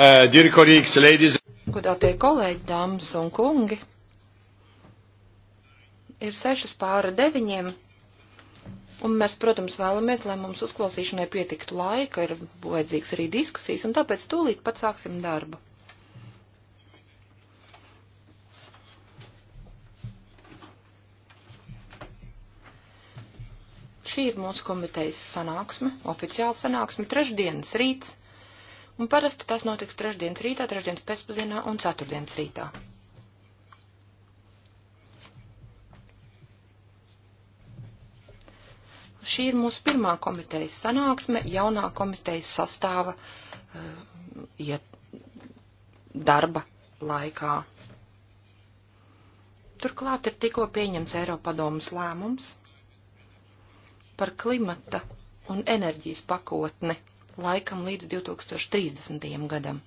Uh, Godātie kolēģi, dāmas un kungi, ir sešas pāri deviņiem, un mēs, protams, vēlamies, lai mums uzklausīšanai pietiktu laika, ir vajadzīgs arī diskusijas, un tāpēc tūlīt pat sāksim darbu. Šī ir mūsu komitejas sanāksme, oficiāla sanāksme, trešdienas rīts un parasti tas notiks trešdienas rītā, trešdienas pēcpazienā un ceturtdienas rītā. Šī ir mūsu pirmā komitejas sanāksme, jaunā komitejas sastāva eh, iet darba laikā. Turklāt ir tikko pieņems Eiropadomas lēmums par klimata un enerģijas pakotni laikam līdz 2030. gadam.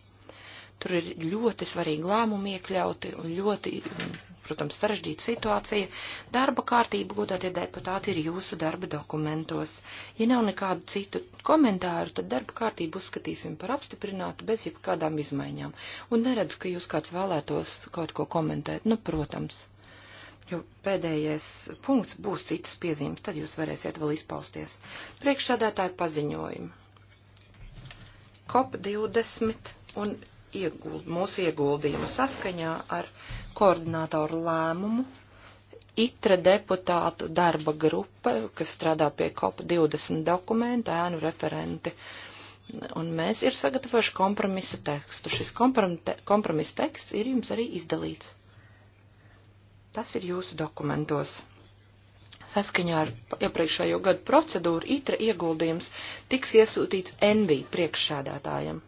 Tur ir ļoti svarīgi lēmumi iekļauti un ļoti, protams, sarežģīta situācija. Darba kārtība, godātie deputāti, ir jūsu darba dokumentos. Ja nav nekādu citu komentāru, tad darba kārtību uzskatīsim par apstiprinātu bez jebkādām izmaiņām. Un neredzu, ka jūs kāds vēlētos kaut ko komentēt. Nu, protams. Jo pēdējais punkts būs citas piezīmes, tad jūs varēsiet vēl izpausties. Priekšsādātāju paziņojumu. COP20 un ieguld, mūsu ieguldījumu saskaņā ar koordinātoru lēmumu. ITRA deputātu darba grupa, kas strādā pie COP20 dokumenta, ēnu referenti, un mēs ir sagatavojuši kompromisa tekstu. Šis kompromite, kompromisa teksts ir jums arī izdalīts. Tas ir jūsu dokumentos. Saskaņā ar iepriekšējo gadu procedūru ITRA ieguldījums tiks iesūtīts NV priekšsādātājam,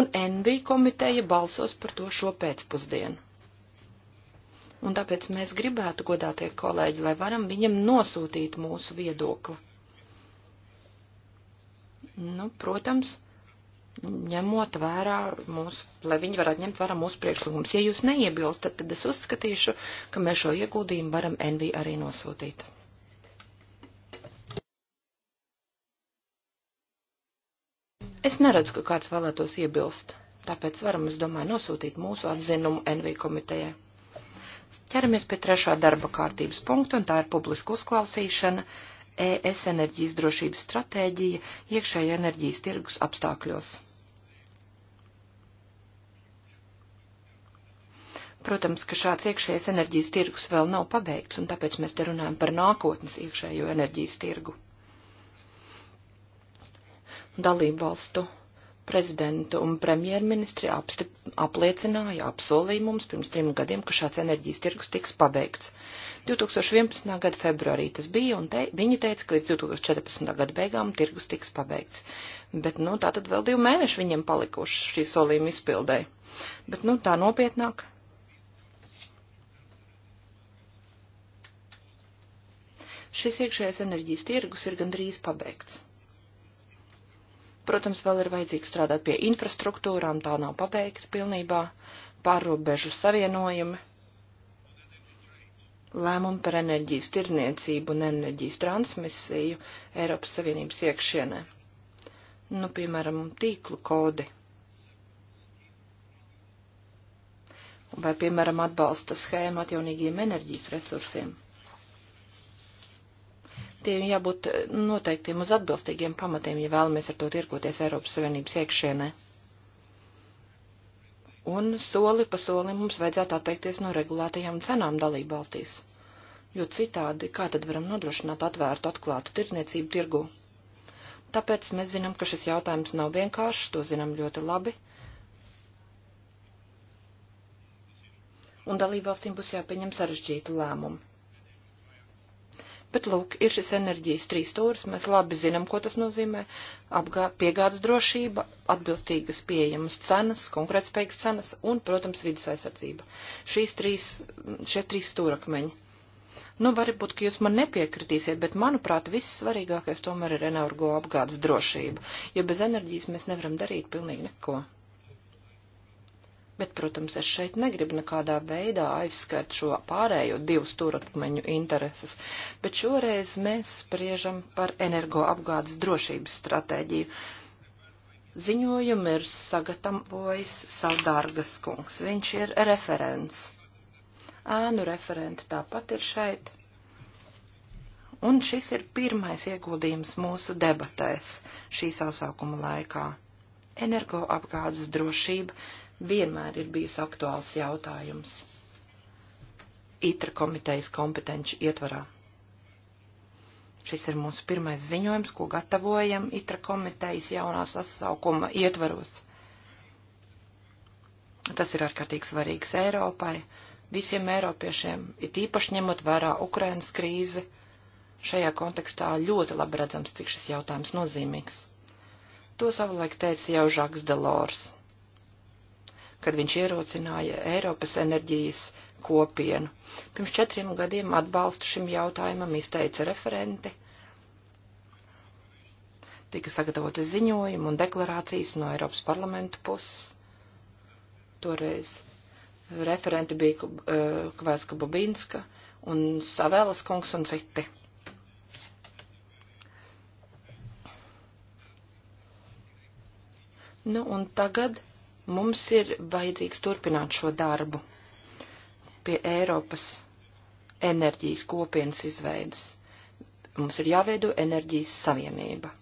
un NV komiteja balsos par to šo pēcpusdienu. Un tāpēc mēs gribētu, godātie kolēģi, lai varam viņam nosūtīt mūsu viedokli. Nu, protams, ņemot vērā mūsu, lai viņi varētu ņemt vērā mūsu priekšlikumus. Ja jūs neiebilstat, tad es uzskatīšu, ka mēs šo ieguldījumu varam NV arī nosūtīt. Es neredzu, ka kāds vēlētos iebilst, tāpēc varam, es domāju, nosūtīt mūsu atzinumu NV komitejai. Ķeramies pie trešā darba kārtības punkta, un tā ir publiska uzklausīšana ES enerģijas drošības stratēģija iekšēja enerģijas tirgus apstākļos. Protams, ka šāds iekšējais enerģijas tirgus vēl nav pabeigts, un tāpēc mēs te runājam par nākotnes iekšējo enerģijas tirgu. Dalību valstu prezidentu un premjerministri apstip, apliecināja, apsolīja mums pirms trim gadiem, ka šāds enerģijas tirgus tiks pabeigts. 2011. gada februārī tas bija, un te, viņi teica, ka līdz 2014. gada beigām tirgus tiks pabeigts. Bet, nu, tā tad vēl divi mēneši viņiem palikuši šī solījuma izpildē. Bet, nu, tā nopietnāk. Šis iekšējais enerģijas tirgus ir gandrīz pabeigts. Protams, vēl ir vajadzīgi strādāt pie infrastruktūrām, tā nav pabeigta pilnībā, pārrobežu savienojumi, lēmumi par enerģijas tirniecību un enerģijas transmisiju Eiropas Savienības iekšienē. Nu, piemēram, tīklu kodi. Vai, piemēram, atbalsta schēma atjaunīgiem enerģijas resursiem tiem jābūt eh, noteiktiem uz atbilstīgiem pamatiem, ja vēlamies ar to tirkoties Eiropas Savienības iekšienē. Un soli pa solim mums vajadzētu atteikties no regulētajām cenām dalību valstīs, jo citādi kā tad varam nodrošināt atvērtu, atklātu tirdzniecību tirgu? Tāpēc mēs zinām, ka šis jautājums nav vienkāršs, to zinām ļoti labi. un dalībvalstīm būs jāpieņem sarežģīti lēmumi. Bet, lūk, ir šis enerģijas trīs stūris, mēs labi zinām, ko tas nozīmē Apgā, - piegādes drošība, atbilstīgas pieejamas cenas, konkurētspējīgas cenas un, protams, vidas aizsardzība. Šīs trīs, šie trīs stūrakmeņi. Nu, varbūt, ka jūs man nepiekritīsiet, bet, manuprāt, viss svarīgākais tomēr ir energo apgādes drošība, jo bez enerģijas mēs nevaram darīt pilnīgi neko. Bet, protams, es šeit negribu nekādā veidā aizskart šo pārējo divu stūrakmeņu intereses, bet šoreiz mēs spriežam par energoapgādes drošības stratēģiju. Ziņojumu ir sagatavojis Saldārgas kungs, viņš ir referents. Ēnu referenti tāpat ir šeit. Un šis ir pirmais ieguldījums mūsu debatēs šī sasaukuma laikā. Energoapgādes drošība vienmēr ir bijis aktuāls jautājums ITRA komitejas kompetenci ietvarā. Šis ir mūsu pirmais ziņojums, ko gatavojam ITRA komitejas jaunā sasaukuma ietvaros. Tas ir ārkārtīgi svarīgs Eiropai, visiem Eiropiešiem, it īpaši ņemot vērā Ukrainas krīzi. Šajā kontekstā ļoti labi redzams, cik šis jautājums nozīmīgs. To savulaik teica jau Žaks Delors, kad viņš ierocināja Eiropas enerģijas kopienu. Pirms četriem gadiem atbalstu šim jautājumam izteica referenti. Tika sagatavota ziņojuma un deklarācijas no Eiropas parlamentu puses. Toreiz referenti bija eh, Kvēska Bobinska un Savēlas kungs un citi. Nu, un tagad Mums ir vajadzīgs turpināt šo darbu pie Eiropas enerģijas kopienas izveidas. Mums ir jāveido enerģijas savienība.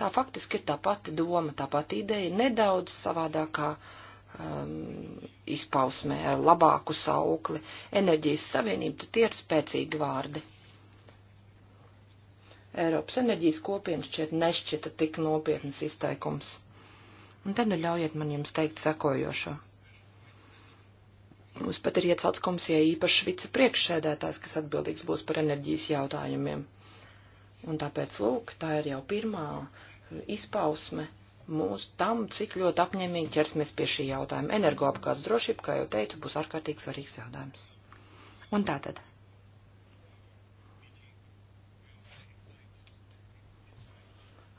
Tā faktiski ir tā pati doma, tā pati ideja, nedaudz savādākā um, izpausmē, ar labāku saukli. Enerģijas savienība, tie ir spēcīgi vārdi. Eiropas enerģijas kopienas šķiet nešķita tik nopietnas izteikums. Un tad nu ļaujiet man jums teikt sekojošo. Mums pat ir iecelts komisijai īpašs vice priekšsēdētājs, kas atbildīgs būs par enerģijas jautājumiem. Un tāpēc, lūk, tā ir jau pirmā izpausme mūsu tam, cik ļoti apņēmīgi ķersimies pie šī jautājuma. Energoapgādes drošība, kā jau teicu, būs ārkārtīgi svarīgs jautājums. Un tātad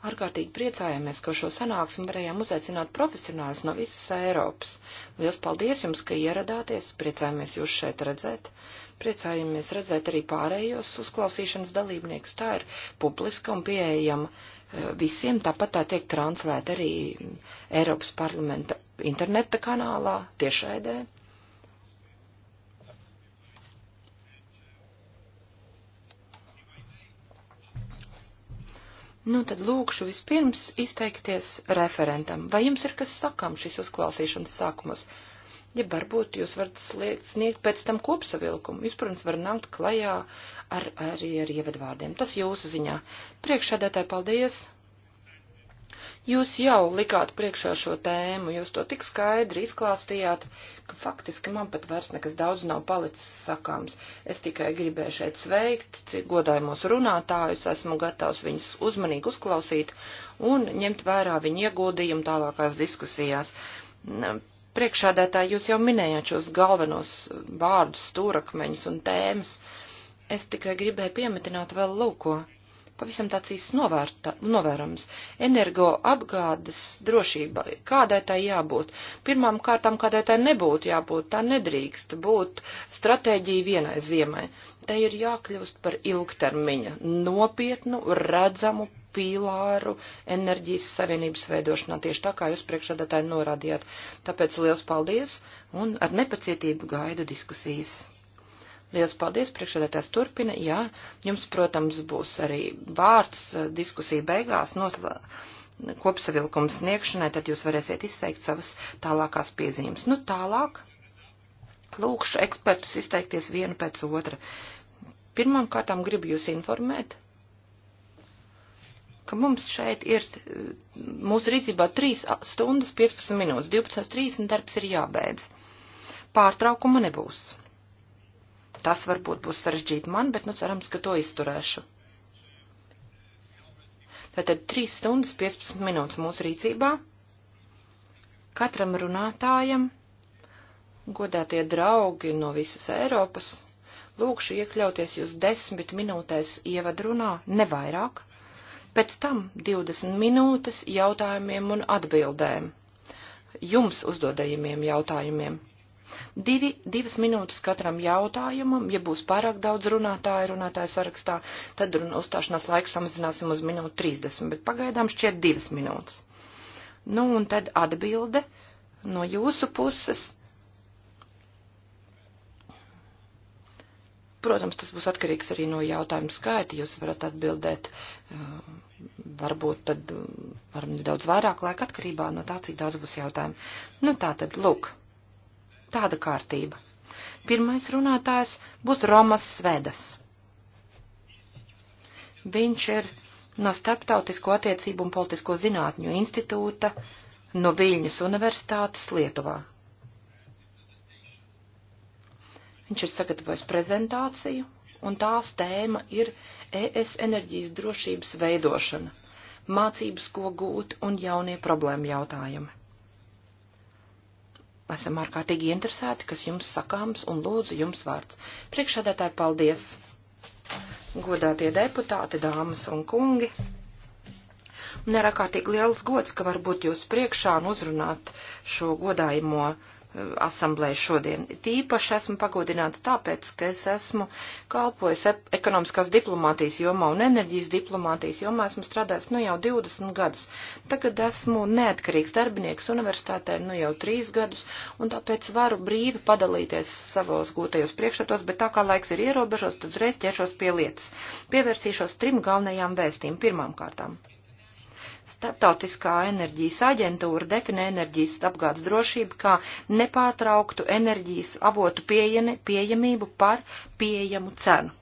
Ārkārtīgi priecājamies, ka šo sanāksmi varējām uzaicināt profesionāļus no visas Eiropas. Lielas paldies jums, ka ieradāties, priecājamies jūs šeit redzēt, priecājamies redzēt arī pārējos uzklausīšanas dalībniekus. Tā ir publiska un pieejama eh, visiem, tāpat tā tiek translēta arī Eiropas parlamenta interneta kanālā, tiešraidē. Nu, tad lūkšu vispirms izteikties referentam. Vai jums ir kas sakām šīs uzklausīšanas sākumos? Ja varbūt jūs varat sniegt pēc tam kopsavilkumu, jūs, protams, varat nākt klajā ar, arī ar ievadvārdiem. Tas jūsu ziņā. Priekšādētāji, paldies! Jūs jau likāt priekšā šo tēmu, jūs to tik skaidri izklāstījāt, ka faktiski man pat vairs nekas daudz nav palicis sakāms. Es tikai gribēju šeit sveikt godājumos runātājus, esmu gatavs viņus uzmanīgi uzklausīt un ņemt vērā viņu ieguldījumu tālākās diskusijās priekšādētāji, jūs jau minējāt šos galvenos vārdus, stūrakmeņus un tēmas. Es tikai gribēju piemetināt vēl lūko pavisam tāds īsts novērams. Energo apgādes drošība, kādai tai jābūt? Pirmām kārtām, kādai tai nebūtu jābūt, tā nedrīkst būt stratēģija vienai ziemai. Te ir jākļūst par ilgtermiņa, nopietnu, redzamu pīlāru enerģijas savienības veidošanā, tieši tā kā jūs priekšādātāji norādījāt. Tāpēc liels paldies un ar nepacietību gaidu diskusijas. Liels paldies, priekšsēdētājs turpina. Jā, jums, protams, būs arī vārds eh, diskusija beigās noslā, kopsavilkuma sniegšanai, tad jūs varēsiet izteikt savas tālākās piezīmes. Nu, tālāk lūkšu ekspertus izteikties vienu pēc otra. Pirmām kārtām gribu jūs informēt, ka mums šeit ir eh, mūsu rīcībā 3 stundas 15 minūtes, 12.30 darbs ir jābeidz. Pārtraukuma nebūs. Tas varbūt būs sarežģīti man, bet nu cerams, ka to izturēšu. Tātad 3 stundas 15 minūtes mūsu rīcībā. Katram runātājam, godātie draugi no visas Eiropas, lūkšu iekļauties jūs 10 minūtēs ievadrunā, nevairāk, pēc tam 20 minūtes jautājumiem un atbildēm, jums uzdodējumiem jautājumiem. Divi, divas minūtes katram jautājumam, ja būs pārāk daudz runātāju runātāju sarakstā, tad uzstāšanās laiku samazināsim uz minūtu 30, bet pagaidām šķiet divas minūtes. Nu, un tad atbilde no jūsu puses. Protams, tas būs atkarīgs arī no jautājumu skaita. Jūs varat atbildēt, uh, varbūt tad uh, varam nedaudz vairāk laika atkarībā no tā, cik daudz būs jautājumu. Nu tā tad, lūk. Tāda kārtība. Pirmais runātājs būs Romas Svedas. Viņš ir no Starptautisko attiecību un politisko zinātņu institūta no Viļņas Universitātes Lietuvā. Viņš ir sagatavojis prezentāciju, un tās tēma ir ES enerģijas drošības veidošana, mācības, ko gūt un jaunie problēma jautājumi. Esam ārkārtīgi interesēti, kas jums sakāms, un lūdzu jums vārds. Priekšsēdētāji, paldies! Godātie deputāti, dāmas un kungi! Un ir ārkārtīgi liels gods, ka varbūt jūs priekšā un uzrunāt šo godājumu asamblē šodien. Tīpaši esmu pagodināts tāpēc, ka es esmu kalpojis ekonomiskās diplomātijas jomā un enerģijas diplomātijas jomā. Esmu strādājis nu jau 20 gadus. Tagad esmu neatkarīgs darbinieks universitātē nu jau 3 gadus un tāpēc varu brīvi padalīties savos gūtajos priekšstatos, bet tā kā laiks ir ierobežots, tad uzreiz ķeršos pie lietas. Pievērsīšos trim galvenajām vēstīm pirmām kārtām. Startautiskā enerģijas aģentūra definē enerģijas apgādes drošību kā nepārtrauktu enerģijas avotu pieejamību par pieejamu cenu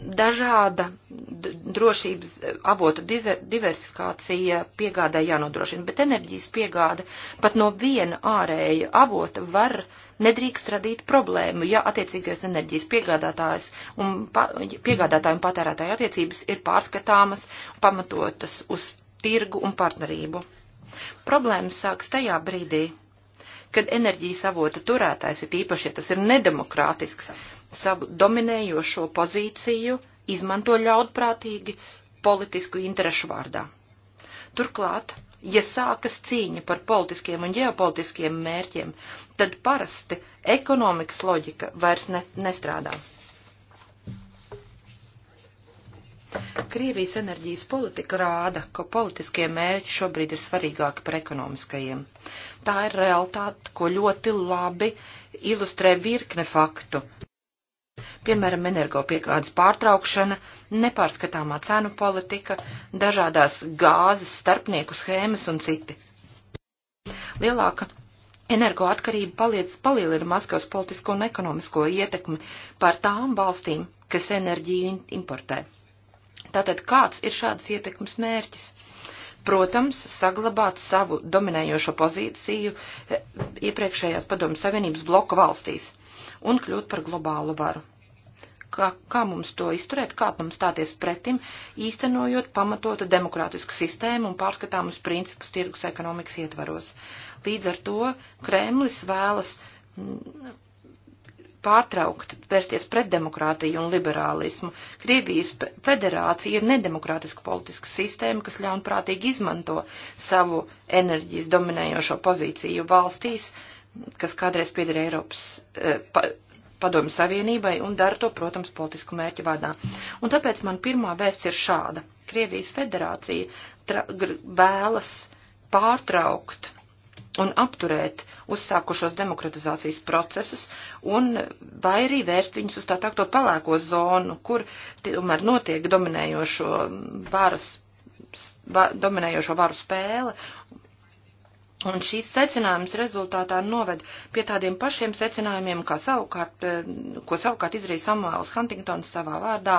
dažāda drošības eh, avotu diversifikācija piegādē jānodrošina, bet enerģijas piegāde pat no viena ārēja avota var nedrīkst radīt problēmu, ja attiecīgais enerģijas piegādātājs un pa, piegādātāju un patērētāju attiecības ir pārskatāmas, pamatotas uz tirgu un partnerību. Problēmas sāks tajā brīdī, kad enerģijas avota turētājs ir īpaši, ja tas ir nedemokrātisks, savu dominējošo pozīciju izmanto ļaudprātīgi politisku interešu vārdā. Turklāt, ja sākas cīņa par politiskiem un ģeopolitiskiem mērķiem, tad parasti ekonomikas loģika vairs ne, nestrādā. Krievijas enerģijas politika rāda, ka politiskie mērķi šobrīd ir svarīgāki par ekonomiskajiem. Tā ir realitāte, ko ļoti labi ilustrē virkne faktu. Piemēram, energopiekādes pārtraukšana, nepārskatāmā cenu politika, dažādās gāzes starpnieku schēmas un citi. Lielāka energoatkarība paliec palielina Maskavas politisko un ekonomisko ietekmi pār tām valstīm, kas enerģiju importē. Tātad kāds ir šādas ietekmes mērķis? Protams, saglabāt savu dominējošo pozīciju eh, iepriekšējās padomu savienības bloku valstīs un kļūt par globālu varu kā, kā mums to izturēt, kā tam stāties pretim, īstenojot pamatotu demokrātisku sistēmu un pārskatāmus principus tirgus ekonomikas ietvaros. Līdz ar to Kremlis vēlas mm, pārtraukt, vērsties pret demokrātiju un liberālismu. Krievijas federācija ir nedemokrātiska politiska sistēma, kas ļaunprātīgi izmanto savu enerģijas dominējošo pozīciju valstīs, kas kādreiz pieder Eiropas eh, pa, padomju savienībai un dara to, protams, politisku mērķu vārdā. Un tāpēc man pirmā vēsts ir šāda. Krievijas federācija tra, gr, vēlas pārtraukt un apturēt uzsākušos demokratizācijas procesus un vai arī vērst viņus uz tā tā to pelēko zonu, kur tomēr notiek dominējošo varas, va, dominējošo varu spēle. Un šīs secinājums rezultātā noved pie tādiem pašiem secinājumiem, kā savukārt, eh, ko savukārt izrīja Samuēls Huntingtons savā vārdā,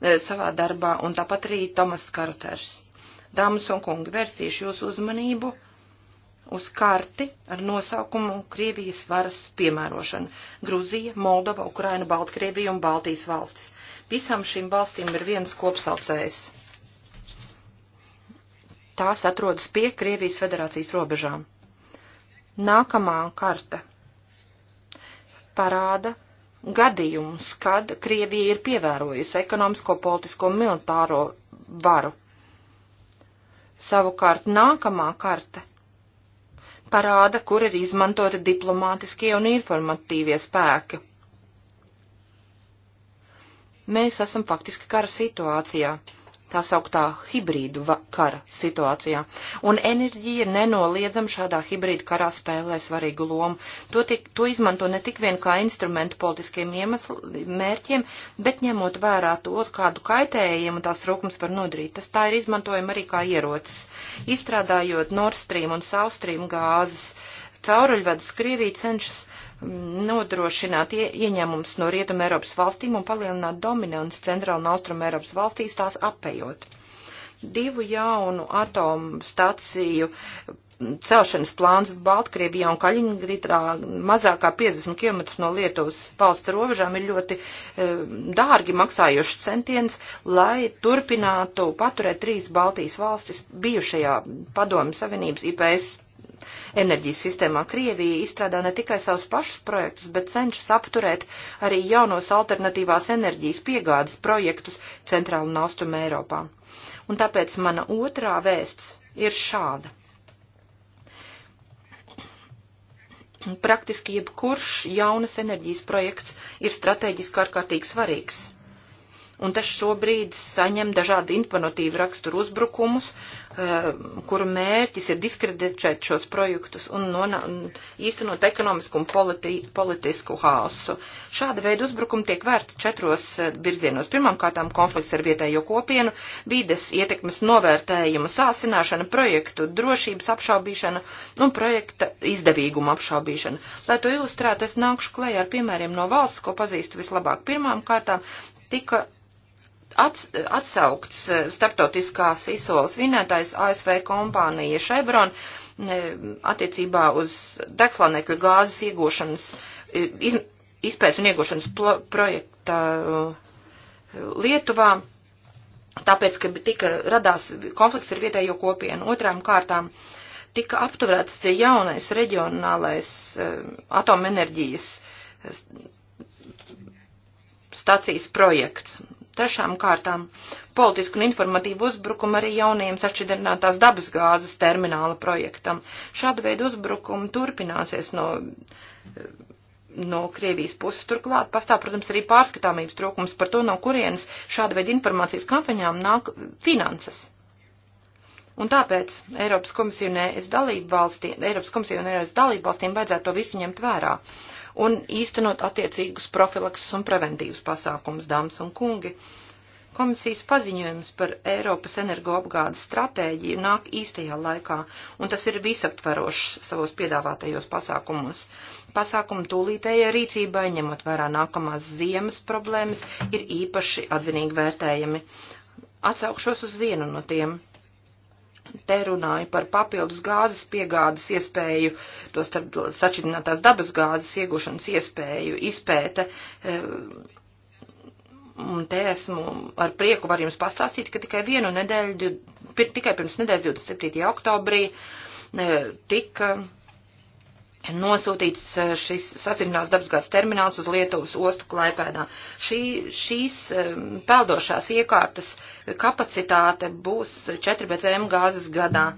eh, savā darbā, un tāpat arī Tomas Karters. Dāmas un kungi, vērsīšu jūsu uzmanību uz karti ar nosaukumu Krievijas varas piemērošana - Gruzija, Moldova, Ukraina, Baltkrievija un Baltijas valstis. Visām šīm valstīm ir viens kopsaucējs. Tās atrodas pie Krievijas federācijas robežām. Nākamā karta parāda gadījumus, kad Krievija ir pievērojusi ekonomisko, politisko un militāro varu. Savukārt nākamā karta parāda, kur ir izmantoti diplomātiskie un informatīvie spēki. Mēs esam faktiski kara situācijā tā sauktā hibrīdu kara situācijā. Un enerģija nenoliedzam šādā hibrīdu karā spēlē svarīgu lomu. To, tik, to izmanto ne tik vien kā instrumentu politiskiem iemesl, mērķiem, bet ņemot vērā to, kādu kaitējumu tās trūkums var nodarīt. Tas tā ir izmantojama arī kā ierocis, izstrādājot Nord Stream un South Stream gāzes. Cauruļvedus Krievija cenšas nodrošināt ie, ieņēmums no Rietuma Eiropas valstīm un palielināt dominants Centrāla un Austruma Eiropas valstīs tās apējot. Divu jaunu atomu staciju celšanas plāns Baltkrievijā un Kaļingrītā mazākā 50 km no Lietuvas valsts robežām ir ļoti e, dārgi maksājušs centiens, lai turpinātu paturēt trīs Baltijas valstis bijušajā padomu savienības IPS enerģijas sistēmā. Krievija izstrādā ne tikai savus pašus projektus, bet cenšas apturēt arī jaunos alternatīvās enerģijas piegādes projektus Centrāla un Austruma Eiropā. Un tāpēc mana otrā vēsts ir šāda. Praktiski jebkurš jaunas enerģijas projekts ir strateģiski ārkārtīgi svarīgs un tas šobrīd saņem dažādu informatīvu raksturu uzbrukumus Eh, kuru mērķis ir diskreditēt šos projektus un nonā, īstenot ekonomisku un politi, politisku hausu. Šāda veida uzbrukumi tiek vērsti četros eh, virzienos. Pirmkārtām konflikts ar vietējo kopienu, vides ietekmes novērtējuma sāsināšana, projektu drošības apšaubīšana un projekta izdevīguma apšaubīšana. Lai to ilustrētu, es nākušu klējā ar piemēriem no valsts, ko pazīstu vislabāk. Pirmām kārtām tika ats, atsaukts eh, starptautiskās izsoles vinētais ASV kompānija Chevron attiecībā uz degflanekļu gāzes iegūšanas, iz, izpējas un iegūšanas plo, projekta eh, Lietuvā, tāpēc, ka tika radās konflikts ar vietējo kopienu. Otrām kārtām tika apturēts jaunais reģionālais eh, atomenerģijas stācijas projekts, Trešām kārtām politisku un informatīvu uzbrukumu arī jaunajiem sašķidrinātās dabas gāzes termināla projektam. Šāda veida uzbrukumi turpināsies no, no Krievijas puses. Turklāt pastāv, protams, arī pārskatāmības trūkums par to, no kurienes šāda veida informācijas kampaņām nāk finanses. Un tāpēc Eiropas komisija un ES dalību valstīm, Eiropas komisija un ES dalību valstīm vajadzētu to visu ņemt vērā un īstenot attiecīgus profilakses un preventīvas pasākumus, dāmas un kungi. Komisijas paziņojums par Eiropas energoapgādes stratēģiju nāk īstajā laikā, un tas ir visaptverošs savos piedāvātajos pasākumos. Pasākumu tūlītējai rīcībai, ņemot vērā nākamās ziemas problēmas, ir īpaši atzinīgi vērtējami. Atsaukšos uz vienu no tiem Te runāju par papildus gāzes piegādes iespēju, to starp sačidinātās dabas gāzes iegūšanas iespēju, izpēta. Eh, un te esmu ar prieku var jums pastāstīt, ka tikai vienu nedēļu, tikai pirms nedēļas 27. oktobrī eh, tika nosūtīts eh, šis sasirnās dabasgāds termināls uz Lietuvas ostu klaipēdā. Šī, šīs eh, peldošās iekārtas kapacitāte būs 4 BCM gāzes gadā.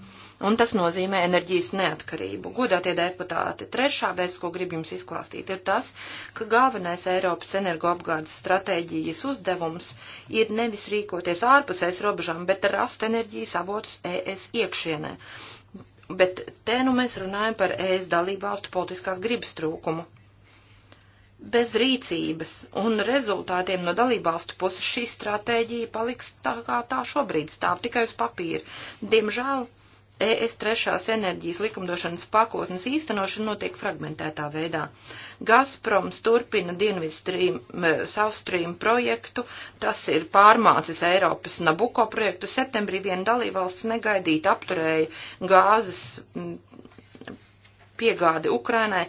Un tas nozīmē enerģijas neatkarību. Godātie deputāti, trešā vēsts, ko gribu jums izklāstīt, ir tas, ka galvenais Eiropas energoapgādes stratēģijas uzdevums ir nevis rīkoties ārpus ES robežām, bet rast enerģijas avotus ES iekšienē. Bet te nu mēs runājam par ēst dalību valstu politiskās gribas trūkumu. Bez rīcības un rezultātiem no dalībvalstu puses šī stratēģija paliks tā, kā tā šobrīd stāv tikai uz papīra. Diemžēl ES trešās enerģijas likumdošanas pakotnes īstenošana notiek fragmentētā veidā. Gazproms turpina Dienvidstream, e, South Stream projektu, tas ir pārmācis Eiropas Nabuko projektu. Septembrī viena dalībvalsts negaidīt apturēja gāzes piegādi Ukrainai,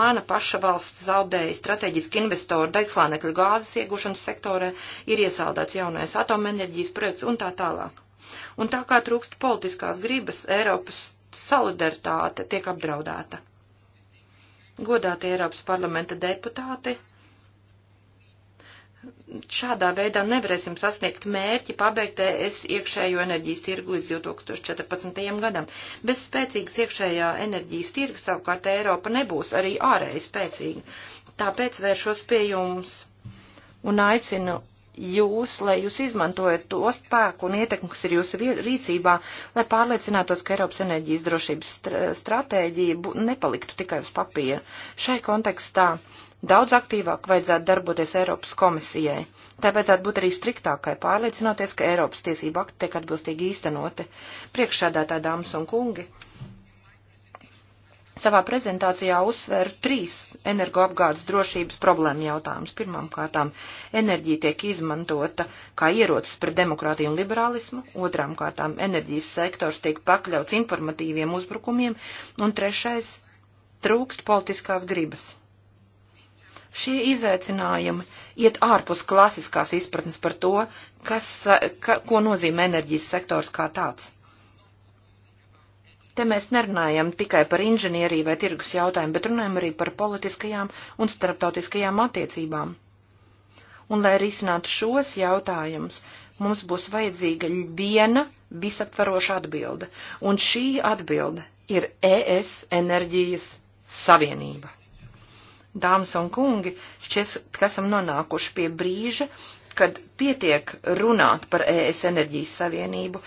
mana paša valsts zaudēja strateģiski investoru degslānekļu gāzes iegūšanas sektorē, ir iesaldēts jaunais atomenerģijas projekts un tā tālāk. Un tā kā trūkst politiskās gribas, Eiropas solidaritāte tiek apdraudēta. Godātie Eiropas parlamenta deputāti, šādā veidā nevarēsim sasniegt mērķi pabeigt ES iekšējo enerģijas tirgu līdz 2014. gadam. Bez spēcīgas iekšējā enerģijas tirga savukārt Eiropa nebūs arī ārēji spēcīga. Tāpēc vēršos pie jums un aicinu jūs, lai jūs izmantojat to spēku un ietekmi, kas ir jūsu rīcībā, lai pārliecinātos, ka Eiropas enerģijas drošības stratēģija nepaliktu tikai uz papīra. Šai kontekstā daudz aktīvāk vajadzētu darboties Eiropas komisijai. Tā vajadzētu būt arī striktākai, pārliecinoties, ka Eiropas tiesība akti tiek atbilstīgi īstenoti. Priekšsēdētāji dāmas un kungi, savā prezentācijā uzsvēru trīs energoapgādes drošības problēmu jautājumus. Pirmām kārtām enerģija tiek izmantota kā ierocis pret demokrātiju un liberālismu, otrām kārtām enerģijas sektors tiek pakļauts informatīviem uzbrukumiem, un trešais trūkst politiskās gribas. Šie izaicinājumi iet ārpus klasiskās izpratnes par to, kas, ka, ko nozīmē enerģijas sektors kā tāds Te mēs nerunājam tikai par inženieriju vai tirgus jautājumu, bet runājam arī par politiskajām un starptautiskajām attiecībām. Un, lai risinātu šos jautājumus, mums būs vajadzīga viena visaptvaroša atbilde, un šī atbilde ir ES enerģijas savienība. Dāmas un kungi, šķiet, ka esam nonākuši pie brīža, kad pietiek runāt par ES enerģijas savienību,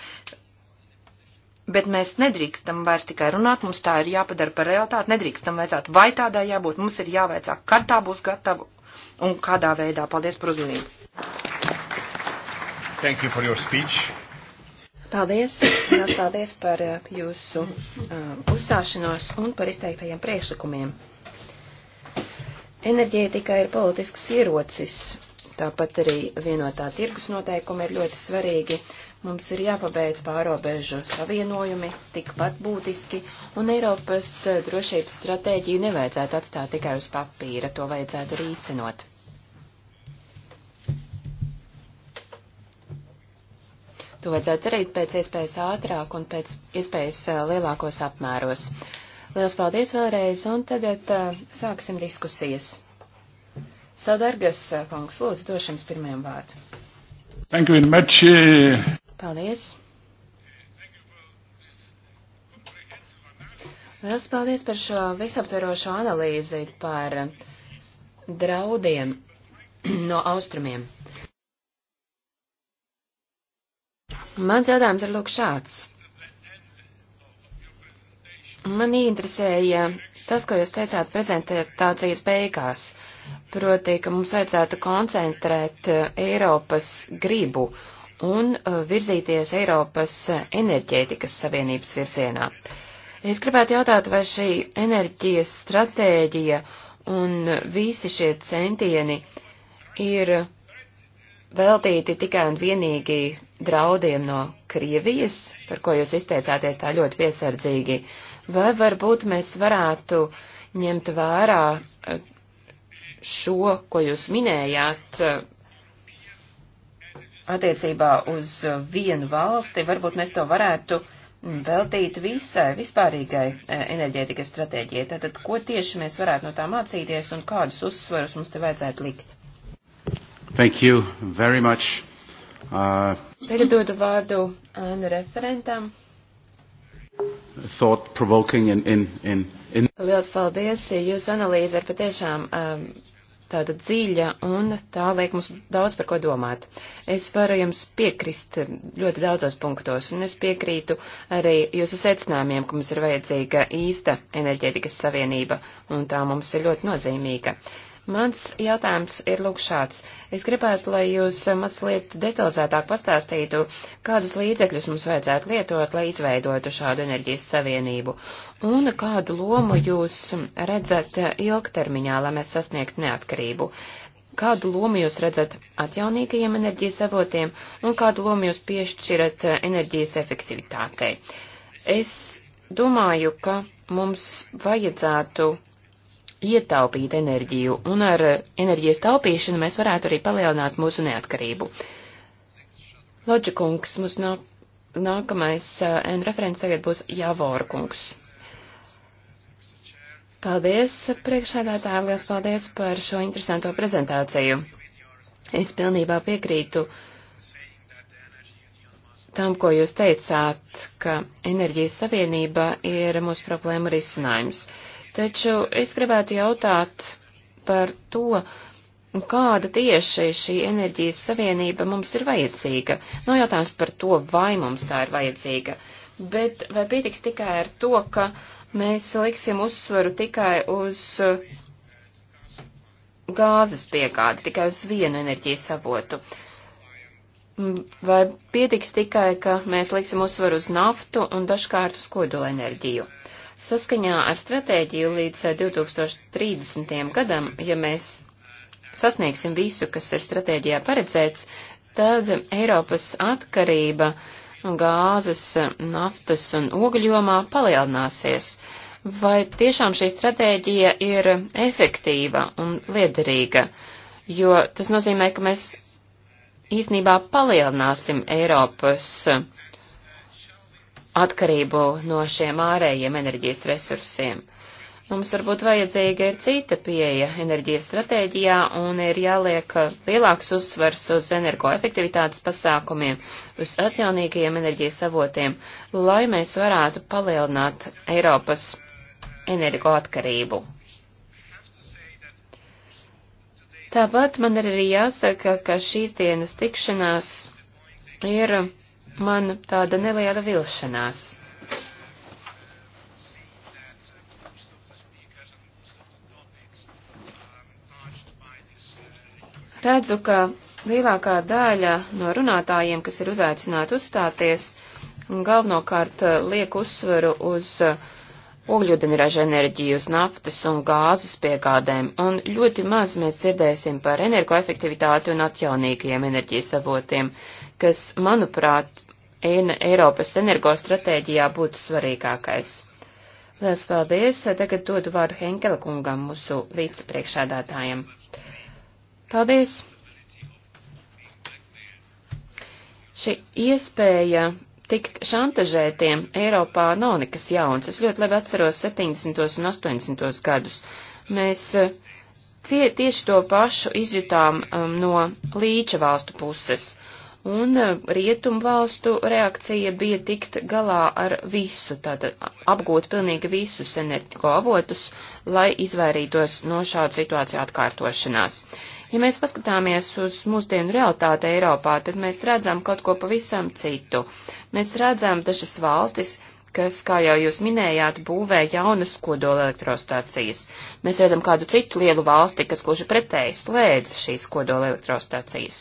Bet mēs nedrīkstam vairs tikai runāt, mums tā ir jāpadara par realitāti, nedrīkstam vajadzēt, vai tādā jābūt, mums ir jāveicā, kad tā būs gatava un kādā veidā. Paldies par uzmanību. Thank you for your speech. Paldies, liels paldies par eh, jūsu uh, uzstāšanos un par izteiktajiem priekšlikumiem. Enerģētika ir politisks ierocis, tāpat arī vienotā tirgus noteikumi ir ļoti svarīgi Mums ir jāpabeidz pārobežu savienojumi, tikpat būtiski, un Eiropas drošības stratēģiju nevajadzētu atstāt tikai uz papīra, to vajadzētu arī īstenot. To vajadzētu darīt pēc iespējas ātrāk un pēc iespējas eh, lielākos apmēros. Lielas paldies vēlreiz, un tagad uh, sāksim diskusijas. Saudargas eh, kungs, lūdzu, došams pirmajam vārdu. Thank you very much. Paldies! Liels paldies par šo visaptverošo analīzi par draudiem no austrumiem. Mans jautājums ir lūk šāds. Man interesēja tas, ko jūs teicāt prezentācijas beigās, proti, ka mums vajadzētu koncentrēt Eiropas gribu un uh, virzīties Eiropas enerģētikas savienības virzienā. Es gribētu jautāt, vai šī enerģijas stratēģija un visi šie centieni ir veltīti tikai un vienīgi draudiem no Krievijas, par ko jūs izteicāties tā ļoti piesardzīgi, vai varbūt mēs varētu ņemt vērā uh, šo, ko jūs minējāt, uh, attiecībā uz vienu valsti, varbūt mēs to varētu veltīt visai vispārīgai eh, enerģētikas stratēģijai. Tātad, ko tieši mēs varētu no tā mācīties un kādus uzsvarus mums te vajadzētu likt? Thank you very much. Uh, Tagad dodu vārdu Ānu referentam. Thought provoking in, in, in, in. Liels paldies, jūsu analīze ir patiešām um, tāda dziļa, un tā liek mums daudz par ko domāt. Es varu jums piekrist ļoti daudzos punktos, un es piekrītu arī jūsu secinājumiem, ka mums ir vajadzīga īsta enerģētikas savienība, un tā mums ir ļoti nozīmīga. Mans jautājums ir lūk šāds. Es gribētu, lai jūs mazliet detalizētāk pastāstītu, kādus līdzekļus mums vajadzētu lietot, lai izveidotu šādu enerģijas savienību, un kādu lomu jūs redzat ilgtermiņā, lai mēs sasniegtu neatkarību. Kādu lomu jūs redzat atjaunīgajiem enerģijas avotiem un kādu lomu jūs piešķirat enerģijas efektivitātei? Es domāju, ka mums vajadzētu ietaupīt enerģiju, un ar enerģijas taupīšanu mēs varētu arī palielināt mūsu neatkarību. Loģikungs, mūsu nā, nākamais eh, N referents tagad būs Javor kungs. Paldies, priekšsēdētāji, liels paldies par šo interesanto prezentāciju. Es pilnībā piekrītu tam, ko jūs teicāt, ka enerģijas savienība ir mūsu problēma risinājums. Uh, Taču es gribētu jautāt par to, kāda tieši šī enerģijas savienība mums ir vajadzīga. Nav nu, no jautājums par to, vai mums tā ir vajadzīga, bet vai pietiks tikai ar to, ka mēs liksim uzsvaru tikai uz uh, gāzes piegādi, tikai uz vienu enerģijas avotu. Mm, vai pietiks tikai, ka mēs liksim uzsvaru uz naftu un dažkārt uz kodolenerģiju? enerģiju? Saskaņā ar stratēģiju līdz 2030. Eh, gadam, ja mēs sasniegsim visu, kas ir stratēģijā paredzēts, tad Eiropas atkarība gāzes, naftas un ogļjomā palielināsies. Vai tiešām šī stratēģija ir efektīva un liederīga? Jo tas nozīmē, ka mēs īsnībā palielināsim Eiropas atkarību no šiem ārējiem enerģijas resursiem. Mums varbūt vajadzīga ir cita pieeja enerģijas stratēģijā un ir jāliek lielāks uzsvars uz energoefektivitātes pasākumiem, uz atjaunīgajiem enerģijas avotiem, lai mēs varētu palielināt Eiropas energoatkarību. Tāpat man ir arī jāsaka, ka šīs dienas tikšanās ir man tāda neliela vilšanās. Redzu, ka lielākā daļa no runātājiem, kas ir uzaicināti uzstāties, galvenokārt eh, liek uzsvaru uz eh, ogļūdenraža enerģiju, uz naftas un gāzes piegādēm, un ļoti maz mēs dzirdēsim par energoefektivitāti un atjaunīgajiem enerģijas avotiem. Uh, kas, manuprāt, Eiropas energostratēģijā būtu svarīgākais. Lielas paldies! Tagad dodu vārdu Henkela kungam, mūsu vicepriekšādātājam. Paldies! Šī iespēja tikt šantažētiem Eiropā nav nekas jauns. Es ļoti labi atceros 70. un 80. gadus. Mēs cie, eh, tieši to pašu izjutām um, no līča valstu puses un e, rietumu valstu reakcija bija tikt galā ar visu, tātad apgūt pilnīgi visus enerģiko avotus, lai izvairītos no šāda situācija atkārtošanās. Ja mēs paskatāmies uz mūsdienu realitāti Eiropā, tad mēs redzam kaut ko pavisam citu. Mēs redzam dažas valstis, kas, kā jau jūs minējāt, būvē jaunas kodola elektrostācijas. Mēs redzam kādu citu lielu valsti, kas gluži pretēji slēdz šīs kodola elektrostācijas.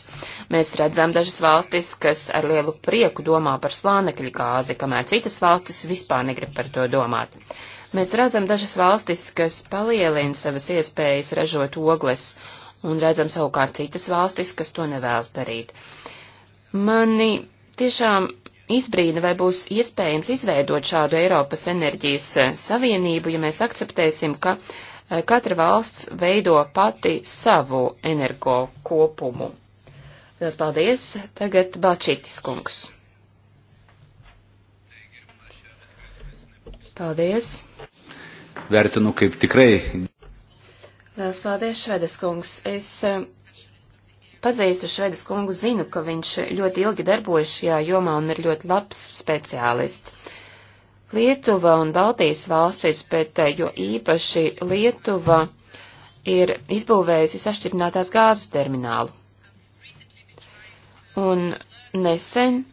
Mēs redzam dažas valstis, kas ar lielu prieku domā par slānekļa gāzi, kamēr citas valstis vispār negrib par to domāt. Mēs redzam dažas valstis, kas palielina savas iespējas ražot ogles, un redzam savukārt citas valstis, kas to nevēlas darīt. Mani tiešām izbrīna, vai būs iespējams izveidot šādu Eiropas enerģijas eh, savienību, ja mēs akceptēsim, ka eh, katra valsts veido pati savu energo kopumu. Lielas paldies! Tagad Balčītis kungs. Paldies! Vērtinu, kaip tikrai. Lielas paldies, Švedes kungs. Es eh, pazīstu Švedas kungu, zinu, ka viņš ļoti ilgi darbojas šajā jomā un ir ļoti labs speciālists. Lietuva un Baltijas valstis, bet eh, jo īpaši Lietuva ir izbūvējusi sašķirtinātās gāzes terminālu. Un nesen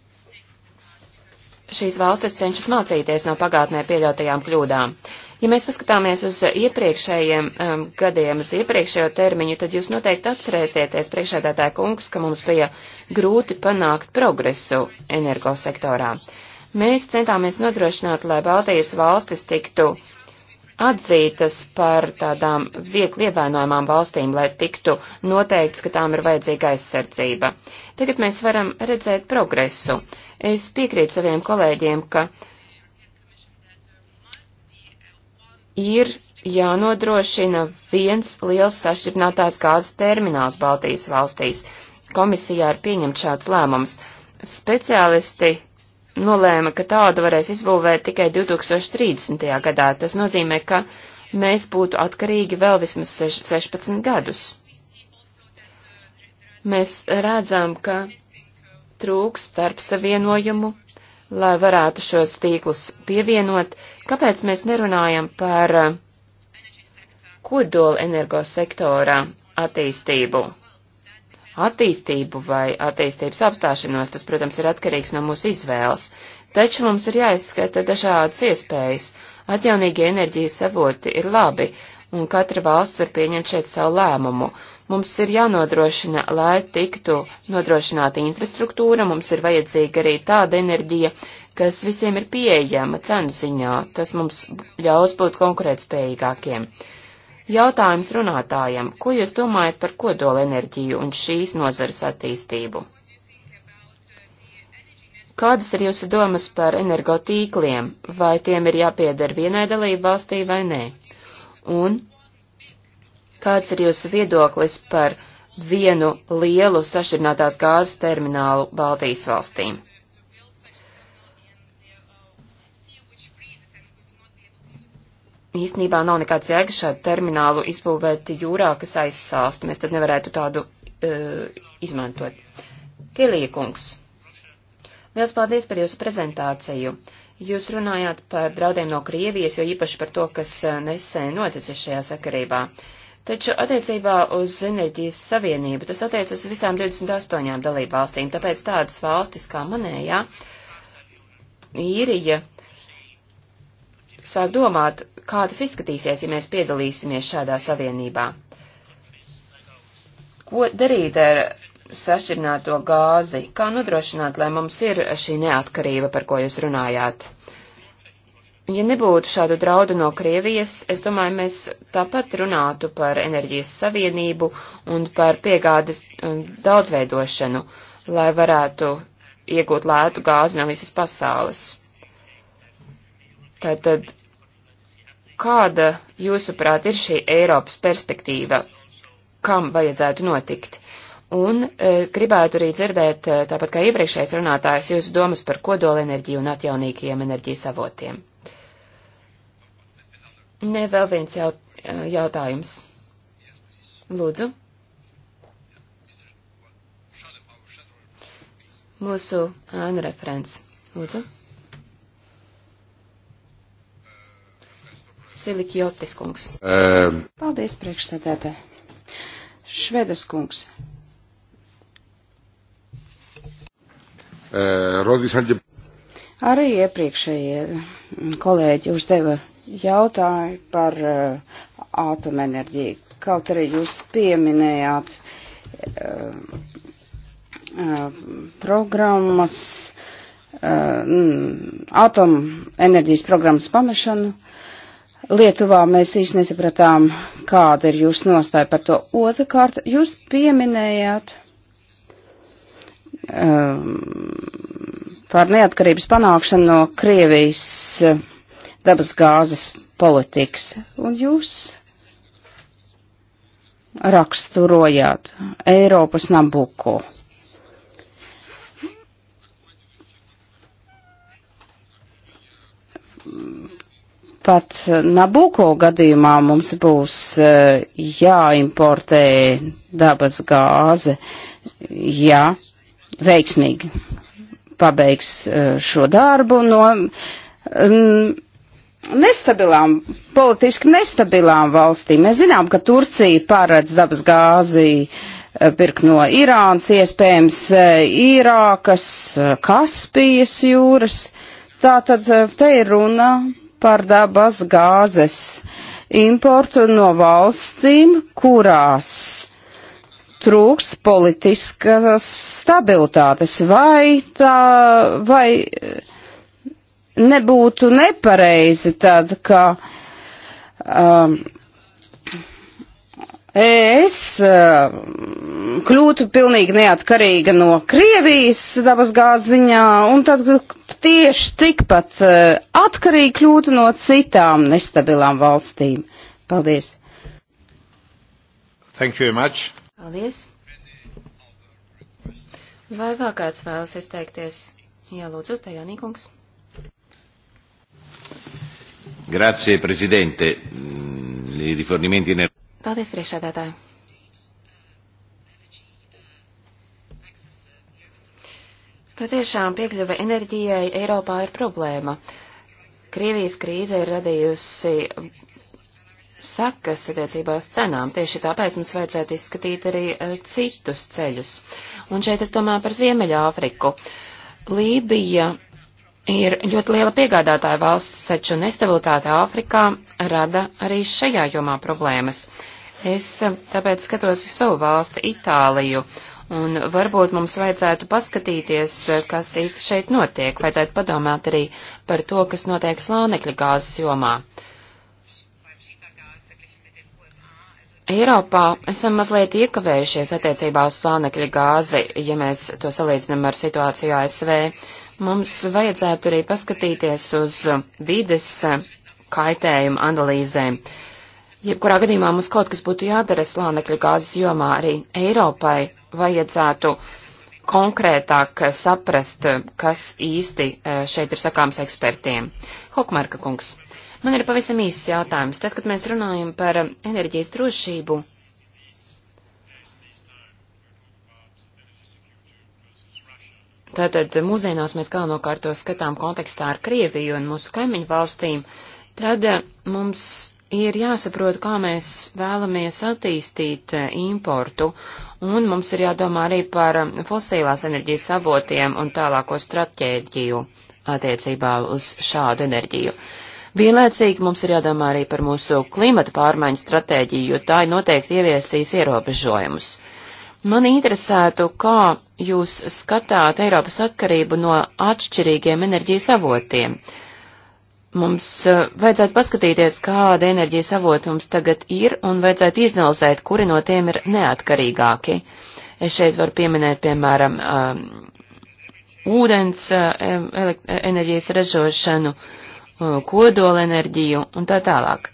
šīs valstis cenšas mācīties no pagātnē pieļautajām kļūdām. Uh, Ja mēs paskatāmies uz iepriekšējiem um, gadiem, uz iepriekšējo termiņu, tad jūs noteikti atcerēsieties, priekšēdētāja kungs, ka mums bija grūti panākt progresu energosektorā. Mēs centāmies nodrošināt, lai Baltijas valstis tiktu atzītas par tādām viegli ievainojumām valstīm, lai tiktu noteikts, ka tām ir vajadzīga aizsardzība. Tagad mēs varam redzēt progresu. Es piekrītu saviem kolēģiem, ka uh, ir jānodrošina viens liels sašķirtinātās gāzes termināls Baltijas valstīs. Komisijā ir pieņemts šāds lēmums. Speciālisti nolēma, ka tādu varēs izbūvēt tikai 2030. gadā. Tas nozīmē, ka mēs būtu atkarīgi vēl vismaz 16 gadus. Mēs redzam, ka trūks starp savienojumu lai varētu šos tīklus pievienot, kāpēc mēs nerunājam par eh, kodola energosektora attīstību? Attīstību vai attīstības apstāšanos, tas, protams, ir atkarīgs no mūsu izvēles, taču mums ir jāizskata dažādas iespējas. Atjaunīgie enerģijas avoti ir labi, un katra valsts var pieņemt šeit savu lēmumu, Mums ir jānodrošina, lai tiktu nodrošināta infrastruktūra, mums ir vajadzīga arī tāda enerģija, kas visiem ir pieejama cenu ziņā. Tas mums ļaus būt konkurētspējīgākiem. Jautājums runātājam, ko jūs domājat par kodolenerģiju un šīs nozares attīstību? Kādas ir jūsu domas par energotīkliem? Vai tiem ir jāpieder vienai dalību valstī vai nē? Un Kāds ir jūsu viedoklis par vienu lielu sašķirinātās gāzes terminālu Baltijas valstīm? Īsnībā nav nekāds jēga šādu terminālu izbūvēt jūrā, kas aizsāst. Mēs tad nevarētu tādu uh, izmantot. Kelija kungs, liels paldies par jūsu prezentāciju. Jūs runājāt par draudiem no Krievijas, jo īpaši par to, kas e, nesen noticis šajā sakarībā. Uh, Taču attiecībā uz Enerģijas Savienību tas attiecas uz visām 28 dalībvalstīm, tāpēc tādas valstis kā manējā, īrija, sāk domāt, kā tas izskatīsies, ja mēs piedalīsimies šādā savienībā. Ko darīt ar sašķirināto gāzi? Kā nodrošināt, lai mums ir šī neatkarība, par ko jūs runājāt? Ja nebūtu šādu draudu no Krievijas, es domāju, mēs tāpat runātu par enerģijas savienību un par piegādes um, daudzveidošanu, lai varētu iegūt lētu gāzi no visas pasaules. Tātad, kāda, jūsuprāt, ir šī Eiropas perspektīva, kam vajadzētu notikt? Un e, gribētu arī dzirdēt, e, tāpat kā iepriekšējais runātājs, jūsu domas par kodolenerģiju un atjaunīgajiem enerģijas avotiem. Nē, vēl viens jaut, eh, jautājums. Lūdzu. Mūsu ēnu referents. Lūdzu. Silikjotis kungs. Um. Paldies, priekšsēdētāji. Švedas kungs. Uh, Rodis Arī iepriekšējie kolēģi uzdeva jautāju par uh, atomenerģiju. Kaut arī jūs pieminējāt uh, uh, programmas, uh, atomenerģijas programmas pamešanu. Lietuvā mēs īsti nesapratām, kāda ir jūsu nostāja par to. Otrakārt, jūs pieminējāt um, par neatkarības panākšanu no Krievijas. Uh, dabas gāzes politikas. Un jūs raksturojāt Eiropas nabuko. Pat Nabuko gadījumā mums būs eh, jāimportē dabas gāze, ja veiksmīgi pabeigs eh, šo darbu no um, nestabilām, politiski nestabilām valstīm. Mēs zinām, ka Turcija pārredz dabas gāzi e, pirkt no Irānas, iespējams e, Irākas, e, Kaspijas jūras. Tātad te ir runa par dabas gāzes importu no valstīm, kurās trūks politiskas stabilitātes vai tā, vai nebūtu nepareizi tad, ka um, es uh, kļūtu pilnīgi neatkarīga no Krievijas dabas gāziņā un tad tieši tikpat uh, atkarīgi kļūtu no citām nestabilām valstīm. Paldies! Thank you very much. Paldies! Vai vēl kāds vēlas izteikties? Jā, lūdzu, Tajānīkungs. Grazie, prezidente. Mm, rifornimenti enerģētiski. Paldies, priekšsēdētāji. Patiešām piekļuve enerģijai Eiropā ir problēma. Krievijas krīze ir radījusi sakas attiecībā uz cenām. Tieši tāpēc mums vajadzētu izskatīt arī eh, citus ceļus. Un šeit es domāju par Ziemeļāfriku. Lībija ir ļoti liela piegādātāja valsts, taču nestabilitāte Āfrikā rada arī šajā jomā problēmas. Es eh, tāpēc skatos uz savu valsti, Itāliju, un varbūt mums vajadzētu paskatīties, eh, kas īsti šeit notiek. Vajadzētu padomāt arī par to, kas notiek slānekļa gāzes jomā. Eiropā esam mazliet iekavējušies attiecībā uz slānekļa gāzi, ja mēs to salīdzinām ar situāciju ASV. Mums vajadzētu arī paskatīties uz vides kaitējuma analīzēm. Jebkurā gadījumā mums kaut kas būtu jādara slānekļa gāzes jomā arī Eiropai vajadzētu konkrētāk saprast, kas īsti e, šeit ir sakāms ekspertiem. Hokmarka kungs, man ir pavisam īsts jautājums. Tad, kad mēs runājam par enerģijas drošību, tātad mūsdienās mēs galvenokārt to skatām kontekstā ar Krieviju un mūsu kaimiņu valstīm, tad eh, mums ir jāsaprot, kā mēs vēlamies attīstīt eh, importu, un mums ir jādomā arī par eh, fosilās enerģijas avotiem un tālāko stratēģiju attiecībā uz šādu enerģiju. Vienlaicīgi mums ir jādomā arī par mūsu klimata pārmaiņu stratēģiju, jo tā noteikti ieviesīs ierobežojumus. Man interesētu, kā jūs skatāt Eiropas atkarību no atšķirīgiem enerģijas avotiem. Mums eh, vajadzētu paskatīties, kāda enerģijas avota mums tagad ir, un vajadzētu izanalizēt, kuri no tiem ir neatkarīgāki. Es šeit varu pieminēt, piemēram, eh, ūdens eh, enerģijas ražošanu, kodolenerģiju un tā tālāk.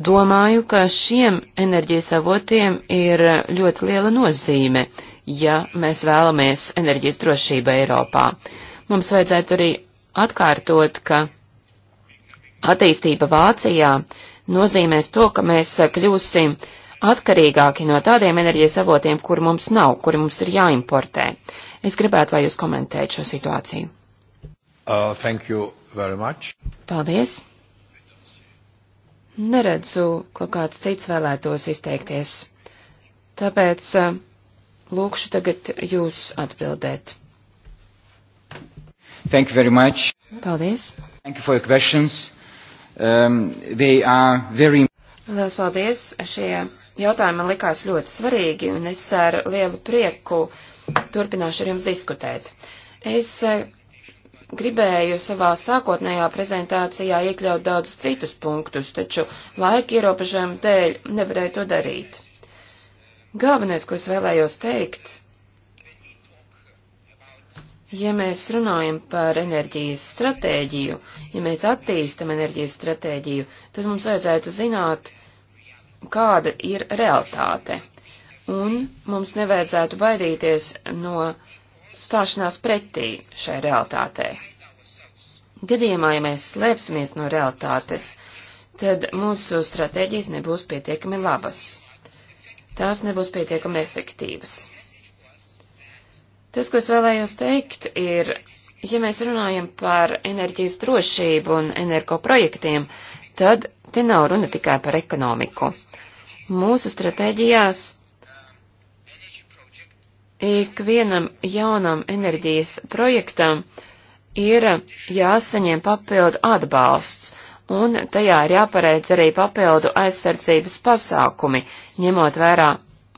Domāju, ka šiem enerģijas avotiem ir ļoti liela nozīme, ja mēs vēlamies enerģijas drošību Eiropā. Mums vajadzētu arī atkārtot, ka attīstība Vācijā nozīmēs to, ka mēs kļūsim atkarīgāki no tādiem enerģijas avotiem, kur mums nav, kuri mums ir jāimportē. Es gribētu, lai jūs komentētu šo situāciju. Uh, thank you very much. Paldies. Neredzu, ka kāds cits vēlētos izteikties. Tāpēc eh, lūkšu tagad jūs atbildēt. Thank you very much. Paldies. Thank you for your questions. Um, they are very... Lielas paldies. Šie jautājumi man likās ļoti svarīgi, un es ar lielu prieku turpināšu ar jums diskutēt. Es eh, gribēju savā sākotnējā prezentācijā iekļaut daudz citus punktus, taču laika ierobežojumu dēļ nevarēju to darīt. Galvenais, ko es vēlējos teikt, ja mēs runājam par enerģijas stratēģiju, ja mēs attīstam enerģijas stratēģiju, tad mums vajadzētu zināt, kāda ir realitāte. Un mums nevajadzētu baidīties no uh, stāšanās pretī šai realitātei. Gadījumā, ja mēs slēpsimies no realitātes, tad mūsu stratēģijas nebūs pietiekami labas. Tās nebūs pietiekami efektīvas. Tas, ko es vēlējos teikt, ir, ja mēs runājam par enerģijas drošību un energoprojektiem, tad te nav runa tikai par ekonomiku. Mūsu stratēģijās ikvienam jaunam enerģijas projektam ir jāsaņem papildu atbalsts, un tajā ir jāpareic arī papildu aizsardzības pasākumi, ņemot vērā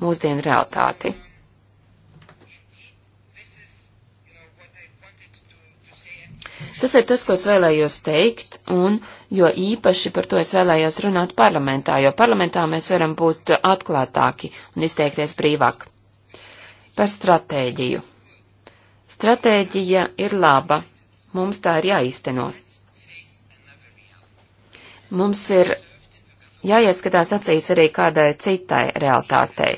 mūsdienu realitāti. Tas ir tas, ko es vēlējos teikt, un jo īpaši par to es vēlējos runāt parlamentā, jo parlamentā mēs varam būt atklātāki un izteikties brīvāk. Par stratēģiju. Stratēģija ir laba, mums tā ir jāīsteno. Mums ir jāieskatās acīs arī kādai citai realitātei.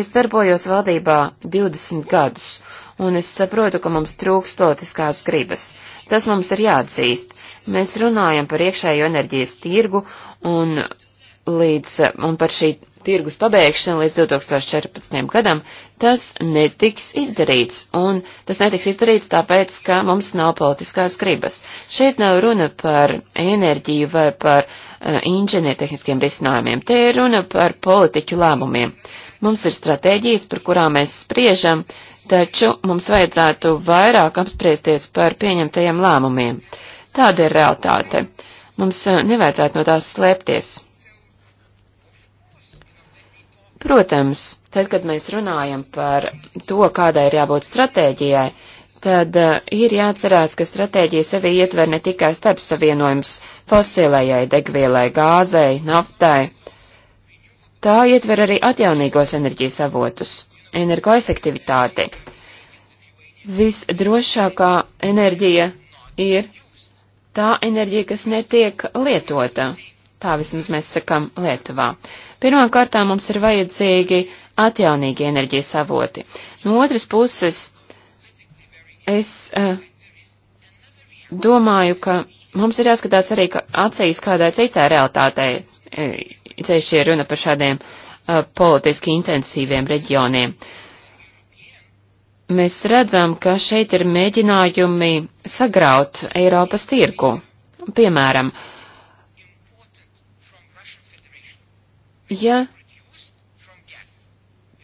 Es darbojos valdībā 20 gadus, un es saprotu, ka mums trūks politiskās gribas. Tas mums ir jāatzīst. Mēs runājam par iekšējo enerģijas tirgu un, līdz, un par šī tirgus pabeigšanu līdz 2014. gadam, tas netiks izdarīts, un tas netiks izdarīts tāpēc, ka mums nav politiskās gribas. Šeit nav runa par enerģiju vai par uh, inženiertehniskiem risinājumiem, te ir runa par politiķu lēmumiem. Mums ir stratēģijas, par kurām mēs spriežam, taču mums vajadzētu vairāk apspriesties par pieņemtajiem lēmumiem. Tāda ir realitāte. Mums eh, nevajadzētu no tās slēpties. Protams, tad, kad mēs runājam par to, kādai ir jābūt stratēģijai, tad uh, ir jāatcerās, ka stratēģija sevi ietver ne tikai starp savienojums fosilējai degvielai, gāzei, naftai. Tā ietver arī atjaunīgos enerģijas avotus, energoefektivitāti. Visdrošākā enerģija ir tā enerģija, kas netiek lietota. Tā vismaz mēs sakam Lietuvā. Uh, Pirmkārt, mums ir vajadzīgi atjaunīgi enerģijas avoti. No otras puses, es uh, domāju, ka mums ir jāskatās arī ka acīs kādai citai realitātei, eh, ceļš ir runa par šādiem uh, politiski intensīviem reģioniem. Mēs redzam, ka šeit ir mēģinājumi sagraut Eiropas tirgu. Piemēram, uh, Ja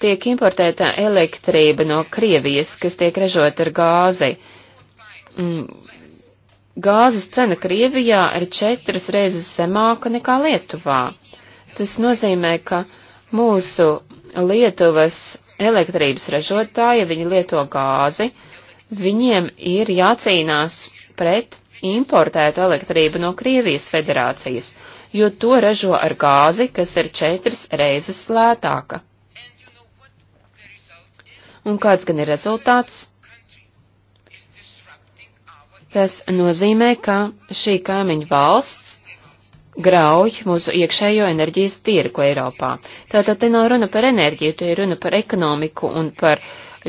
tiek importēta elektrība no Krievijas, kas tiek ražota ar gāzi, mm, gāzes cena Krievijā ir četras reizes zemāka nekā Lietuvā. Tas nozīmē, ka mūsu Lietuvas elektrības ražotāji, viņi lieto gāzi, viņiem ir jācīnās pret importētu elektrību no Krievijas federācijas jo to ražo ar gāzi, kas ir četras reizes lētāka. Un kāds gan ir rezultāts? Tas nozīmē, ka šī kaimiņu valsts grauj mūsu iekšējo enerģijas tirgu Eiropā. Tātad te nav runa par enerģiju, te ir runa par ekonomiku un par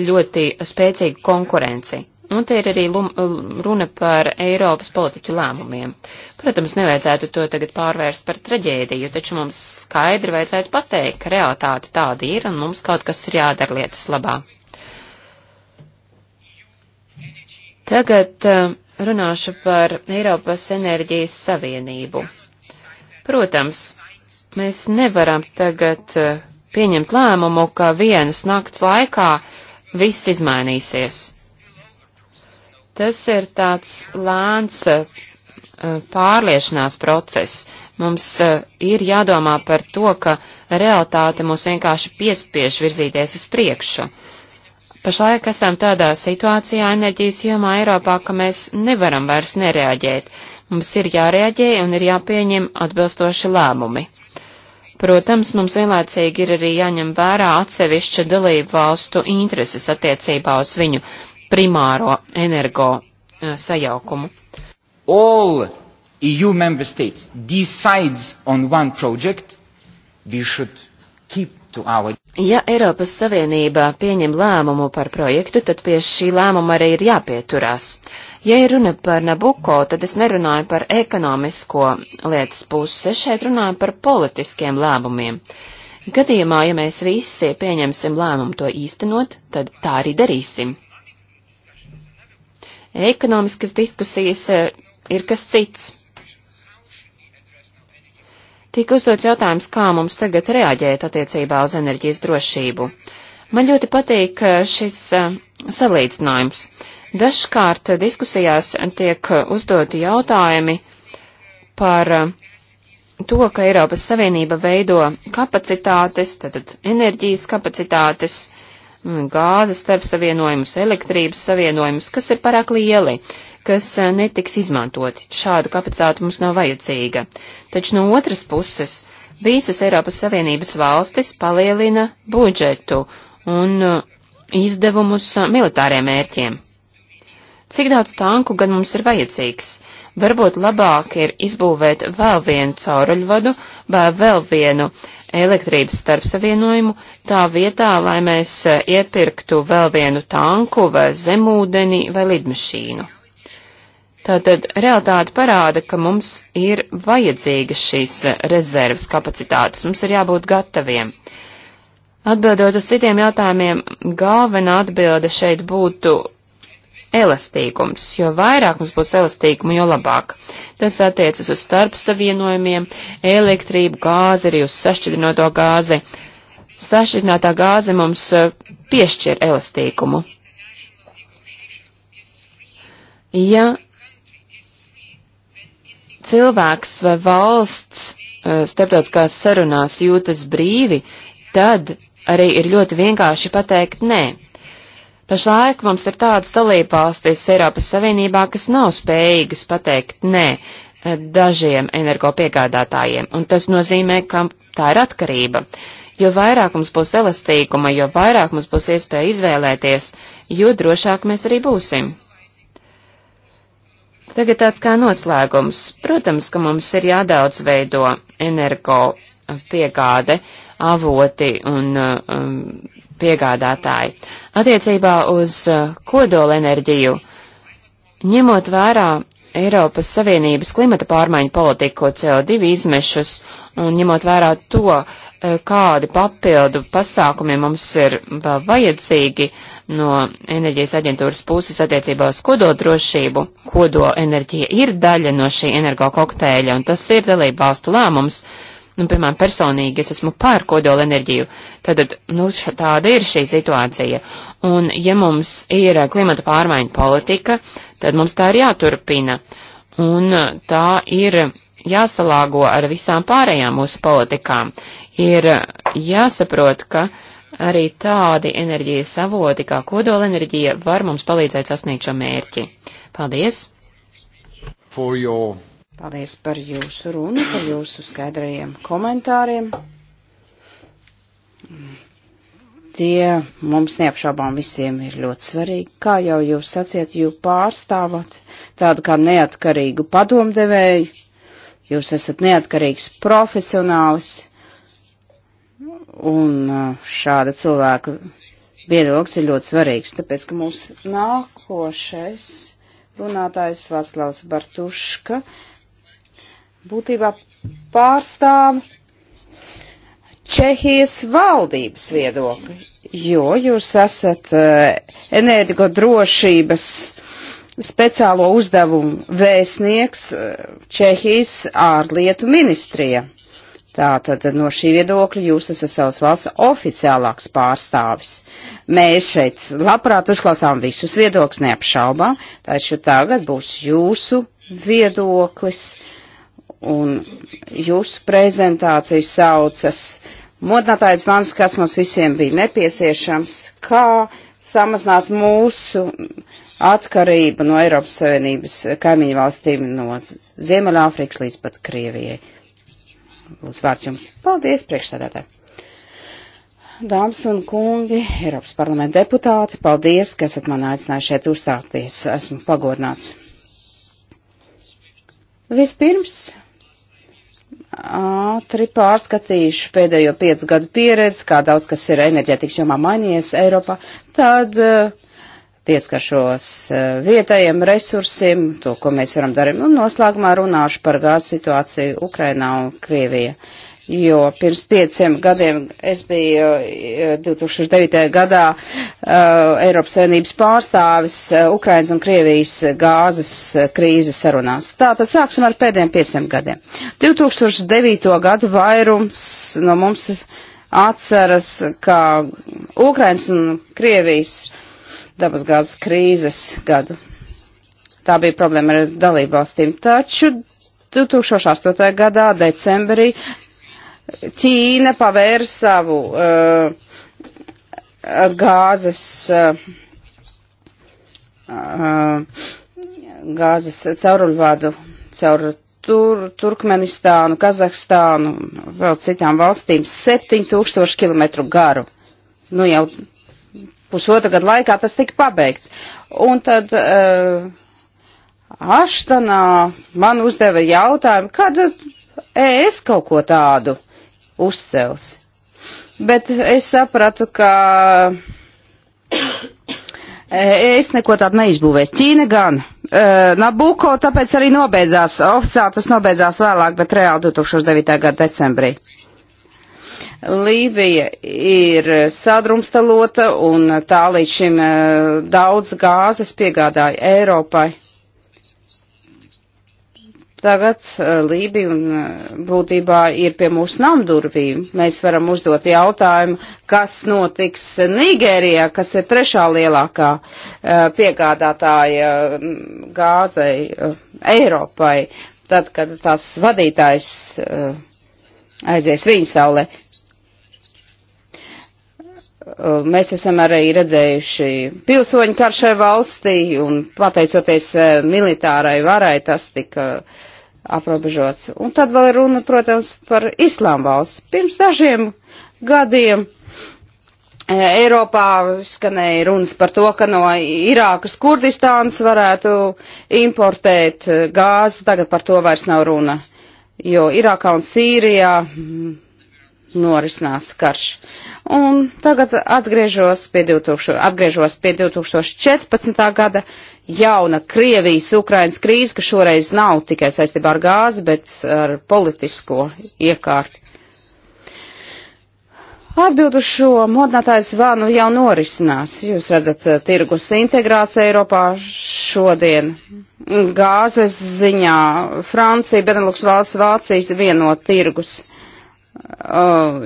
ļoti spēcīgu konkurenci. Un te ir arī lum, runa par Eiropas politiķu lēmumiem. Protams, nevajadzētu to tagad pārvērst par traģēdiju, taču mums skaidri vajadzētu pateikt, ka realitāte tāda ir un mums kaut kas ir jādara lietas labā. Tagad eh, runāšu par Eiropas enerģijas savienību. Protams, mēs nevaram tagad eh, pieņemt lēmumu, ka vienas nakts laikā viss izmainīsies Tas ir tāds lēns eh, pārliešanās process. Mums eh, ir jādomā par to, ka realitāte mūs vienkārši piespiež virzīties uz priekšu. Pašlaik esam tādā situācijā enerģijas jomā Eiropā, ka mēs nevaram vairs nereaģēt. Mums ir jārēģē un ir jāpieņem atbilstoši lēmumi. Protams, mums vienlaicīgi ir arī jāņem vērā atsevišķa dalību valstu intereses attiecībā uz viņu primāro energo eh, sajaukumu. All EU member states decides on one project, we should keep to our. Ja Eiropas Savienība pieņem lēmumu par projektu, tad pie šī lēmuma arī ir jāpieturās. Ja ir runa par Nabuko, tad es nerunāju par ekonomisko lietas pusi, es šeit runāju par politiskiem lēmumiem. Gadījumā, ja mēs visi pieņemsim lēmumu to īstenot, tad tā arī darīsim. Ekonomiskas diskusijas e, ir kas cits. Tika uzdots jautājums, kā mums tagad reaģēt attiecībā uz enerģijas drošību. Man ļoti patīk e, šis e, salīdzinājums. Dažkārt diskusijās tiek uzdoti jautājumi par to, ka Eiropas Savienība veido kapacitātes, tātad enerģijas kapacitātes, uh, gāzes starp savienojumus, elektrības savienojumus, kas ir pārāk lieli, kas eh, netiks izmantoti. Šādu kapacitāti mums nav vajadzīga. Taču no otras puses, visas Eiropas Savienības valstis palielina budžetu un eh, izdevumus eh, militāriem mērķiem. Cik daudz tanku gan mums ir vajadzīgs? Varbūt labāk ir izbūvēt vēl vienu cauruļvadu vai vēl vienu elektrības starpsavienojumu tā vietā, lai mēs e, iepirktu vēl vienu tanku vai zemūdeni vai lidmašīnu. Tātad realitāte parāda, ka mums ir vajadzīgas šīs e, rezerves kapacitātes, mums ir jābūt gataviem. Atbildot uz citiem jautājumiem, galvenā atbilde šeit būtu elastīgums, jo vairāk mums būs elastīgumu, jo labāk. Tas attiecas uz starpsavienojumiem, elektrību, gāzi, arī uz sašķidrinoto gāzi. Sašķidrinātā gāze mums eh, piešķir elastīgumu. Ja cilvēks vai valsts eh, starptautiskās sarunās jūtas brīvi, tad arī ir ļoti vienkārši pateikt nē. Pašlaik mums ir tādas dalībvalstis Eiropas Savienībā, kas nav spējīgas pateikt nē eh, dažiem energopiegādātājiem, un tas nozīmē, ka tā ir atkarība. Jo vairāk mums būs elastīguma, jo vairāk mums būs iespēja izvēlēties, jo drošāk mēs arī būsim. Tagad tāds kā noslēgums. Protams, ka mums ir jādaudz veido energo piegāde, avoti un um, piegādātāji. Attiecībā uz uh, kodolenerģiju, ņemot vērā Eiropas Savienības klimata pārmaiņu politiku CO2 izmešus un ņemot vērā to, uh, kādi papildu pasākumi mums ir vēl vajadzīgi no enerģijas aģentūras puses attiecībā uz kododrošību. Kodoenerģija ir daļa no šī energo kokteļa, un tas ir dalība valstu lēmums, nu, piemēram, personīgi es esmu pār kodola enerģiju, tad, nu, ša, tāda ir šī situācija. Un, ja mums ir klimata pārmaiņu politika, tad mums tā ir jāturpina. Un tā ir jāsalāgo ar visām pārējām mūsu politikām. Ir jāsaprot, ka arī tādi enerģijas avoti kā kodola enerģija var mums palīdzēt sasniegt šo mērķi. Paldies! For your Paldies par jūsu runu, par jūsu skaidrajiem komentāriem. Tie mums neapšaubām visiem ir ļoti svarīgi. Kā jau jūs saciet, jūs pārstāvat tādu kā neatkarīgu padomdevēju, jūs esat neatkarīgs profesionālis, un uh, šāda cilvēka viedoklis ir ļoti svarīgs, tāpēc, ka mūsu nākošais runātājs Vaslavs Bartuška būtībā pārstāv Čehijas valdības viedokli, jo jūs esat eh, energo drošības speciālo uzdevumu vēstnieks eh, Čehijas ārlietu ministrija. Tātad no šī viedokļa jūs esat savas valsts oficiālāks pārstāvis. Mēs šeit labprāt uzklausām visus viedokļus neapšaubā, taču tagad būs jūsu viedoklis. Uh, un jūsu prezentācija saucas modinātājs vans, kas mums visiem bija nepieciešams, kā samazināt mūsu atkarību no Eiropas Savienības kaimiņu valstīm no Ziemeļāfrikas līdz pat Krievijai. Lūdzu, vārds jums. Paldies, priekšsēdētāji. Dāmas un kungi, Eiropas parlamenta deputāti, paldies, ka esat mani aicinājuši šeit uzstāties. Esmu pagodināts. Vispirms ātri pārskatīšu pēdējo piecu gadu pieredzi, kā daudz kas ir enerģētikas jomā mainījies Eiropā, tad eh, pieskaršos eh, vietējiem resursiem, to, ko mēs varam darīt. Un noslēgumā runāšu par gāzes situāciju Ukrainā un Krievijā. Uh, jo pirms pieciem gadiem es biju 2009. Eh, gadā uh, Eiropas Savienības pārstāvis uh, Ukrainas un Krievijas gāzes krīzes sarunās. Tātad sāksim ar pēdējiem pieciem gadiem. 2009. gadu vairums no mums atceras, ka Ukrainas un Krievijas dabasgāzes krīzes gadu tā bija problēma ar dalībvalstīm. Taču 2008. gadā, decembrī, Ķīna pavēra savu uh, gāzes, uh, gāzes cauruļvadu caur Tur, Turkmenistānu, Kazahstānu, vēl citām valstīm 7000 km garu. Nu jau pusotra gada laikā tas tika pabeigts. Un tad uh, Aštanā man uzdeva jautājumu, kad es kaut ko tādu uzcels. Bet es sapratu, ka eh, es neko tādu neizbūvēju. Ķīna gan. Eh, Nabuko tāpēc arī nobeidzās, oficiāli tas nobeidzās vēlāk, bet reāli 2009. gada decembrī. Lībija ir sadrumstalota un tā līdz šim eh, daudz gāzes piegādāja Eiropai tagad eh, Lībija un eh, būtībā ir pie mūsu namdurvīm. Mēs varam uzdot jautājumu, kas notiks Nigērijā, kas ir trešā lielākā eh, piegādātāja mm, gāzei Eiropai, tad, kad tās vadītājs aizies viņa saulē. Uh, mēs esam arī redzējuši pilsoņu karu šai valstī, un pateicoties uh, militārai varai, tas tika aprobežots. Un tad vēl ir runa, protams, par islāma valsti. Pirms dažiem gadiem uh, Eiropā skanēja runas par to, ka no Irākas Kurdistānas varētu importēt gāzi, tagad par to vairs nav runa, jo Irākā un Sīrijā mm, norisinās karš. Un tagad atgriežos pie, 2000, atgriežos pie 2014. gada jauna Krievijas-Ukrainas krīze, kas šoreiz nav tikai saistībā ar gāzi, bet ar politisko iekārti. Atbildu šo modinātāju zvanu jau norisinās. Jūs redzat, eh, tirgus integrācija Eiropā šodien. Gāzes ziņā Francija, Beneluks valsts, Vācijas vienot tirgus. Uh, Oh,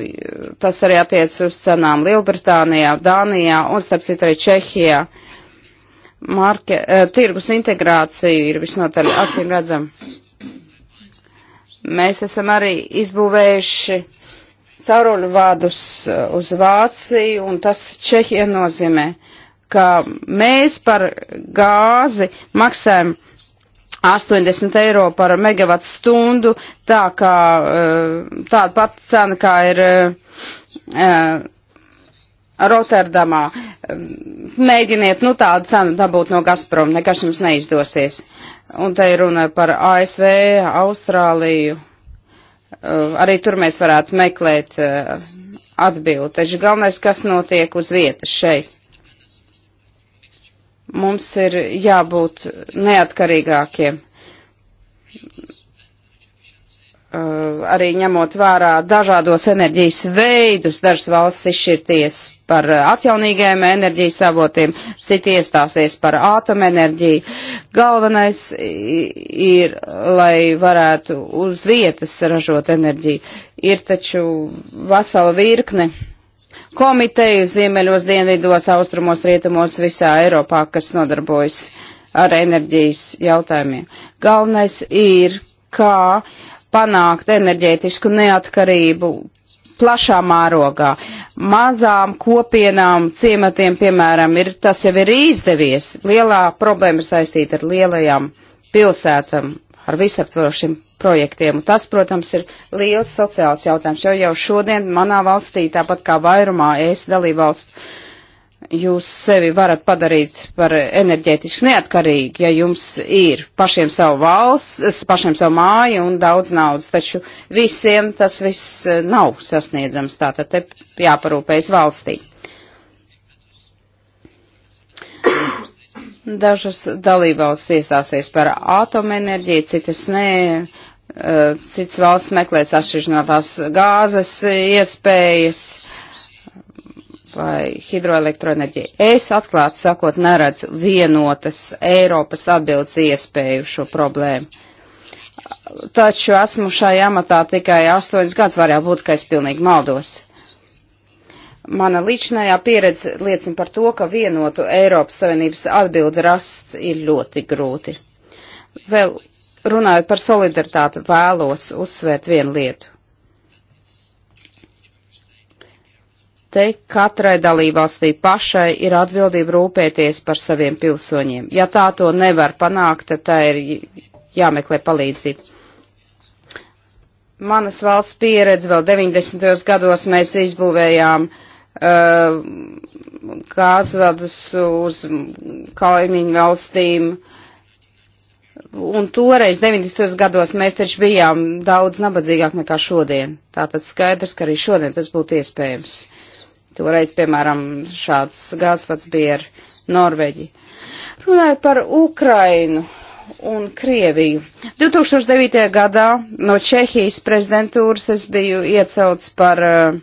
tas arī attiec uz cenām Lielbritānijā, Dānijā un, starp citu, arī Čehijā. Marke, eh, tirgus integrācija ir visnotaļ acīm redzama. Mēs esam arī izbūvējuši cauruļu vādus eh, uz Vāciju, un tas Čehija nozīmē, ka mēs par gāzi maksājam 80 eiro par megavatu stundu, tā kā eh, tāda pati cena, kā ir eh, eh, Rotterdamā. Mēģiniet, nu tādu cenu dabūt no Gazprom, nekas jums neizdosies. Un te ir runa par ASV, Austrāliju. Arī tur mēs varētu meklēt atbildi. Taču galvenais, kas notiek uz vietas šeit Mums ir jābūt neatkarīgākiem. Uh, arī ņemot vērā dažādos enerģijas veidus, dažas valsts izšķirties par atjaunīgiem enerģijas avotiem, citi iestāsies par ātomenerģiju. Galvenais ir, lai varētu uz vietas ražot enerģiju. Ir taču vesela virkne komiteju ziemeļos, dienvidos, austrumos, rietumos visā Eiropā, kas nodarbojas ar enerģijas jautājumiem. Galvenais ir, kā panākt enerģētisku neatkarību plašā mērogā. Mazām kopienām, ciematiem, piemēram, ir, tas jau ir izdevies. Lielā problēma ir saistīta ar lielajām pilsētām, ar visaptvarošiem projektiem. Tas, protams, ir liels sociāls jautājums, jo jau šodien manā valstī, tāpat kā vairumā es dalībvalstu, jūs sevi varat padarīt par enerģētiski neatkarīgi, ja jums ir pašiem savu valsts, pašiem savu māju un daudz naudas, taču visiem tas viss eh, nav sasniedzams, tātad te jāparūpējas valstī. Dažas dalībvalsts iestāsies par atomenerģiju, citas nē, Eh, cits valsts meklēs atšķiršanātās gāzes iespējas vai hidroelektroenerģija. Es atklāti sakot neredzu vienotas Eiropas atbildes iespēju šo problēmu. Taču esmu šai amatā tikai astoņas gads, varētu būt, ka es pilnīgi maldos. Mana līdzinājā pieredze liecina par to, ka vienotu Eiropas Savienības atbildi rast ir ļoti grūti. Vēl runājot par solidaritāti, vēlos uzsvērt vienu lietu. Te katrai dalībvalstī pašai ir atbildība rūpēties par saviem pilsoņiem. Ja tā to nevar panākt, tad tā ir jāmeklē palīdzība. Manas valsts pieredze vēl 90. gados mēs izbūvējām uh, gāzvadus uz kaimiņu valstīm, uh, Un toreiz, 90. gados, mēs taču bijām daudz nabadzīgāk nekā šodien. Tātad skaidrs, ka arī šodien tas būtu iespējams. Toreiz, piemēram, šāds gāzvats bija ar Norvēģi. Runājot par Ukrainu un Krieviju. 2009. gadā no Čehijas prezidentūras es biju iecelts par, eh,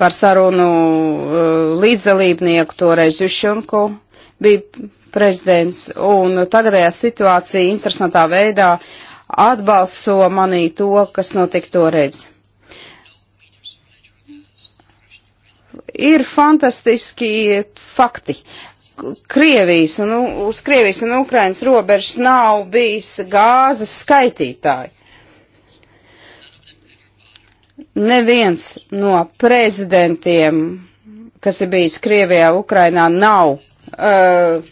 par sarunu eh, līdzdalībnieku toreiz Jušunku. Bija prezidents, un tagadējā situācija interesantā veidā atbalso manī to, kas notika toreiz. Ir fantastiski fakti. Krievijas un, uz Krievijas un Ukrainas robežas nav bijis gāzes skaitītāji neviens no prezidentiem, kas ir bijis Krievijā, Ukrainā, nav uh,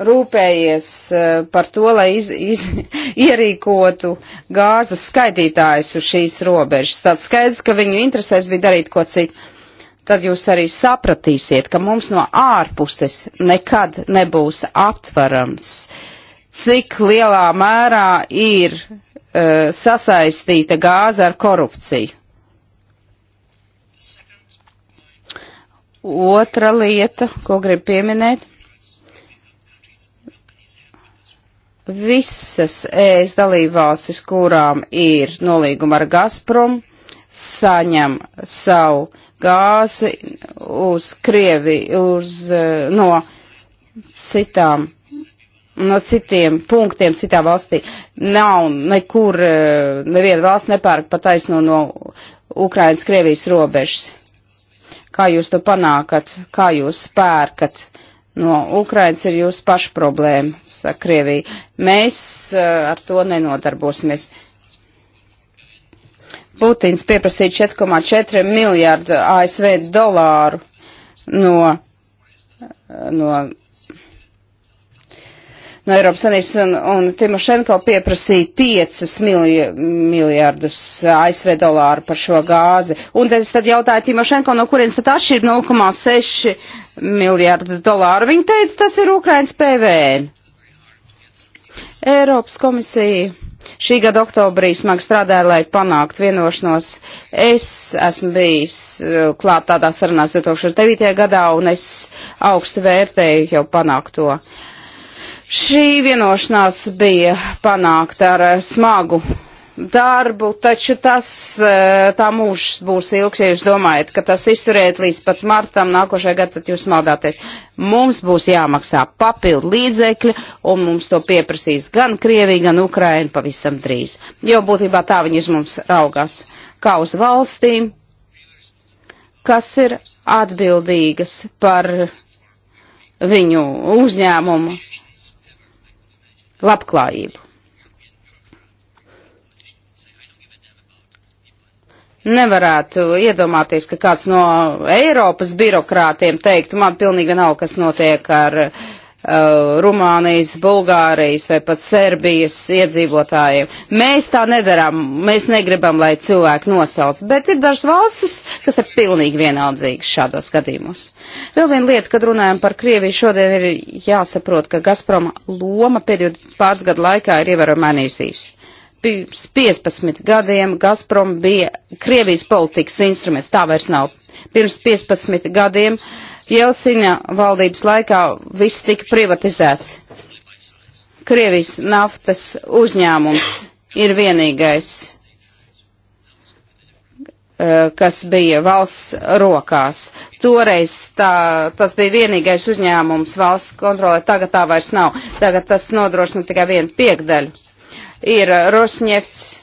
rūpējies eh, par to, lai iz, iz, ierīkotu gāzes skaitītājus uz šīs robežas. Tad skaidrs, ka viņu interesēs bija darīt ko citu. Tad jūs arī sapratīsiet, ka mums no ārpuses nekad nebūs aptverams, cik lielā mērā ir uh, sasaistīta gāze ar korupciju. Otra lieta, ko gribu pieminēt, visas ES dalībvalstis, kurām ir nolīguma ar Gazprom, saņem savu gāzi uz Krievi, uz, eh, no citām, no citiem punktiem citā valstī. Nav nekur, eh, neviena valsts nepērk pataisno no Ukrainas Krievijas robežas. Kā jūs to panākat, kā jūs pērkat? no Ukrainas ir jūsu pašu problēma, saka Krievija. Mēs uh, ar to nenodarbosimies. Putins pieprasīja 4,4 miljārdu ASV dolāru no, no, no Eiropas Sanības un, un Timošenko pieprasīja 5 milj, miljārdus ASV dolāru par šo gāzi. Un tad es tad jautāju Timošenko, no kurienes tad atšķir 0,6 miljārdu dolāru. Viņa teica, tas ir Ukrainas PVN. Eiropas komisija šī gada oktobrī smagi strādāja, lai panāktu vienošanos. Es esmu bijis uh, klāt tādā sarunās 2009. gadā un es augstu vērtēju jau panākto. Šī vienošanās bija panākta ar smagu darbu, taču tas, e, tā mūžs būs ilgs, ja jūs domājat, ka tas izturēt līdz pat martam nākošajā gadā, tad jūs maldāties. Mums būs jāmaksā papildu līdzekļi, un mums to pieprasīs gan Krievija, gan Ukraina pavisam drīz. Jo būtībā tā viņi uz mums raugās, kā uz valstīm, kas ir atbildīgas par viņu uzņēmumu labklājību. nevarētu iedomāties, ka kāds no Eiropas birokrātiem teiktu, man pilnīgi nav, kas notiek ar uh, Rumānijas, Bulgārijas vai pat Serbijas iedzīvotājiem. Mēs tā nedaram, mēs negribam, lai cilvēki nosauc, bet ir dažas valstis, kas ir pilnīgi vienaldzīgas šādos gadījumos. Vēl viena lieta, kad runājam par Krieviju, šodien ir jāsaprot, ka Gazprom loma pēdējo pāris gadu laikā ir ievērojami mainījusies pirms 15 gadiem Gazprom bija Krievijas politikas instruments, tā vairs nav. Pirms 15 gadiem Jelciņa valdības laikā viss tika privatizēts. Krievijas naftas uzņēmums ir vienīgais, eh, kas bija valsts rokās. Toreiz tā, tas bija vienīgais uzņēmums valsts kontrolē, tagad tā vairs nav. Tagad tas nodrošina tikai vienu piekdaļu ir Rosnefts,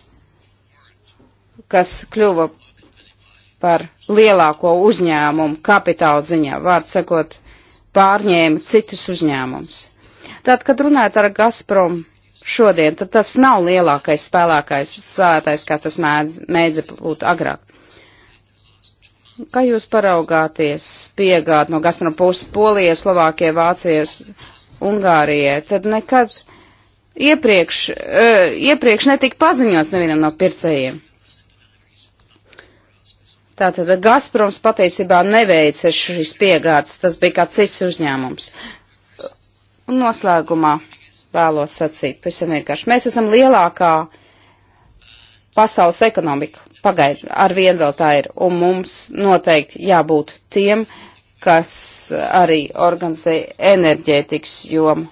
kas kļuva par lielāko uzņēmumu kapitāla ziņā, vārds sakot, pārņēma citus uzņēmumus. Tad, kad runājat ar Gazprom šodien, tad tas nav lielākais spēlēkais spēlētājs, kā tas mēdz, mēdz būt agrāk. Kā jūs paraugāties piegādi no Gazprom puses Polijai, Slovākijai, Vācijai, Ungārijai, tad nekad iepriekš, e, iepriekš netika paziņots nevienam no pircējiem. Tātad Gazproms patiesībā neveica šīs piegādes, tas bija kāds cits uzņēmums. Un noslēgumā vēlos sacīt, pavisam vienkārši, mēs esam lielākā pasaules ekonomika. Pagaid, ar vien vēl tā ir, un mums noteikti jābūt tiem, kas arī organizē enerģētikas jomu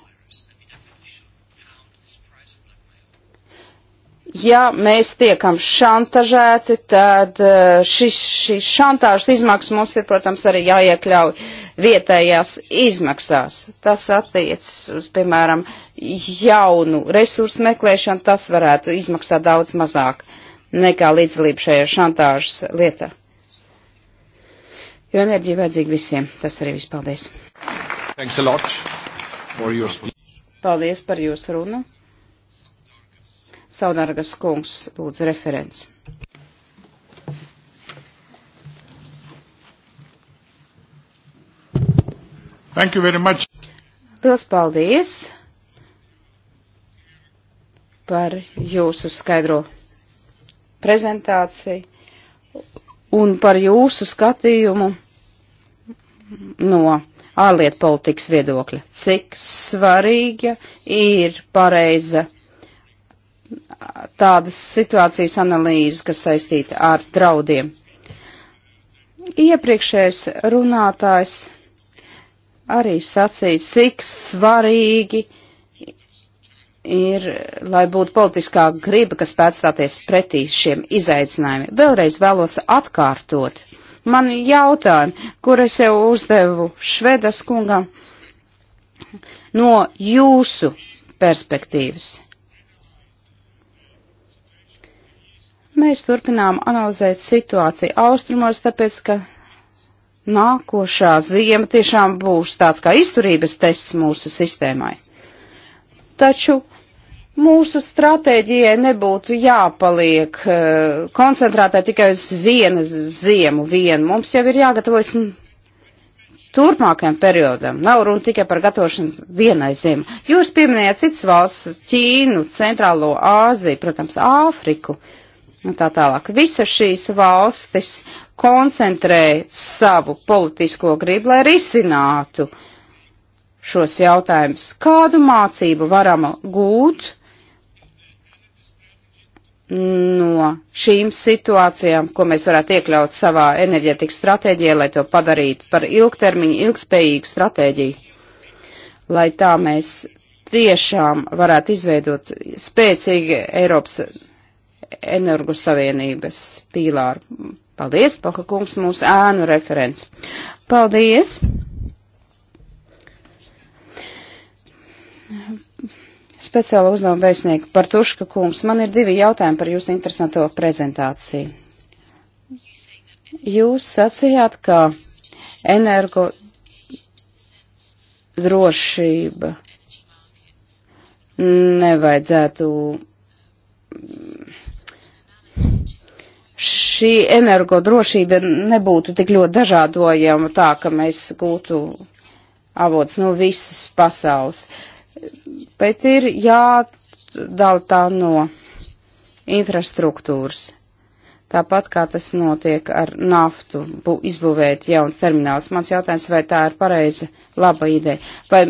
ja mēs tiekam šantažēti, tad eh, šis, šis šantāžas izmaksas mums ir, protams, arī jāiekļauj vietējās izmaksās. Tas attiecas uz, piemēram, jaunu resursu meklēšanu, tas varētu izmaksāt daudz mazāk nekā līdzdalība šajā šantāžas lietā. Jo enerģija vajadzīga visiem. Tas arī viss. Paldies. Paldies par jūsu runu. Saunargas kungs, lūdzu, referents. Thank you very much. Liels paldies par jūsu skaidro prezentāciju un par jūsu skatījumu no ārlietu politikas viedokļa. Cik svarīga ir pareiza tādas situācijas analīze, kas saistīta ar draudiem. Iepriekšējais runātājs arī sacīja, cik svarīgi ir, lai būtu politiskā griba, kas pēc stāties pretī šiem izaicinājumiem. Vēlreiz vēlos atkārtot man jautājumi, kur es jau uzdevu Švedas kungam no jūsu perspektīvas Mēs turpinām analizēt situāciju austrumos, tāpēc, ka nākošā ziema tiešām būs tāds kā izturības tests mūsu sistēmai. Taču mūsu stratēģijai nebūtu jāpaliek eh, koncentrētai tikai uz vienu ziemu vienu. Mums jau ir jāgatavojas turpmākajam periodam. Nav runa tikai par gatavošanu vienai ziemai. Jūs pieminējāt citas valsts - Ķīnu, Centrālo Āziju, protams, Āfriku. Uh, un nu, tā tālāk. Visas šīs valstis koncentrē savu politisko gribu, lai risinātu šos jautājumus. Kādu mācību varam gūt no šīm situācijām, ko mēs varētu iekļaut savā enerģētikas stratēģijā, lai to padarītu par ilgtermiņu, ilgspējīgu stratēģiju? Lai tā mēs tiešām varētu izveidot spēcīgu Eiropas energosavienības pīlāru. Paldies, Paka kungs, mūsu ēnu referents. Paldies! Speciāla uzdevuma vēstnieka par Tuška kungs. Man ir divi jautājumi par jūsu interesanto prezentāciju. Jūs sacījāt, ka energo drošība nevajadzētu šī energodrošība nebūtu tik ļoti dažādojama tā, ka mēs gūtu avots no visas pasaules. Bet ir jādala tā no infrastruktūras. Tāpat kā tas notiek ar naftu, bu, izbūvēt jauns termināls. Mans jautājums, vai tā ir pareiza, laba ideja, vai,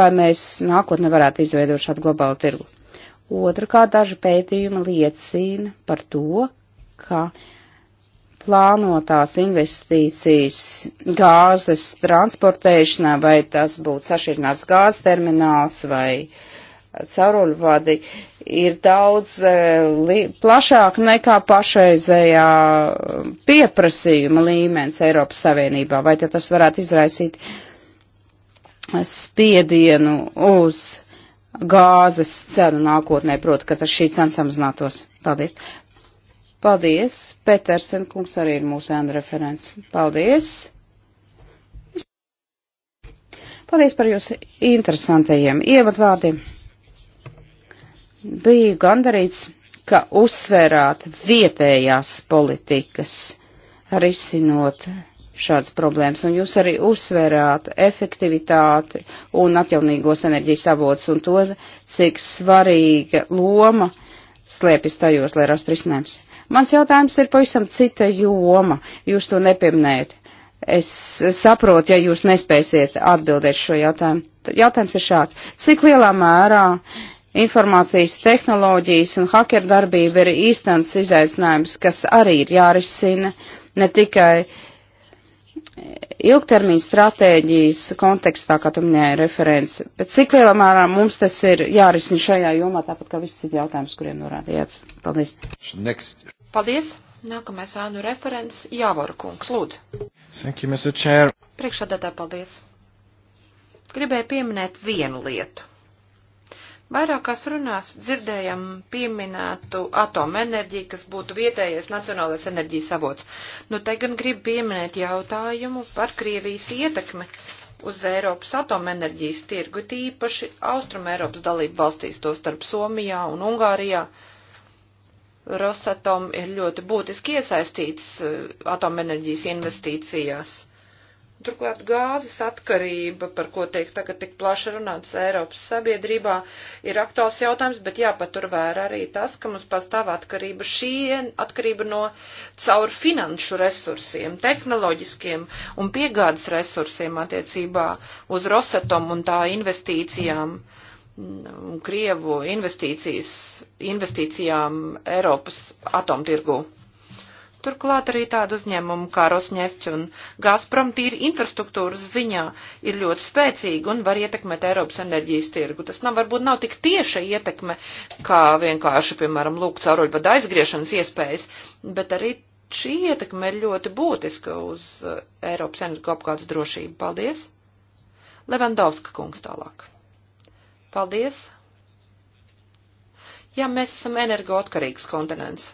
vai mēs nākotnē varētu izveidot šādu globālu tirgu. Otrakārt, daži pētījumi liecina par to, ka plānotās investīcijas gāzes transportēšanā, vai tas būtu sašķirināts gāzes termināls vai cauruļvadi, ir daudz e, li, plašāk nekā pašreizējā pieprasījuma līmenis Eiropas Savienībā, vai tad tas varētu izraisīt spiedienu uz gāzes cenu nākotnē, proti, ka tas šī cena samazinātos. Paldies. Paldies. Petersen kungs arī ir mūsu ēna referents. Paldies. Paldies par jūsu interesantajiem ievadvārdiem. Biju gandarīts, ka uzsvērāt vietējās politikas, risinot šādas problēmas, un jūs arī uzsverāt efektivitāti un atjaunīgos enerģijas avots un to, cik svarīga loma slēpjas tajos, lai rastu risinājums. Mans jautājums ir pavisam cita joma, jūs to nepieminējat. Es saprotu, ja jūs nespēsiet atbildēt šo jautājumu. Jautājums ir šāds. Cik lielā mērā informācijas tehnoloģijas un hakerdarbība ir īstens izaicinājums, kas arī ir jārisina ne tikai ilgtermiņa stratēģijas kontekstā, kā tu minēji referents, bet cik lielā mērā mums tas ir jārisina šajā jomā, tāpat kā viss citi jautājums, kuriem norādījāt. Paldies. Next. Paldies! Nākamais ānu referents Jāvora kungs, lūdzu. Thank you, Mr. Chair. Priekšādātā paldies. Gribēju pieminēt vienu lietu. Vairākās runās dzirdējam pieminētu atomenerģiju, kas būtu vietējais nacionālais enerģijas avots. Nu, te gan gribu pieminēt jautājumu par Krievijas ietekmi uz Eiropas atomenerģijas tirgu, tīpaši Austrum Eiropas dalību valstīs, to starp Somijā un Ungārijā. Uh, Rosatom ir ļoti būtiski iesaistīts e, atomenerģijas investīcijās. Turklāt gāzes atkarība, par ko tiek tagad tik plaši runāts Eiropas sabiedrībā, ir aktuāls jautājums, bet jāpatur vērā arī tas, ka mums pastāv atkarība šī atkarība no caur finanšu resursiem, tehnoloģiskiem un piegādes resursiem attiecībā uz Rosatom un tā investīcijām. Mm Krievu investīcijām Eiropas atomtirgu. Turklāt arī tādu uzņēmumu kā Rosneft un Gazprom tīri infrastruktūras ziņā ir ļoti spēcīgi un var ietekmēt Eiropas enerģijas tirgu. Tas nav, varbūt nav tik tieša ietekme, kā vienkārši, piemēram, lūk, cauruļvada aizgriešanas iespējas, bet arī šī ietekme ir ļoti būtiska uz uh, Eiropas energo apkārtas drošību. Paldies! Levandovska kungs tālāk. Paldies! Jā, mēs esam energoatkarīgs kontinents.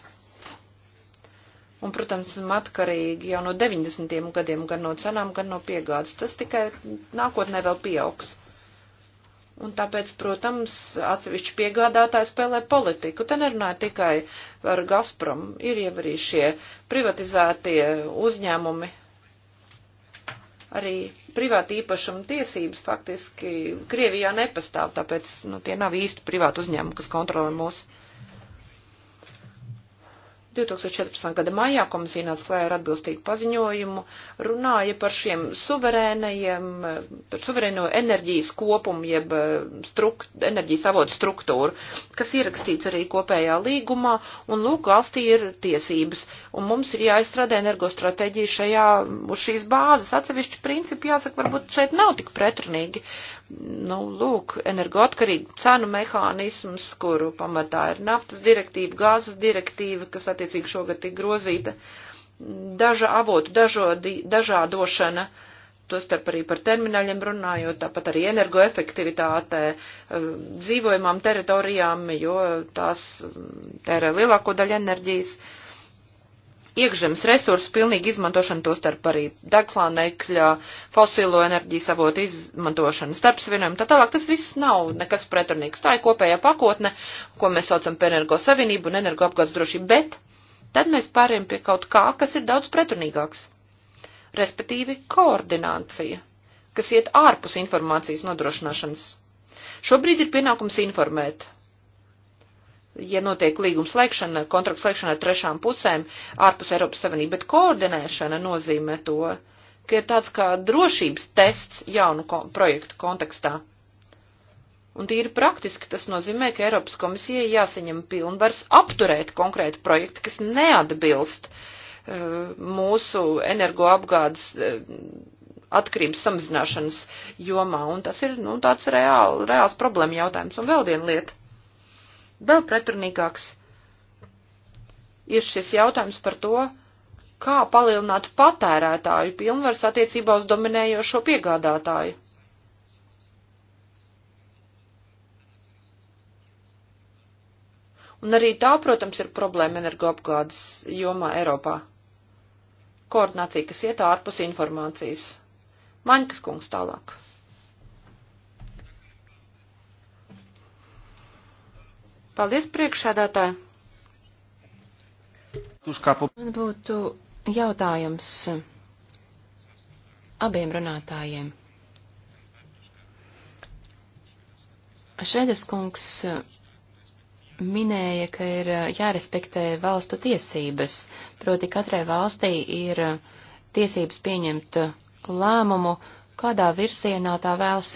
Un, protams, esam atkarīgi jau no 90. gadiem, gan no cenām, gan no piegādes. Tas tikai nākotnē vēl pieaugs. Un tāpēc, protams, atsevišķi piegādātāji spēlē politiku. Te nerunāja tikai ar Gazprom. Ir jau arī šie privatizētie uzņēmumi, arī privāta īpašuma tiesības faktiski Krievijā nepastāv, tāpēc nu, tie nav īsti privāti uzņēmumi, kas kontrolē mūsu 2014. gada maijā komisija nāca klājā ar atbilstīgu paziņojumu, runāja par šiem suverēnajiem, par suverēno enerģijas kopumu, jeb eh, struk, enerģijas avotu struktūru, kas ierakstīts arī kopējā līgumā, un lūk, valstī ir tiesības, un mums ir jāizstrādā energostrateģija šajā, uz šīs bāzes. Atsevišķi principi, jāsaka, varbūt šeit nav tik pretrunīgi, nu, lūk, energoatkarīgu cenu mehānisms, kuru pamatā ir naftas direktīva, gāzes direktīva, kas attiecīgi šogad tika grozīta, daža avotu dažodi, dažādošana, tostarp arī par termināļiem runājot, tāpat arī energoefektivitāte eh, dzīvojamām teritorijām, jo tās mm, tērē lielāko daļu enerģijas. Uh, iekšzemes resursu pilnīgi izmantošana, to starp arī degslānekļa, fosilo enerģijas avotu izmantošana, starpsvienojumu, tā tālāk. Tas viss nav nekas pretrunīgs. Tā ir kopējā pakotne, ko mēs saucam par energo savienību un energo apgādes drošību, bet tad mēs pāriem pie kaut kā, kas ir daudz pretrunīgāks. Respektīvi koordinācija, kas iet ārpus informācijas nodrošināšanas. Šobrīd ir pienākums informēt ja notiek līguma slēgšana, kontrakta slēgšana ar trešām pusēm ārpus Eiropas Savienības, bet koordinēšana nozīmē to, ka ir tāds kā drošības tests jaunu ko projektu kontekstā. Un tīri praktiski tas nozīmē, ka Eiropas komisijai jāsaņem pilnvars apturēt konkrētu projektu, kas neatbilst uh, mūsu energoapgādes uh, atkarības samazināšanas jomā. Un tas ir, nu, tāds reāli, reāls problēma jautājums. Un vēl viena lieta. Vēl pretrunīgāks ir šis jautājums par to, kā palielināt patērētāju pilnvars attiecībā uz dominējošo piegādātāju. Un arī tā, protams, ir problēma energoapgādes jomā Eiropā. Koordinācija, kas iet ārpus informācijas. Maņkas kungs tālāk. Paldies, priekšsādātāji! Man būtu jautājums abiem runātājiem. Šedes kungs minēja, ka ir jārespektē valstu tiesības, proti katrai valstī ir tiesības pieņemt lēmumu, kādā virzienā tā vēlas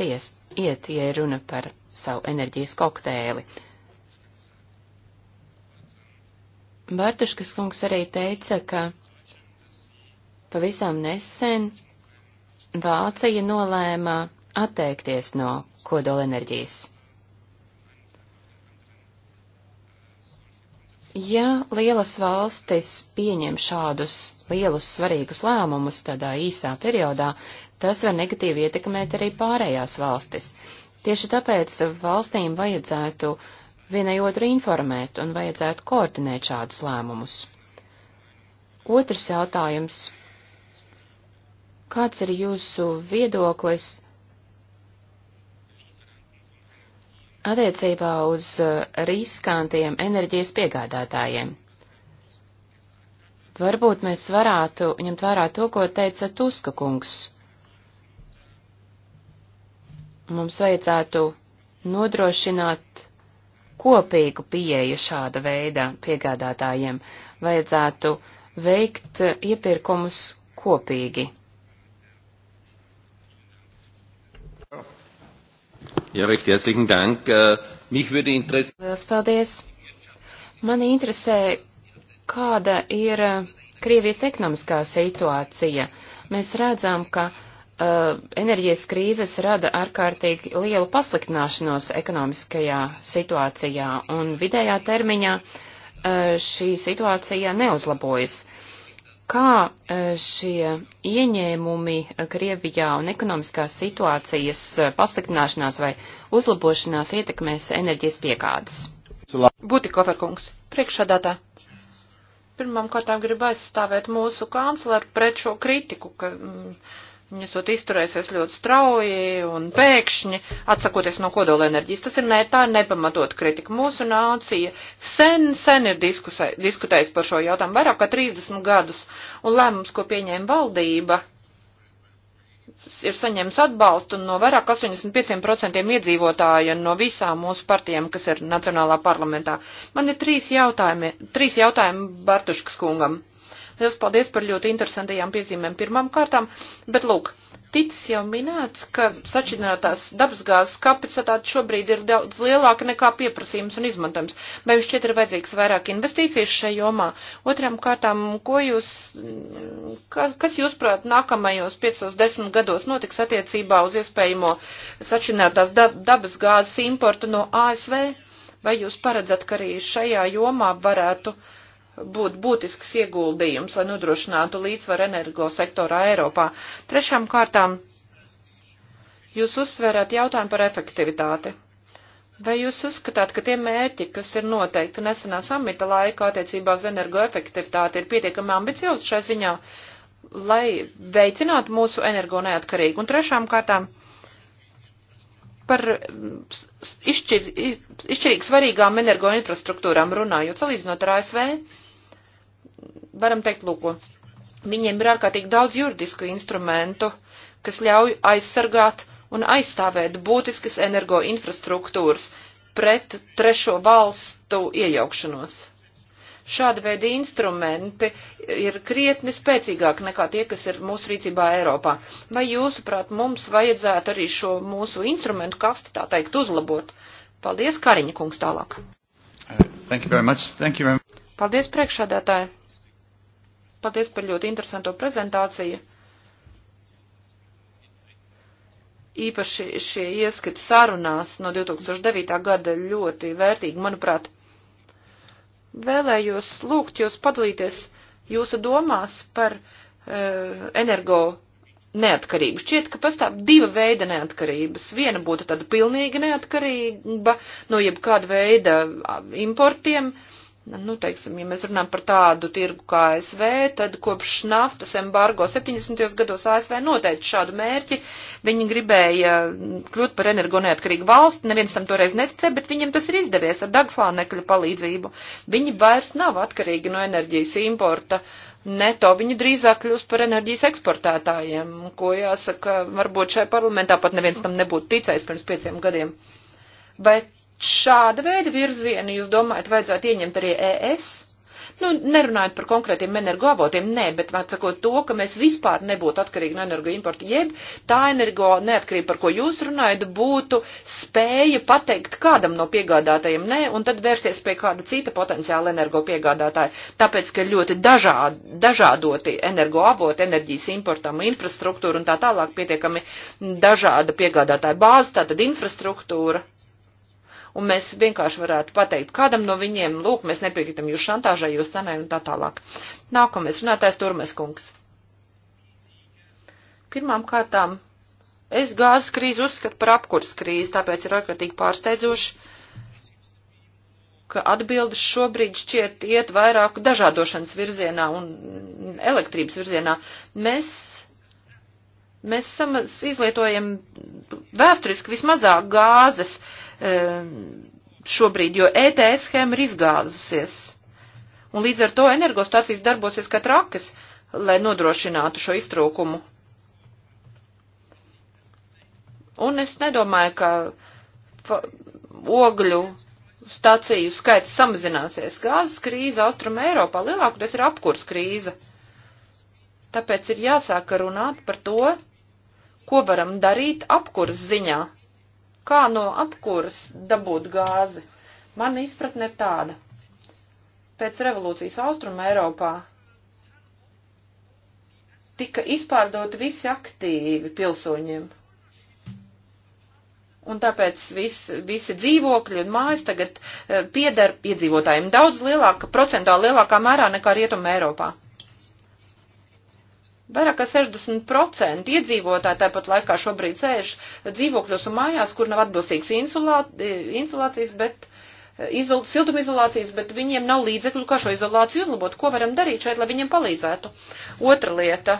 iet, ja runa par savu enerģijas kokteili, Bartuškas kungs arī teica, ka pavisam nesen Vācija nolēma atteikties no kodolenerģijas. Ja lielas valstis pieņem šādus lielus svarīgus lēmumus tādā īsā periodā, tas var negatīvi ietekmēt arī pārējās valstis. Tieši tāpēc valstīm vajadzētu uh, vienai otru informēt un vajadzētu koordinēt šādus lēmumus. Otrs jautājums. Kāds ir jūsu viedoklis attiecībā uz eh, riskantiem enerģijas piegādātājiem? Varbūt mēs varētu ņemt vērā to, ko teica Tuska kungs. Mums vajadzētu nodrošināt kopīgu pieeju šāda veida piegādātājiem. Vajadzētu veikt iepirkumus kopīgi. Jā, recht herzlichen Dank. Äh, mich würde interessieren. Lielas paldies. Mani interesē, kāda ir äh, Krievijas ekonomiskā situācija. Mēs redzam, ka uh, Uh, enerģijas krīzes rada ārkārtīgi lielu pasliktināšanos ekonomiskajā situācijā, un vidējā termiņā uh, šī situācija neuzlabojas. Kā uh, šie ieņēmumi Krievijā un ekonomiskās situācijas pasliktināšanās vai uzlabošanās ietekmēs enerģijas piegādes? Būtikoferkungs, priekšādātā. Pirmām kārtām gribu aizstāvēt mūsu kancleru pret šo kritiku, ka mm, Viņa sot izturēsies ļoti strauji un pēkšņi atsakoties no kodolenerģijas. Tas ir ne tā nepamatot kritika. Mūsu nācija sen, sen ir diskusē, diskutējusi par šo jautājumu vairāk kā 30 gadus, un lēmums, ko pieņēma valdība, ir saņēmis atbalstu no vairāk 85% iedzīvotāju un no visām mūsu partijām, kas ir Nacionālā parlamentā. Man ir trīs jautājumi, trīs jautājumi Bartuškas kungam. Liels paldies par ļoti interesantajām piezīmēm pirmām kārtām, bet lūk, ticis jau minēts, ka sačinātās dabasgāzes kapacitāte šobrīd ir daudz lielāka nekā pieprasījums un izmantojums. Vai jums šķiet ir vajadzīgs vairāk investīcijas šajā jomā? Otram kārtām, ko jūs, kas, kas jūs prāt nākamajos 5-10 gados notiks attiecībā uz iespējamo sačinātās dabasgāzes importu no ASV? Vai jūs paredzat, ka arī šajā jomā varētu uh, būt būtisks ieguldījums, lai nodrošinātu līdzsvaru energosektorā Eiropā. Trešām kārtām jūs uzsverāt jautājumu par efektivitāti. Vai jūs uzskatāt, ka tie mērķi, kas ir noteikti nesenā samita laika attiecībā uz energoefektivitāti, ir pietiekami ambiciozi šai ziņā, lai veicinātu mūsu energo neatkarīgu? Un trešām kārtām par izšķir, izšķirīgi svarīgām energoinfrastruktūrām runājot, salīdzinot ar ASV, varam teikt, lūk, viņiem ir ārkārtīgi daudz juridisku instrumentu, kas ļauj aizsargāt un aizstāvēt būtiskas energoinfrastruktūras pret trešo valstu iejaukšanos. Šāda veida instrumenti ir krietni spēcīgāki nekā tie, kas ir mūsu rīcībā Eiropā. Vai jūsuprāt, mums vajadzētu arī šo mūsu instrumentu kasti, tā teikt, uzlabot? Paldies, Kariņa kungs, tālāk. Uh, thank you very much. Thank you very much. Paldies, priekšādātāji. Paldies par ļoti interesanto prezentāciju. Īpaši šie ieskati sarunās no 2009. gada ļoti vērtīgi, manuprāt. Vēlējos lūgt jūs padalīties jūsu domās par uh, energo neatkarību. Šķiet, ka pastāv diva veida neatkarības. Viena būtu tāda pilnīga neatkarība no jebkāda veida importiem. Uh, Nu, teiksim, ja mēs runājam par tādu tirgu kā ASV, tad kopš naftas embargo 70. gados ASV noteica šādu mērķi. Viņi gribēja kļūt par energo neatkarīgu valsti, neviens tam toreiz neticē, bet viņiem tas ir izdevies ar Dagslānekļa palīdzību. Viņi vairs nav atkarīgi no enerģijas importa. Neto viņi drīzāk kļūst par enerģijas eksportētājiem, ko jāsaka, varbūt šai parlamentā pat neviens tam nebūtu ticējis pirms pieciem gadiem. Bet šāda veida virzienu, jūs domājat, vajadzētu ieņemt arī ES? Nu, nerunājot par konkrētiem energoavotiem, nē, bet atsakot to, ka mēs vispār nebūtu atkarīgi no energoimporta, jeb tā energo neatkarība, par ko jūs runājat, būtu spēja pateikt kādam no piegādātajiem nē, un tad vērsties pie kāda cita potenciāla energo piegādātāja. Tāpēc, ka ir ļoti dažād, dažādoti energoavoti, enerģijas importam, infrastruktūra un tā tālāk pietiekami dažāda piegādātāja bāze, tātad infrastruktūra un mēs vienkārši varētu pateikt kādam no viņiem, lūk, mēs nepiekrītam jūs šantāžai, jūs cenai un tā tālāk. Nākamais runātājs Turmes kungs. Pirmām kārtām es gāzes krīzi uzskatu par apkurs krīzi, tāpēc ir ārkārtīgi pārsteidzoši, ka atbildes šobrīd šķiet iet vairāk dažādošanas virzienā un elektrības virzienā. Mēs mēs izlietojam vēsturiski vismazāk gāzes Um, šobrīd, jo ETS schēma ir izgāzusies. Un līdz ar to energostācijas darbosies kā trakas, lai nodrošinātu šo iztrūkumu. Un es nedomāju, ka ogļu stāciju skaits samazināsies. Gāzes krīze Austrum Eiropā lielākoties ir apkurs krīze. Tāpēc ir jāsāk runāt par to, ko varam darīt apkurs ziņā Kā no apkuras dabūt gāzi? Mana izpratne ir tāda. Pēc revolūcijas austruma Eiropā tika izpārdoti visi aktīvi pilsoņiem. Un tāpēc vis, visi dzīvokļi un mājas tagad eh, pieder iedzīvotājiem daudz lielāka, procentuāli lielākā mērā nekā Rietuma Eiropā. Vairāk kā 60% iedzīvotāji tāpat laikā šobrīd sēž dzīvokļos un mājās, kur nav atbilstīgs insulā, e, insulācijas, bet e, izol, siltumizolācijas, bet viņiem nav līdzekļu, kā šo izolāciju uzlabot. Ko varam darīt šeit, lai viņiem palīdzētu? Otra lieta.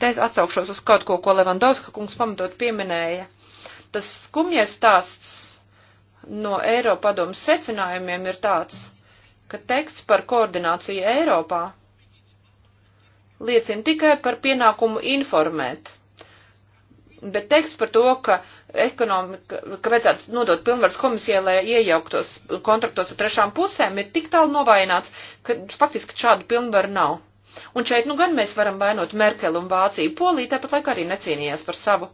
Te atsaukšos uz kaut ko, ko Levandovska kungs pamatot pieminēja. Tas skumjies stāsts no Eiropadomas secinājumiem ir tāds, ka teksts par koordināciju Eiropā liecina tikai par pienākumu informēt. Bet teksts par to, ka ekonomika, ka vajadzētu nodot pilnvaras komisijai, lai iejauktos kontraktos ar trešām pusēm, ir tik tālu novaināts, ka faktiski šādu pilnvaru nav. Un šeit nu gan mēs varam vainot Merkeli un Vāciju. Polija tāpat laikā arī necīnījās par savu.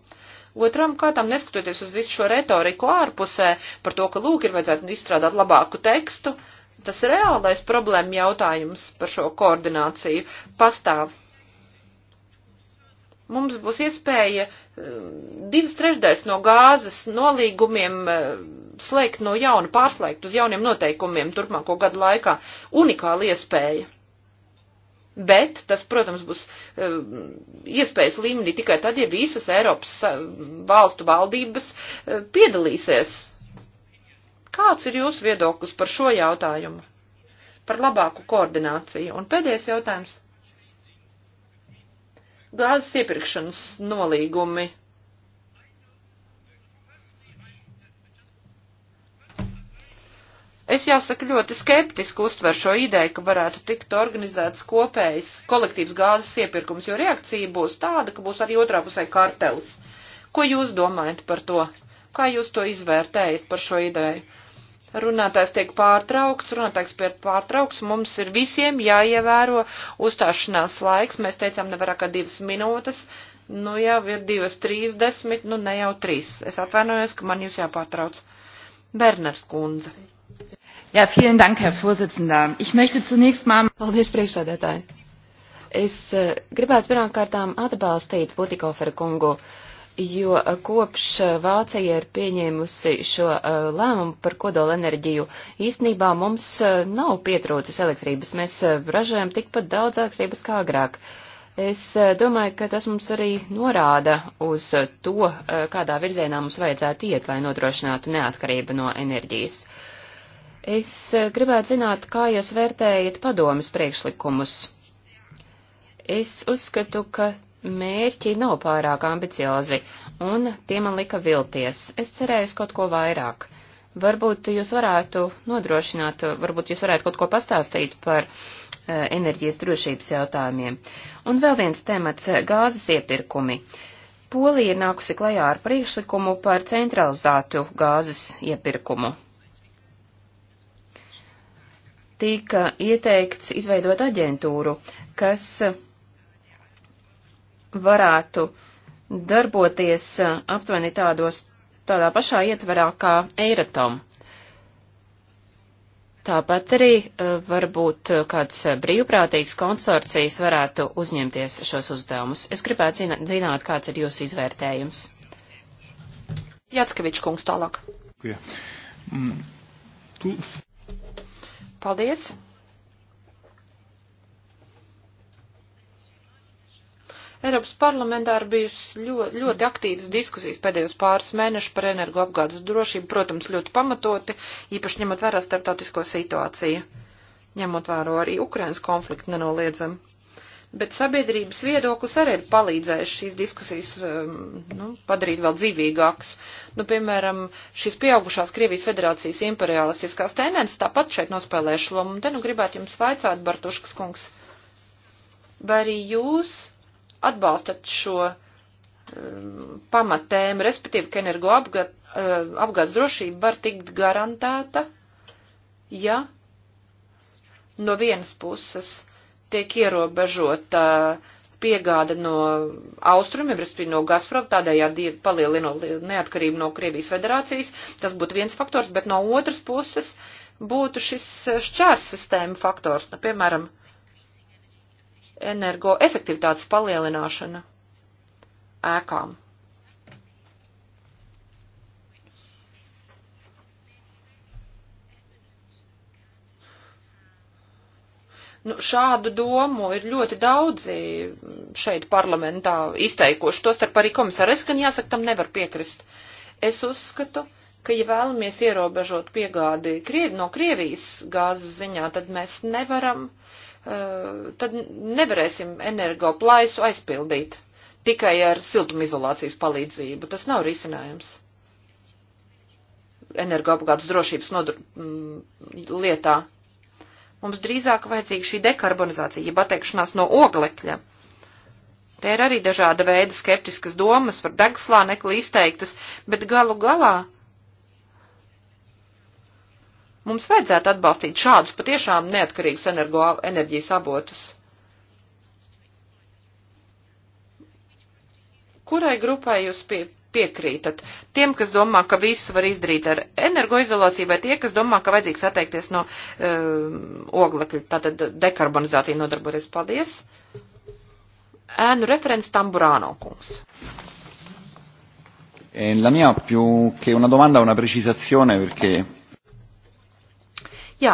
Otram kārtām, neskatoties uz visu šo retoriku ārpusē par to, ka lūk ir vajadzētu izstrādāt labāku tekstu, uh, Tas reālais problēma jautājums par šo koordināciju pastāv. Mums būs iespēja um, divas trešdaļas no gāzes nolīgumiem uh, slēgt no jauna, pārslēgt uz jauniem noteikumiem turpmāko gadu laikā. Unikāla iespēja. Bet tas, protams, būs um, iespējas līmenī tikai tad, ja visas Eiropas valstu valdības uh, piedalīsies Kāds ir jūsu viedoklis par šo jautājumu? Par labāku koordināciju. Un pēdējais jautājums. Gāzes iepirkšanas nolīgumi Es jāsaka ļoti skeptiski uztver šo ideju, ka varētu tikt organizēts kopējs kolektīvs gāzes iepirkums, jo reakcija būs tāda, ka būs arī otrā pusē kartelis. Ko jūs domājat par to? Kā jūs to izvērtējat par šo ideju? runātājs tiek pārtraukts, runātājs tiek pārtraukts, mums ir visiem jāievēro uzstāšanās laiks, mēs teicām ne vairāk kā divas minūtes, nu jau ir divas trīsdesmit, nu ne jau trīs. Es atvainojos, ka man jūs jāpārtrauc. Berners Kunze. Jā, ja, vielen dank, Herr Vorsitzender. Ich möchte zunächst mal... Paldies, priekšsēdētāji. Es eh, gribētu pirmkārtām atbalstīt Butikofera kungu. Uh, jo eh, kopš eh, Vācija ir pieņēmusi šo eh, lēmumu par kodolenerģiju, īstenībā mums nav pietrūcis elektrības. Mēs ražojam tikpat daudz elektrības kā agrāk. Es domāju, ka tas mums arī norāda uz to, kādā virzienā mums vajadzētu iet, lai nodrošinātu neatkarību no enerģijas. Es gribētu zināt, kā jūs vērtējat padomas priekšlikumus. Es uzskatu, ka mērķi nav pārāk ambiciozi, un tie man lika vilties. Es cerēju kaut ko vairāk. Varbūt jūs varētu nodrošināt, varbūt jūs varētu kaut ko pastāstīt par uh, enerģijas drošības jautājumiem. Un vēl viens temats - gāzes iepirkumi. Polija ir nākusi klajā ar priekšlikumu par centralizētu gāzes iepirkumu tika ieteikts izveidot aģentūru, kas varētu darboties aptuveni tādos, tādā pašā ietverā kā Eiratom. Tāpat arī varbūt kāds brīvprātīgs konsorcijas varētu uzņemties šos uzdevumus. Es gribētu zināt, kāds ir jūsu izvērtējums. Jackevičs kungs tālāk. Mm. Paldies. Eiropas parlamentā ir bijusi ļoti, ļoti aktīvas diskusijas pēdējos pāris mēnešus par energoapgādes drošību, protams, ļoti pamatoti, īpaši ņemot vērā starptautisko situāciju, ņemot vērā arī Ukrainas konfliktu nenoliedzam. Bet sabiedrības viedoklis arī ir palīdzējis šīs diskusijas um, nu, padarīt vēl dzīvīgākas. Nu, piemēram, šīs pieaugušās Krievijas federācijas imperialistiskās tendences tāpat šeit nospēlēšu lomu. Un te nu gribētu jums vaicāt, Bartuškas kungs, vai arī jūs atbalstat šo um, pamatēmu, respektīvi, ka energo apgā, uh, apgādes drošība var tikt garantēta, ja no vienas puses tiek ierobežota uh, piegāda no austrumiem, respektīvi no Gazprom, tādējādi palielinot neatkarību no Krievijas federācijas. Tas būtu viens faktors, bet no otras puses būtu šis šķērs sistēma faktors. Nu, piemēram, uh, energoefektivitātes palielināšana ēkām. Nu, šādu domu ir ļoti daudzi šeit parlamentā izteikuši, tostarp arī komisāri. Es gan jāsaka, tam nevar piekrist. Es uzskatu, ka, ja vēlamies ierobežot piegādi Krievi, no Krievijas gāzes ziņā, tad mēs nevaram uh, Eh, tad nevarēsim energo plaisu aizpildīt tikai ar siltumizolācijas palīdzību. Tas nav risinājums energoapgādes drošības nodru, m, mm, lietā. Mums drīzāk vajadzīga šī dekarbonizācija, jeb atteikšanās no oglekļa. Te ir arī dažāda veida skeptiskas domas par degslānekli izteiktas, bet galu galā Mums vajadzētu atbalstīt šādus patiešām neatkarīgus energo, enerģijas avotus. Kurai grupai jūs pie, piekrītat? Tiem, kas domā, ka visu var izdarīt ar energoizolāciju, vai tie, kas domā, ka vajadzīgs atteikties no um, oglekļa, tātad dekarbonizācija nodarboties. Paldies! Ēnu referents Tamburāno kungs. Eh, la mia più che una domanda, una precisazione perché Jā,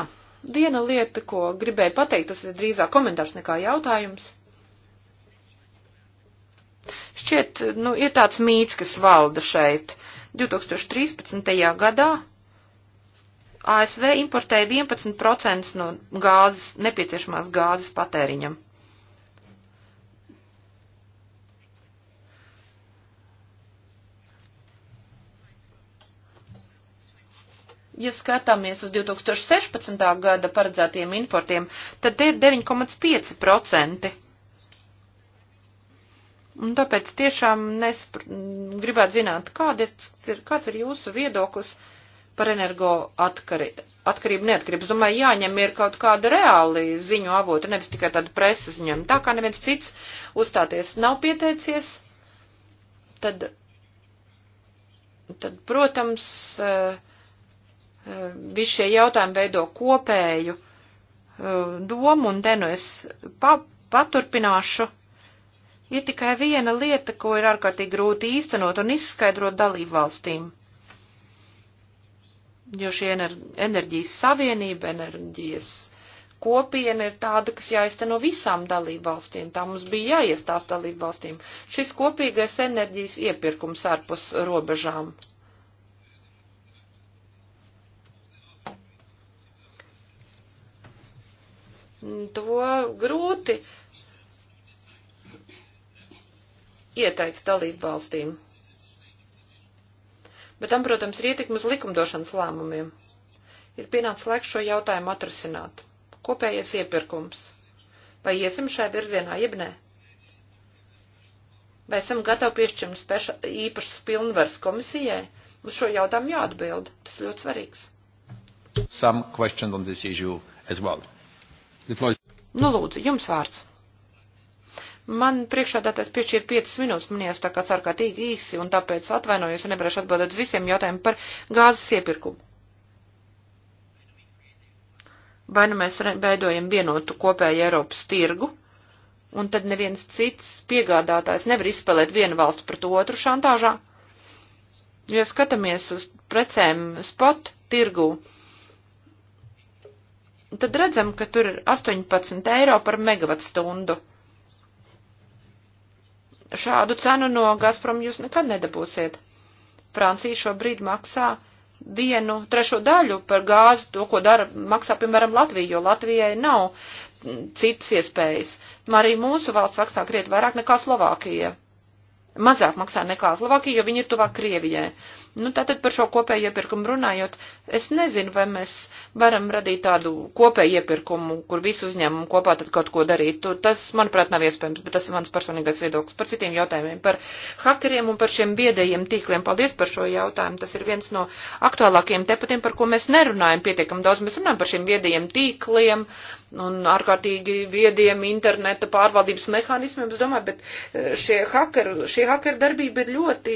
viena lieta, ko gribēju pateikt, tas ir drīzāk komentārs nekā jautājums. Šķiet, nu, ir tāds mīts, kas valda šeit. 2013. gadā ASV importēja 11% no gāzes, nepieciešamās gāzes patēriņam. ja skatāmies uz 2016. gada paredzētiem importiem, tad tie ir 9,5%. Un tāpēc tiešām nespr... gribētu zināt, kāda ir, kāds ir jūsu viedoklis par energo atkari, atkarību neatkarību. Es domāju, jāņem ir kaut kāda reāli ziņu avota, nevis tikai tāda preses ziņojuma. Tā kā neviens cits uzstāties nav pieteicies, tad, tad protams, uh, Visi šie jautājumi veido kopēju uh, domu, un te nu es pa, paturpināšu. Ir tikai viena lieta, ko ir ārkārtīgi grūti īstenot un izskaidrot dalību valstīm jo šī enerģijas savienība, enerģijas kopiena ir tāda, kas jāizteno visām dalībvalstīm. Tā mums bija jāiestās dalībvalstīm. Šis kopīgais enerģijas iepirkums ārpus robežām. to grūti ieteikt dalību valstīm. Bet tam, protams, ir ietekme uz likumdošanas lēmumiem. Ir pienācis laiks šo jautājumu atrasināt. Kopējais iepirkums. Vai iesim šai virzienā, jeb nē? Vai esam gatavi piešķirt speša, īpašas pilnvaras komisijai? Uz šo jautājumu jāatbild. Tas ļoti svarīgs. Some question on this issue as well. Nu, lūdzu, jums vārds. Man priekšādātais piešķīra 5 minūtes, man jās tā kā sarkārtīgi īsi, un tāpēc atvainojos, ja nevarēšu atbildēt uz visiem jautājumiem par gāzes iepirkumu. Vai nu mēs veidojam vienotu kopēju Eiropas tirgu, un tad neviens cits piegādātājs nevar izspēlēt vienu valstu pret otru šantāžā? Jo skatāmies uz precēm spot tirgu, tad redzam, ka tur ir 18 eiro par megavatstundu. Šādu cenu no Gazprom jūs nekad nedabūsiet. Francija šobrīd maksā vienu trešo daļu par gāzi, to, ko dara, maksā, piemēram, Latvija, jo Latvijai nav citas iespējas. Arī mūsu valsts maksā kriet vairāk nekā Slovākija mazāk maksā nekā Slovākija, jo viņi ir tuvāk Krievijai. Nu, tātad par šo kopēju iepirkumu runājot, es nezinu, vai mēs varam radīt tādu kopēju iepirkumu, kur visu uzņēmumu kopā tad kaut ko darītu. Tas, manuprāt, nav iespējams, bet tas ir mans personīgais viedoklis par citiem jautājumiem, par hakeriem un par šiem biedējiem tīkliem. Paldies par šo jautājumu. Tas ir viens no aktuālākajiem tepatiem, par ko mēs nerunājam pietiekam daudz. Mēs runājam par šiem biedējiem tīkliem. Uh, un ārkārtīgi viediem interneta pārvaldības mehānismiem, es domāju, bet e, šie hakeru, šie hakeru darbība ir ļoti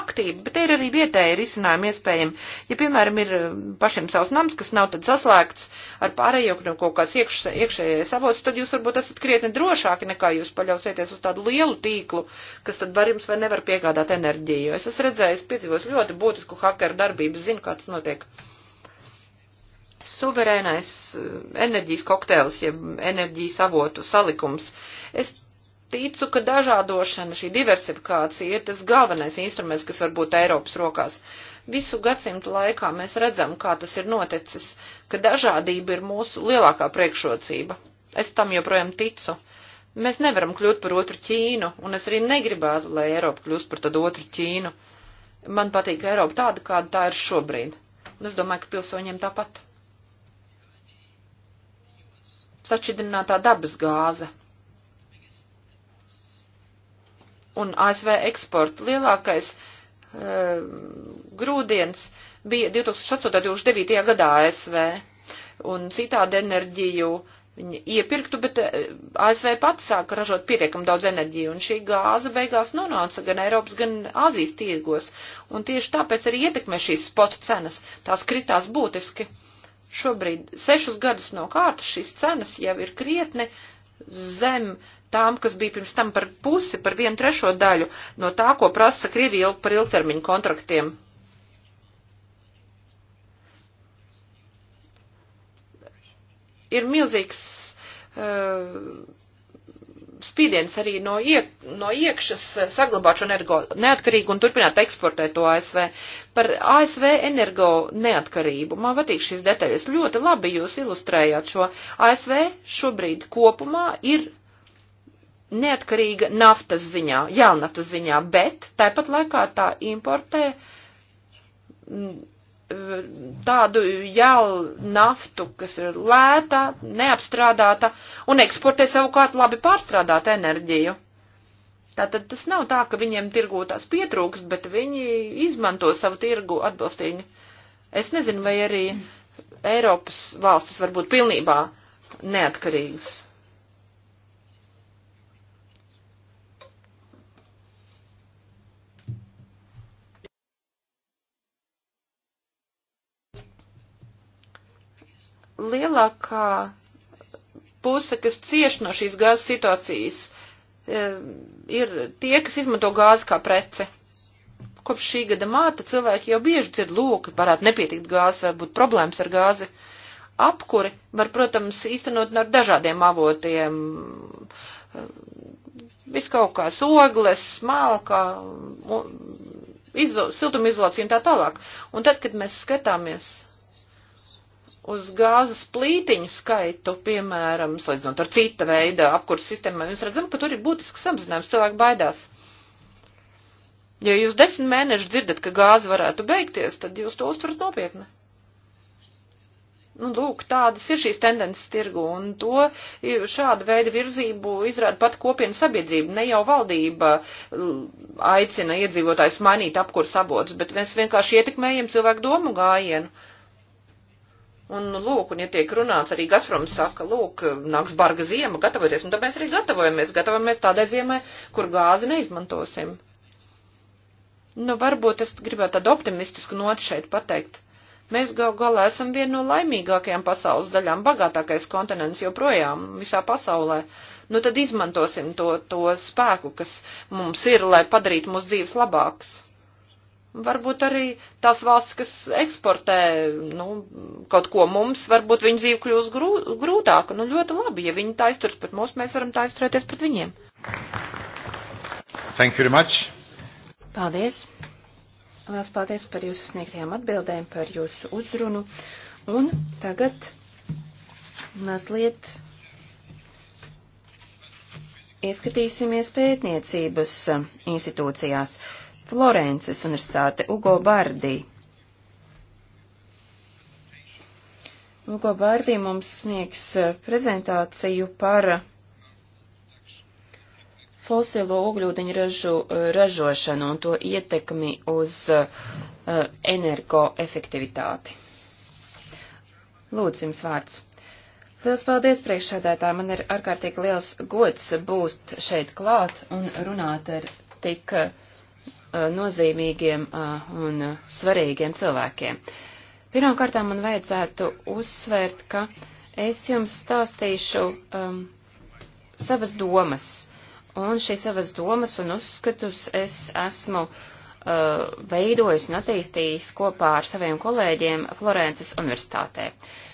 aktīva, bet te ir arī vietēji risinājumi iespējami. Ja, piemēram, ir e, pašiem savs nams, kas nav tad saslēgts ar pārējo no nu, kaut kāds iekš, iekšējais avots, tad jūs varbūt esat krietni drošāki nekā jūs paļausieties uz tādu lielu tīklu, kas tad var jums vai nevar piegādāt enerģiju. Es esmu redzējis, piedzīvos ļoti būtisku hakeru darbību, zinu, kāds notiek suverēnais eh, enerģijas kokteils, jeb enerģijas avotu salikums. Es ticu, ka dažādošana, šī diversifikācija ir tas galvenais instruments, kas var būt Eiropas rokās. Visu gadsimtu laikā mēs redzam, kā tas ir noticis, ka dažādība ir mūsu lielākā priekšrocība. Es tam joprojām ticu. Mēs nevaram kļūt par otru Ķīnu, un es arī negribētu, lai Eiropa kļūst par tādu otru Ķīnu. Man patīk Eiropa tāda, kāda tā ir šobrīd. Un es domāju, ka pilsoņiem tāpat sašķidrinātā dabas gāze. Un ASV eksporta lielākais uh, grūdienis bija 2008.-2009. gadā ASV, un citādi enerģiju viņi iepirktu, bet eh, ASV pati sāka ražot pietiekam daudz enerģiju, un šī gāze beigās nonāca gan Eiropas, gan Azijas tirgos, un tieši tāpēc arī ietekmē šīs spot cenas, tās kritās būtiski. Uh, Šobrīd sešus gadus no kārtas šīs cenas jau ir krietni zem tām, kas bija pirms tam par pusi, par vienu trešo daļu no tā, ko prasa Krievija par ilgtermiņu kontraktiem. Ir milzīgs uh, spīdiens arī no, iek, no iekšas eh, saglabāt šo energo neatkarību un turpināt eksportēt to ASV. Par ASV energo neatkarību man patīk šīs detaļas. Ļoti labi jūs ilustrējāt šo. ASV šobrīd kopumā ir neatkarīga naftas ziņā, jaunatnes ziņā, bet tāpat laikā tā importē mm, tādu jau naftu, kas ir lēta, neapstrādāta, un eksportē savukārt labi pārstrādātu enerģiju. Tātad tas nav tā, ka viņiem tirgū tās pietrūkst, bet viņi izmanto savu tirgu atbilstīgi. Es nezinu, vai arī Eiropas valstis var būt pilnībā neatkarīgas lielākā puse, kas cieš no šīs gāzes situācijas, e, ir tie, kas izmanto gāzi kā preci. Kopš šī gada māta cilvēki jau bieži dzird lūk, varētu nepietikt gāzi, varbūt problēmas ar gāzi. Apkuri var, protams, īstenot no dažādiem avotiem, e, viskaut kā ogles, smalka, siltumizolācija un tā tālāk. Un tad, kad mēs skatāmies uz gāzes plītiņu skaitu, piemēram, salīdzinot ar cita veida apkursu sistēmām, mēs redzam, ka tur ir būtisks samazinājums, cilvēki baidās. Ja jūs desmit mēnešus dzirdat, ka gāze varētu beigties, tad jūs to uztverat nopietni. Nu, lūk, tādas ir šīs tendences tirgu, un to šādu veidu virzību izrāda pat kopiena sabiedrība. Ne jau valdība aicina iedzīvotājs mainīt apkurs abots, bet mēs vienkārši ietekmējam cilvēku domu gājienu. Un, nu, lūk, un ja tiek runāts arī Gazprom saka, lūk, nāks barga ziema, gatavoties, un tāpēc arī gatavojamies, gatavojamies tādai ziemai, kur gāzi neizmantosim. Nu, varbūt es gribētu tādu optimistisku notu šeit pateikt. Mēs gal galā esam viena no laimīgākajām pasaules daļām, bagātākais kontinents joprojām visā pasaulē. Nu, tad izmantosim to, to spēku, kas mums ir, lai padarītu mūsu dzīves labākas. Varbūt arī tās valsts, kas eksportē nu, kaut ko mums, varbūt viņu dzīve kļūs grū, grūtāka. Nu, ļoti labi, ja viņi tā izturas pret mums, mēs varam tā izturēties pret viņiem. Thank you very much. Paldies. Lielas paldies par jūsu sniegtajām atbildēm, par jūsu uzrunu. Un tagad mazliet ieskatīsimies pētniecības institūcijās. Florences Universitāte Ugo Bardi. Ugo Bardi mums sniegs eh, prezentāciju par fosilo ogļūdeņu ražu, eh, ražošanu un to ietekmi uz uh, energoefektivitāti. Lūdzu, jums vārds. Liels paldies priekšsēdētā, man ir ārkārtīgi liels gods būt šeit klāt un runāt ar tik uh, Uh, nozīmīgiem uh, un uh, svarīgiem cilvēkiem. Pirmkārtām man vajadzētu uzsvērt, ka es jums stāstīšu um, savas domas, un šīs savas domas un uzskatus es esmu uh, veidojis un attīstījis kopā ar saviem kolēģiem Florences universitātē.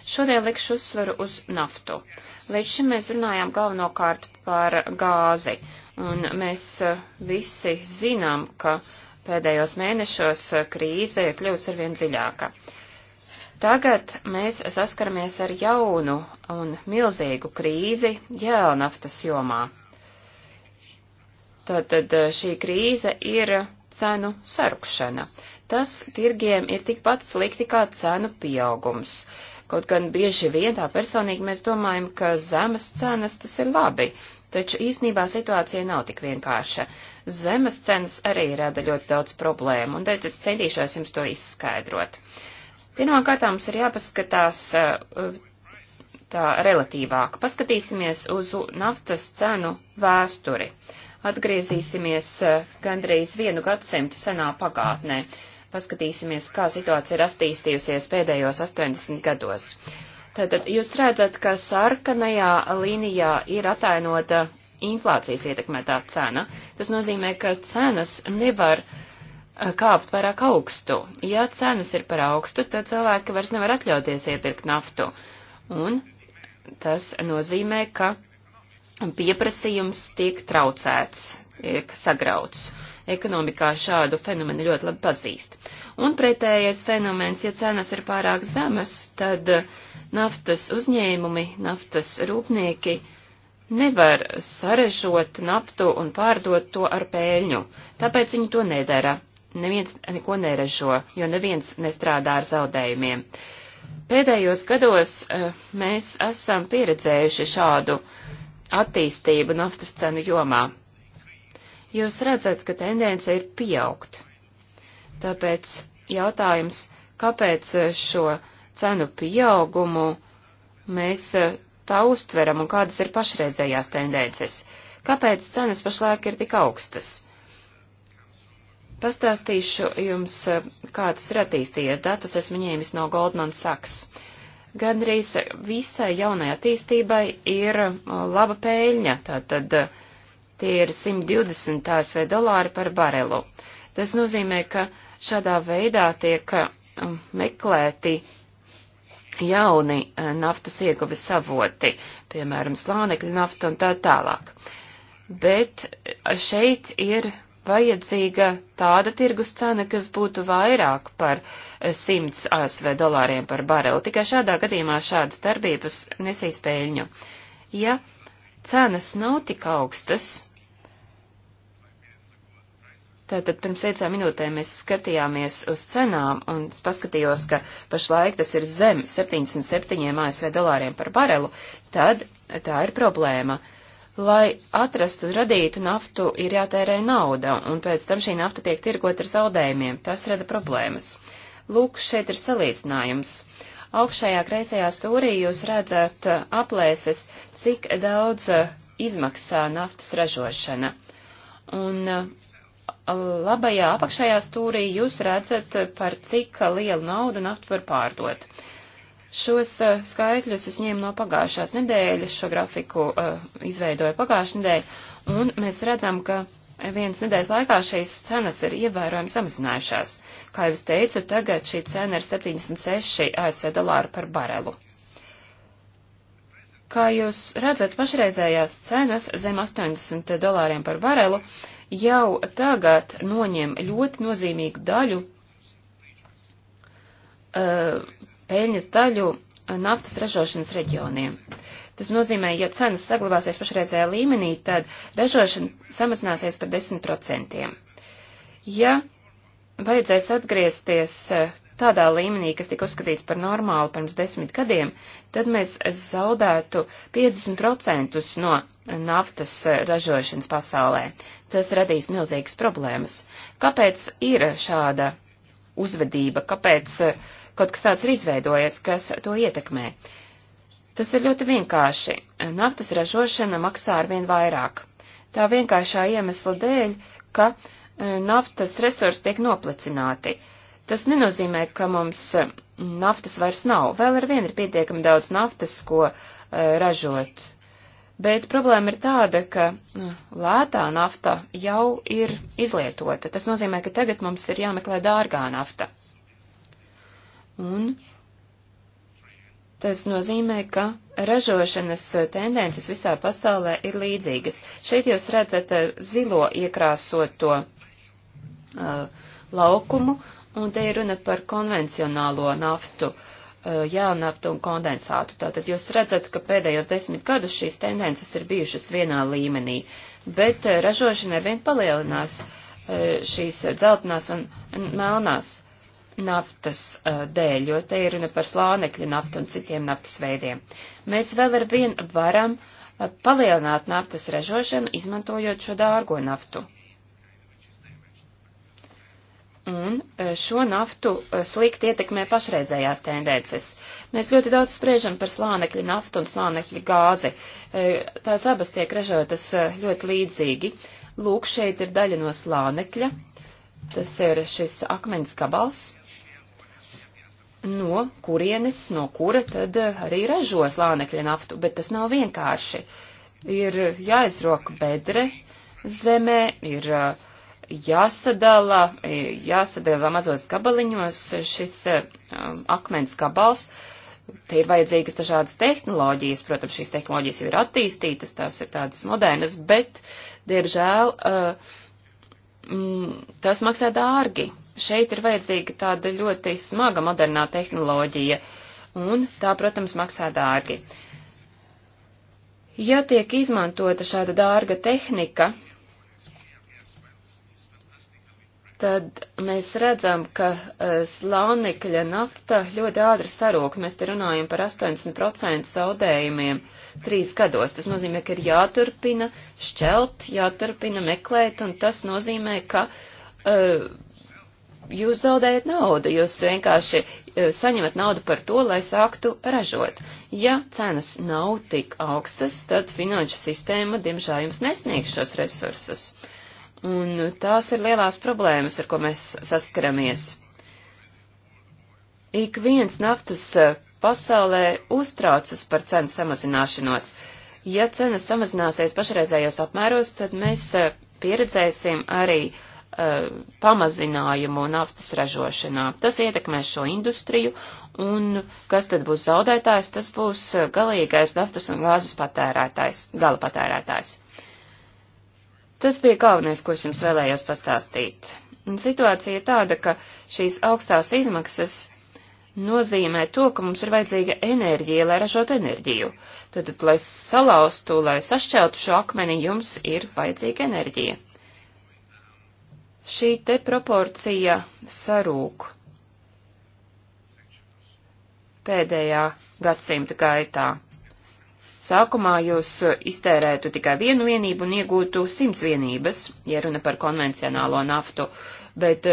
Šodien likšu uzsvaru uz naftu. Līdz šim mēs runājām galvenokārt par gāzi, Un mēs eh, visi zinām, ka pēdējos mēnešos eh, krīze ir kļuvusi arvien dziļāka. Tagad mēs saskaramies ar jaunu un milzīgu krīzi jēlnaftas jomā. Tātad eh, šī krīze ir cenu sarukšana. Tas tirgiem ir tikpat slikti kā cenu pieaugums. Kaut gan bieži vien tā personīgi mēs domājam, ka zemes cenas tas ir labi, taču īsnībā situācija nav tik vienkārša. Zemes cenas arī rada ļoti daudz problēmu, un tad es centīšos jums to izskaidrot. Pirmkārt, mums ir jāpaskatās eh, tā relatīvāk. Paskatīsimies uz naftas cenu vēsturi. Atgriezīsimies eh, gandrīz vienu gadsimtu senā pagātnē. Paskatīsimies, kā situācija ir attīstījusies pēdējos 80 gados. Tātad jūs redzat, ka sarkanajā līnijā ir atainota inflācijas ietekmētā cena. Tas nozīmē, ka cenas nevar eh, kāpt pārāk augstu. Ja cenas ir par augstu, tad cilvēki vairs nevar atļauties iepirkt naftu. Un tas nozīmē, ka pieprasījums tiek traucēts, tiek sagrauts. Uh, ekonomikā šādu fenomenu ļoti labi pazīst. Un pretējais fenomens, ja cenas ir pārāk zemas, tad eh, naftas uzņēmumi, naftas rūpnieki nevar sarežot naftu un pārdot to ar pēļņu, tāpēc viņi to nedara. Neviens neko neražo, jo neviens nestrādā ar zaudējumiem. Pēdējos gados eh, mēs esam pieredzējuši šādu attīstību naftas cenu jomā jūs redzat, ka tendence ir pieaugt. Tāpēc jautājums, kāpēc eh, šo cenu pieaugumu mēs eh, tā uztveram un kādas ir pašreizējās tendences? Kāpēc cenas pašlaik ir tik augstas? Pastāstīšu jums, eh, kā tas ir attīstījies. Datus esmu ņēmis no Goldman Sachs. Gandrīz visai jaunai attīstībai ir laba pēļņa, tātad uh, Tie ir 120 ASV dolāri par barelu. Tas nozīmē, ka šādā veidā tiek um, meklēti jauni uh, naftas ieguves savoti, piemēram, slānekļa nafta un tā tālāk. Bet uh, šeit ir vajadzīga tāda tirgus cena, kas būtu vairāk par 100 uh, ASV dolāriem par barelu. Tikai šādā gadījumā šādas darbības nesīs peļņu. Ja cenas nav tik augstas. Tātad pirms piecām minūtēm mēs skatījāmies uz cenām un paskatījos, ka pašlaik tas ir zem 77 ASV dolāriem par barelu, tad tā ir problēma. Lai atrastu, radītu naftu, ir jātērē nauda, un pēc tam šī nafta tiek tirgot ar zaudējumiem. Tas rada problēmas. Lūk, šeit ir salīdzinājums. Uh, Augšējā kreisajā stūrī jūs redzat aplēses, cik daudz eh, izmaksā naftas ražošana. Un eh, labajā apakšējā stūrī jūs redzat, eh, par cik lielu naudu naftu var pārdot. Šos uh, skaitļus es ņēmu no pagājušās nedēļas, šo grafiku uh, izveidoju pagājušā nedēļa, un mēs redzam, ka vienas nedēļas laikā šīs cenas ir ievērojami samazinājušās. Kā jau es teicu, tagad šī cena ir 76 ASV dolāru par barelu. Kā jūs redzat, pašreizējās cenas zem 80 dolāriem par barelu jau tagad noņem ļoti nozīmīgu daļu, uh, peļņas daļu naftas ražošanas reģioniem. Uh, Tas nozīmē, ja cenas saglabāsies pašreizējā līmenī, tad ražošana samazināsies par 10%. Ja vajadzēs atgriezties e, tādā līmenī, kas tika uzskatīts par normālu pirms desmit gadiem, tad mēs zaudētu 50% no naftas e, ražošanas pasaulē. Tas radīs milzīgas problēmas. Kāpēc ir šāda uzvedība, kāpēc e, kaut kas tāds ir izveidojies, kas to ietekmē? Tas ir ļoti vienkārši. Naftas ražošana maksā arvien vairāk. Tā vienkāršā iemesla dēļ, ka e, naftas resursi tiek noplicināti. Tas nenozīmē, ka mums e, naftas vairs nav. Vēl ar vienu ir pietiekami daudz naftas, ko uh, ražot. Bet problēma ir tāda, ka lētā nafta jau ir izlietota. Tas nozīmē, ka tagad mums ir jāmeklē dārgā nafta. Un uh, Tas nozīmē, ka ražošanas tendences visā pasaulē ir līdzīgas. Šeit jūs redzat eh, zilo iekrāsoto uh, laukumu, un te ir runa par konvencionālo naftu, uh, eh, jēlnaftu un kondensātu. Tātad jūs redzat, ka pēdējos desmit gadus šīs tendences ir bijušas vienā līmenī, bet ražošana arvien palielinās uh, šīs dzeltenās un melnās naftas uh, dēļ, jo te ir runa par slānekļa naftu un citiem naftas veidiem. Mēs vēl ar vien varam uh, palielināt naftas ražošanu, izmantojot šo dārgo naftu. Un uh, šo naftu slikti ietekmē pašreizējās tendences. Mēs ļoti daudz spriežam par slānekļa naftu un slānekļa gāzi. Tās abas tiek ražotas ļoti līdzīgi. Lūk, šeit ir daļa no slānekļa, tas ir šis akmens gabals, no kurienes, no kura tad eh, arī ražo slānekļa naftu, bet tas nav vienkārši. Ir jāizroka bedre zemē, ir eh, jāsadala, eh, jāsadala mazos gabaliņos šis akmens gabals, Te ir vajadzīgas dažādas tehnoloģijas, protams, šīs tehnoloģijas jau ir attīstītas, tās ir tādas modernas, bet, diemžēl, uh, mm, tas maksā dārgi šeit ir vajadzīga tāda ļoti smaga modernā tehnoloģija, un tā, protams, maksā dārgi. Ja tiek izmantota šāda dārga tehnika, tad mēs redzam, ka e, slānekļa nafta ļoti ātri sarūk. Mēs te runājam par 80% zaudējumiem trīs gados. Tas nozīmē, ka ir jāturpina šķelt, jāturpina meklēt, un tas nozīmē, ka uh, jūs zaudējat naudu, jūs vienkārši e, saņemat naudu par to, lai sāktu ražot. Ja cenas nav tik augstas, tad finanšu sistēma, diemžēl, jums nesniegs šos resursus. Un tās ir lielās problēmas, ar ko mēs saskaramies. Ik viens naftas e, pasaulē uztraucas par cenu samazināšanos. Ja cenas samazināsies pašreizējos apmēros, tad mēs e, pieredzēsim arī uh, Eh, pamazinājumu naftas ražošanā. Tas ietekmēs šo industriju, un kas tad būs zaudētājs, tas būs eh, galīgais naftas un gāzes patērētājs, gala patērētājs. Tas bija galvenais, ko es jums vēlējos pastāstīt. Un situācija ir tāda, ka šīs augstās izmaksas nozīmē to, ka mums ir vajadzīga enerģija, lai ražotu enerģiju. Tad, lai salauztu, lai sašķeltu šo akmeni, jums ir vajadzīga enerģija šī te proporcija sarūk pēdējā gadsimta gaitā. Sākumā jūs iztērētu tikai vienu vienību un iegūtu simts vienības, ja runa par konvencionālo naftu, bet,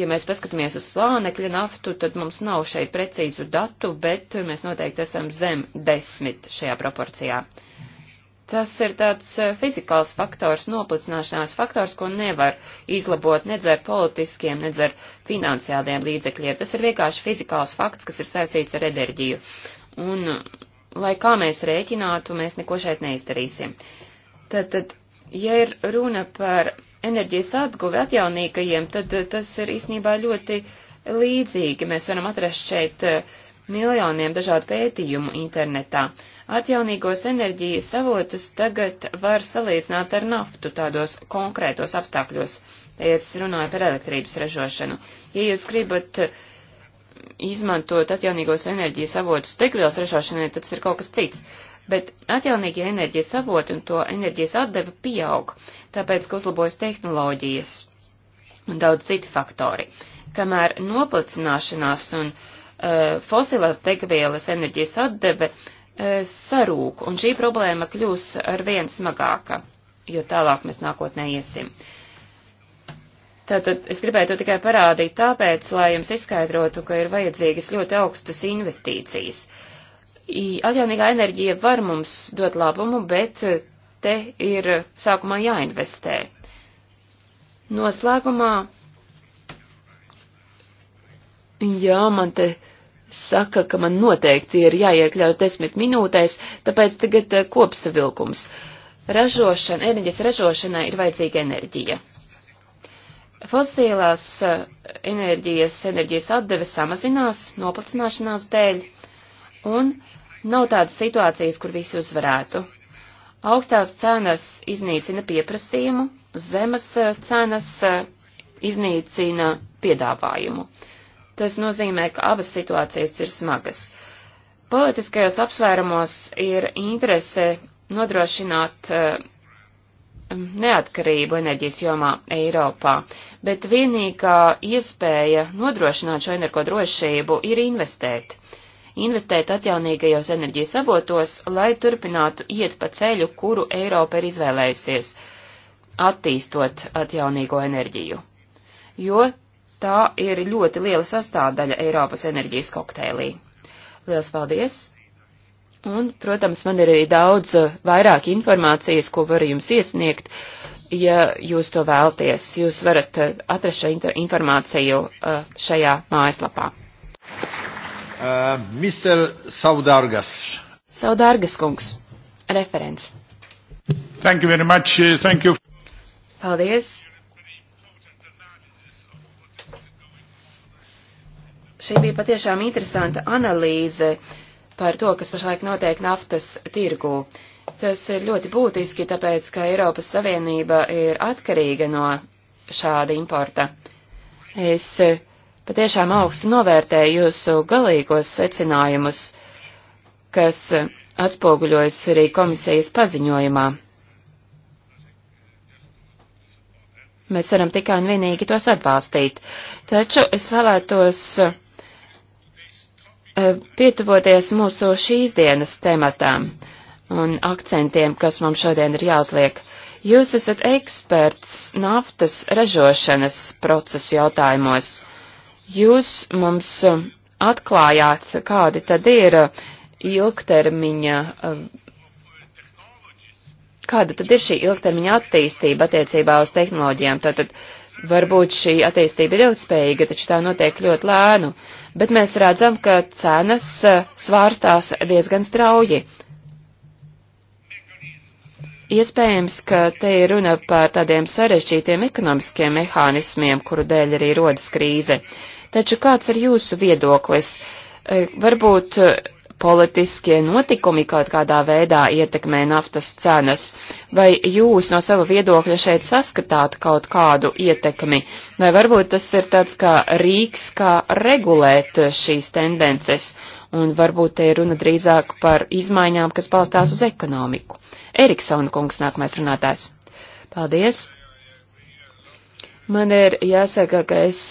ja mēs paskatāmies uz slānekļa naftu, tad mums nav šeit precīzu datu, bet mēs noteikti esam zem desmit šajā proporcijā. Uh, Tas ir tāds eh, fizikāls faktors, noplicināšanās faktors, ko nevar izlabot nedz ar politiskiem, nedz ar finansiāliem līdzekļiem. Tas ir vienkārši fizikāls fakts, kas ir saistīts ar enerģiju. Un, lai kā mēs rēķinātu, mēs neko šeit neizdarīsim. Tad, tad ja ir runa par enerģijas atguvi atjaunīgajiem, tad eh, tas ir īstenībā ļoti līdzīgi. Mēs varam atrast šeit eh, miljoniem dažādu pētījumu internetā. Uh, Atjaunīgos enerģijas avotus tagad var salīdzināt ar naftu tādos konkrētos apstākļos, ja es runāju par elektrības ražošanu. Ja jūs gribat eh, izmantot atjaunīgos enerģijas avotus degvielas ražošanai, tad tas ir kaut kas cits bet atjaunīgie enerģijas avoti un to enerģijas atdeve pieaug, tāpēc, ka uzlabojas tehnoloģijas un daudz citi faktori. Kamēr noplicināšanās un uh, fosilās degvielas enerģijas atdeve E, sarūk, un šī problēma kļūs ar vien smagāka, jo tālāk mēs nākotnē iesim. Tātad es gribēju to tikai parādīt tāpēc, lai jums izskaidrotu, ka ir vajadzīgas ļoti augstas investīcijas. Atjaunīgā enerģija var mums dot labumu, bet te ir sākumā jāinvestē. Noslēgumā, jā, man te saka, ka man noteikti ir jāiekļaus desmit minūtēs, tāpēc tagad eh, kopsavilkums. Ražošana, enerģijas ražošanai ir vajadzīga enerģija. Fosilās eh, enerģijas, enerģijas atdeve samazinās noplicināšanās dēļ, un nav tādas situācijas, kur visi uzvarētu. Augstās cenas iznīcina pieprasījumu, zemas eh, cenas iznīcina piedāvājumu. Tas nozīmē, ka abas situācijas ir smagas. Politiskajos apsvērumos ir interese nodrošināt uh, neatkarību enerģijas jomā Eiropā, bet vienīgā iespēja nodrošināt šo energo drošību ir investēt. Investēt atjaunīgajos enerģijas avotos, lai turpinātu iet pa ceļu, kuru Eiropa ir izvēlējusies, attīstot atjaunīgo enerģiju. Jo tā ir ļoti liela sastāvdaļa Eiropas enerģijas kokteilī. Lielas paldies! Un, protams, man ir arī daudz eh, vairāk informācijas, ko varu jums iesniegt, ja jūs to vēlties. Jūs varat eh, atrast šo informāciju eh, šajā mājaslapā. Uh, Mr. Saudargas. Saudargas kungs, referents. Thank you very much. Uh, thank you. Paldies. Šī bija patiešām interesanta analīze par to, kas pašlaik notiek naftas tirgū. Tas ir ļoti būtiski, tāpēc, ka Eiropas Savienība ir atkarīga no šāda importa. Es eh, patiešām augstu novērtēju jūsu galīgos secinājumus, kas eh, atspoguļojas arī komisijas paziņojumā. Mēs varam tikai un vienīgi tos atbalstīt, taču es vēlētos eh, Eh, pietuvoties mūsu šīs dienas tematām un akcentiem, kas mums šodien ir jāuzliek. Jūs esat eksperts naftas ražošanas procesu jautājumos. Jūs mums atklājāt, kādi tad ir ilgtermiņa, eh, kāda tad ir šī ilgtermiņa attīstība attiecībā uz tehnoloģijām. Tātad varbūt šī attīstība ir ilgspējīga, taču tā notiek ļoti lēnu. Uh, bet mēs redzam, ka cenas e, svārstās diezgan strauji. Iespējams, ka te ir runa par tādiem sarežģītiem ekonomiskiem mehānismiem, kuru dēļ arī rodas krīze. Taču kāds ir jūsu viedoklis? E, varbūt e, politiskie notikumi kaut kādā veidā ietekmē naftas cenas, vai jūs no sava viedokļa šeit saskatāt kaut kādu ietekmi, vai varbūt tas ir tāds kā rīks, kā regulēt šīs tendences, un varbūt te ir runa drīzāk par izmaiņām, kas balstās uz ekonomiku. Eriksona kungs nākamais runātājs. Paldies! Man ir jāsaka, ka es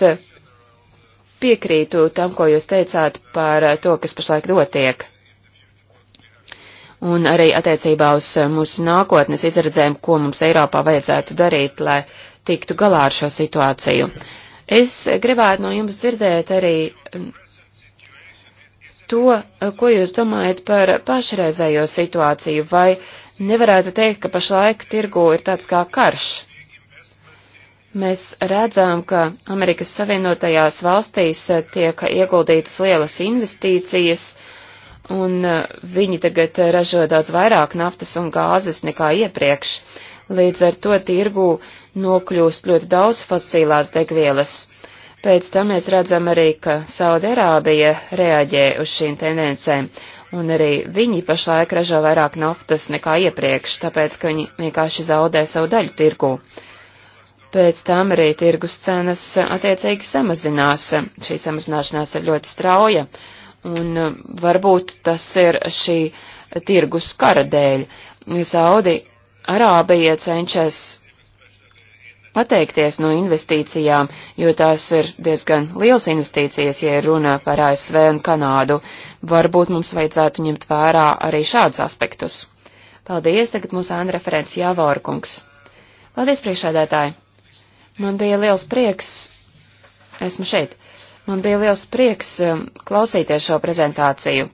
piekrītu tam, ko jūs teicāt par eh, to, kas pašlaik notiek. Un arī attiecībā uz eh, mūsu nākotnes izredzēm, ko mums Eiropā vajadzētu darīt, lai tiktu galā ar šo situāciju. Es gribētu no jums dzirdēt arī mm, to, eh, ko jūs domājat par pašreizējo situāciju, vai nevarētu teikt, ka pašlaik tirgu ir tāds kā karš. Mēs redzam, ka Amerikas Savienotajās valstīs eh, tiek ieguldītas lielas investīcijas, un eh, viņi tagad ražo daudz vairāk naftas un gāzes nekā iepriekš. Līdz ar to tirgū nokļūst ļoti daudz fosilās degvielas. Pēc tam mēs redzam arī, ka Saudarābija reaģē uz šīm tendencēm, un arī viņi pašlaik ražo vairāk naftas nekā iepriekš, tāpēc, ka viņi vienkārši zaudē savu daļu tirgū pēc tam arī tirgus cenas attiecīgi samazinās. Šī samazināšanās ir ļoti strauja, un varbūt tas ir šī tirgus kara dēļ. Saudi Arābija cenšas pateikties no investīcijām, jo tās ir diezgan liels investīcijas, ja runā par ASV un Kanādu. Varbūt mums vajadzētu ņemt vērā arī šādus aspektus. Paldies, tagad mūsu āna referents Jāvorkungs. Paldies, priekšādētāji! Man bija liels prieks, esmu šeit, man bija liels prieks um, klausīties šo prezentāciju.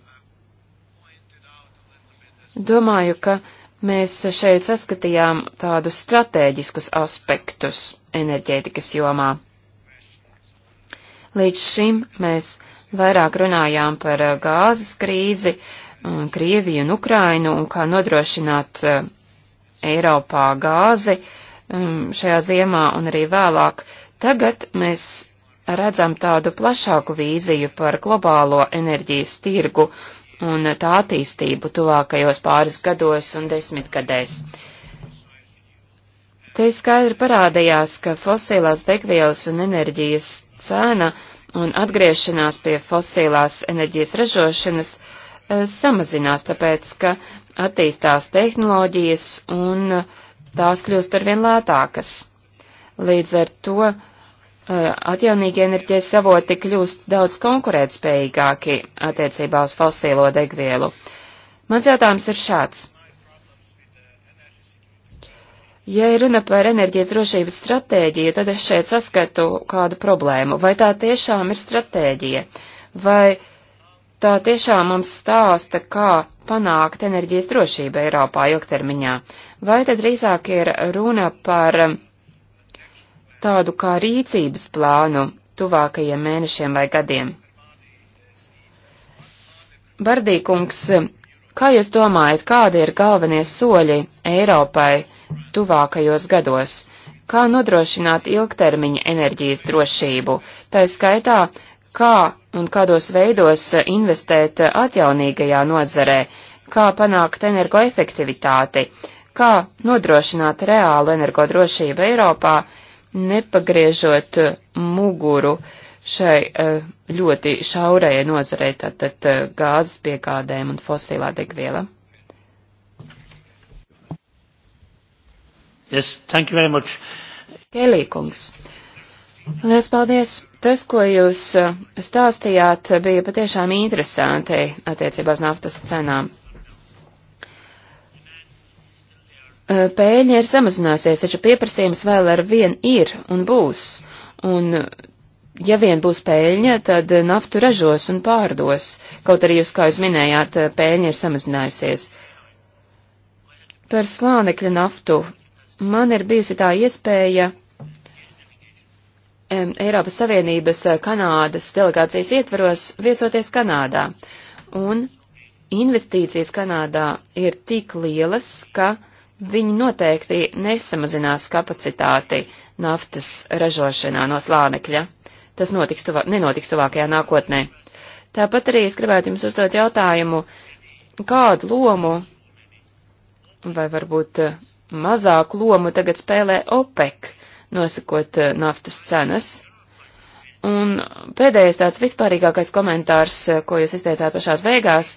Domāju, ka mēs šeit saskatījām tādus strateģiskus aspektus enerģētikas jomā. Līdz šim mēs vairāk runājām par uh, gāzes krīzi, Krieviju un Ukrainu un kā nodrošināt uh, Eiropā gāzi, uh, Um, šajā ziemā un arī vēlāk, tagad mēs redzam tādu plašāku vīziju par globālo enerģijas tirgu un tā attīstību tuvākajos pāris gados un desmitgadēs. Te skaidri parādījās, ka fosilās degvielas un enerģijas cena un atgriešanās pie fosilās enerģijas ražošanas eh, samazinās, tāpēc, ka attīstās tehnoloģijas un uh, tās kļūst arvien lētākas. Līdz ar to eh, atjaunīgi enerģijas savoti kļūst daudz konkurētspējīgāki attiecībā uz fosīlo degvielu. Mans jautājums ir šāds. Ja runa par enerģijas drošības stratēģiju, tad es šeit saskatu kādu problēmu. Vai tā tiešām ir stratēģija? Vai tā tiešām mums stāsta, kā panākt enerģijas drošību Eiropā ilgtermiņā, vai tad drīzāk ir runa par tādu kā rīcības plānu tuvākajiem mēnešiem vai gadiem? Bardīkungs, kā jūs domājat, kādi ir galvenie soļi Eiropai tuvākajos gados? Kā nodrošināt ilgtermiņa enerģijas drošību, tā skaitā kā un kādos veidos investēt atjaunīgajā nozarē, kā panākt energoefektivitāti, kā nodrošināt reālu energodrošību Eiropā, nepagriežot muguru šai eh, ļoti šaurajai nozarei, tātad eh, gāzes piegādēm un fosilā degviela. Yes, thank you very much. Kelīkungs. Uh, Lielas paldies! Tas, ko jūs eh, stāstījāt, bija patiešām interesanti attiecībās naftas cenām. Eh, Pēļņi ir samazinājusies, taču pieprasījums vēl ar vien ir un būs. Un ja vien būs pēļņa, tad naftu ražos un pārdos, kaut arī jūs, kā jūs minējāt, eh, pēļņa ir samazinājusies. Par slānekļa naftu man ir bijusi tā iespēja Eiropas Savienības eh, Kanādas delegācijas ietvaros viesoties Kanādā. Un investīcijas Kanādā ir tik lielas, ka viņi noteikti nesamazinās kapacitāti naftas ražošanā no slānekļa. Tas notiks tuvā, nenotiks tuvākajā nākotnē. Tāpat arī es gribētu jums uzdot jautājumu, kādu lomu vai varbūt eh, mazāku lomu tagad spēlē OPEC nosakot eh, naftas cenas. Un pēdējais tāds vispārīgākais komentārs, eh, ko jūs izteicāt pašās beigās,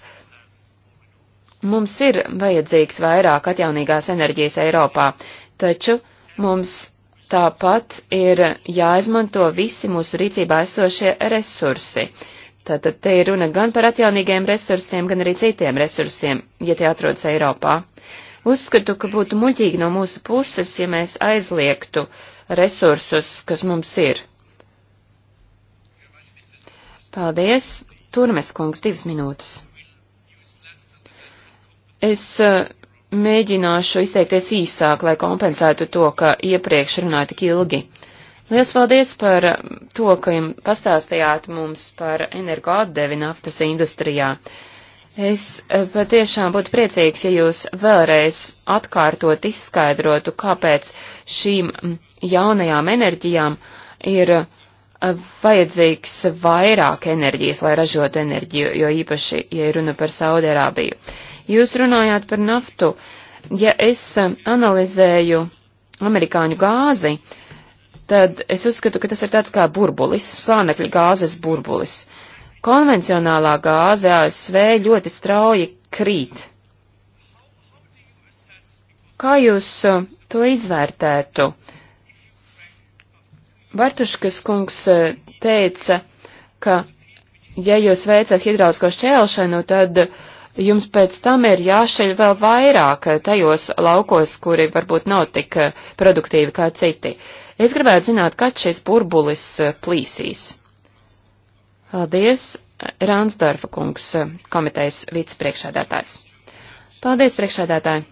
mums ir vajadzīgs vairāk atjaunīgās enerģijas Eiropā, taču mums tāpat ir jāizmanto visi mūsu rīcībā esošie resursi. Tātad te ir runa gan par atjaunīgiem resursiem, gan arī citiem resursiem, ja tie atrodas Eiropā. Uzskatu, ka būtu muļķīgi no mūsu puses, ja mēs aizliegtu uh, resursus, kas mums ir. Paldies. Turmes kungs, divas minūtes. Es eh, mēģināšu izteikties īsāk, lai kompensētu to, ka iepriekš runāju tik ilgi. Lielas paldies par eh, to, ka jums pastāstījāt mums par energoatdevi naftas industrijā. Es eh, patiešām būtu priecīgs, ja jūs vēlreiz atkārtot izskaidrotu, kāpēc šīm jaunajām enerģijām ir eh, vajadzīgs vairāk enerģijas, lai ražotu enerģiju, jo īpaši, ja runa par Saudarābiju. Jūs runājāt par naftu. Ja es eh, analizēju amerikāņu gāzi, tad es uzskatu, ka tas ir tāds kā burbulis, slānekļa gāzes burbulis. Konvencionālā gāze ASV ļoti strauji krīt. Kā jūs eh, to izvērtētu? Bartuškas kungs e, teica, ka ja jūs veicat hidrausko šķēlšanu, tad jums pēc tam ir jāšķeļ vēl vairāk tajos laukos, kuri varbūt nav tik e, produktīvi kā citi. Es gribētu zināt, kad šis burbulis e, plīsīs. Paldies, Rāns Dārfa kungs, komitejas vicepriekšādātājs. Paldies, priekšādātāji!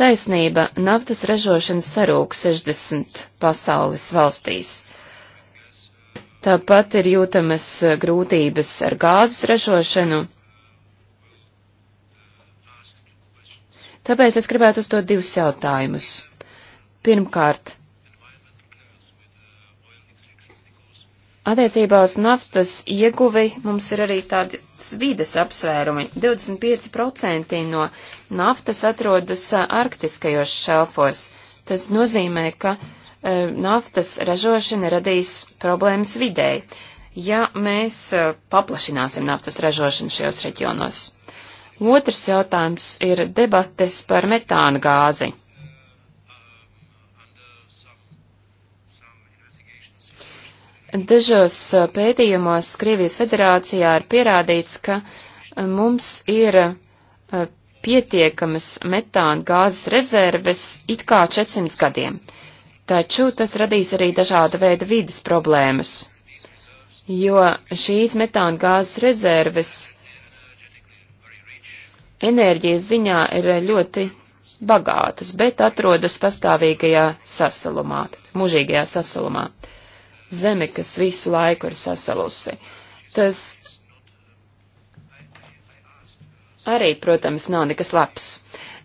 Taisnība, naftas ražošana sarūk 60 pasaules valstīs. Tāpat ir jūtamas eh, grūtības ar gāzes ražošanu. Tāpēc es gribētu uzdot divus jautājumus. Pirmkārt, Attiecībā uz naftas ieguvi mums ir arī tādi vides apsvērumi. 25% no naftas atrodas arktiskajos šelfos. Tas nozīmē, ka e, naftas ražošana radīs problēmas videi, ja mēs e, paplašināsim naftas ražošanu šajos reģionos. Otrs jautājums ir debates par metāna gāzi. Dažos pētījumos Krievijas federācijā ir pierādīts, ka mums ir pietiekamas metāna gāzes rezerves it kā 400 gadiem, taču tas radīs arī dažāda veida vidas problēmas, jo šīs metāna gāzes rezerves enerģijas ziņā ir ļoti bagātas, bet atrodas pastāvīgajā sasalumā, mūžīgajā sasalumā zeme, kas visu laiku ir sasalusi. Tas arī, protams, nav nekas labs.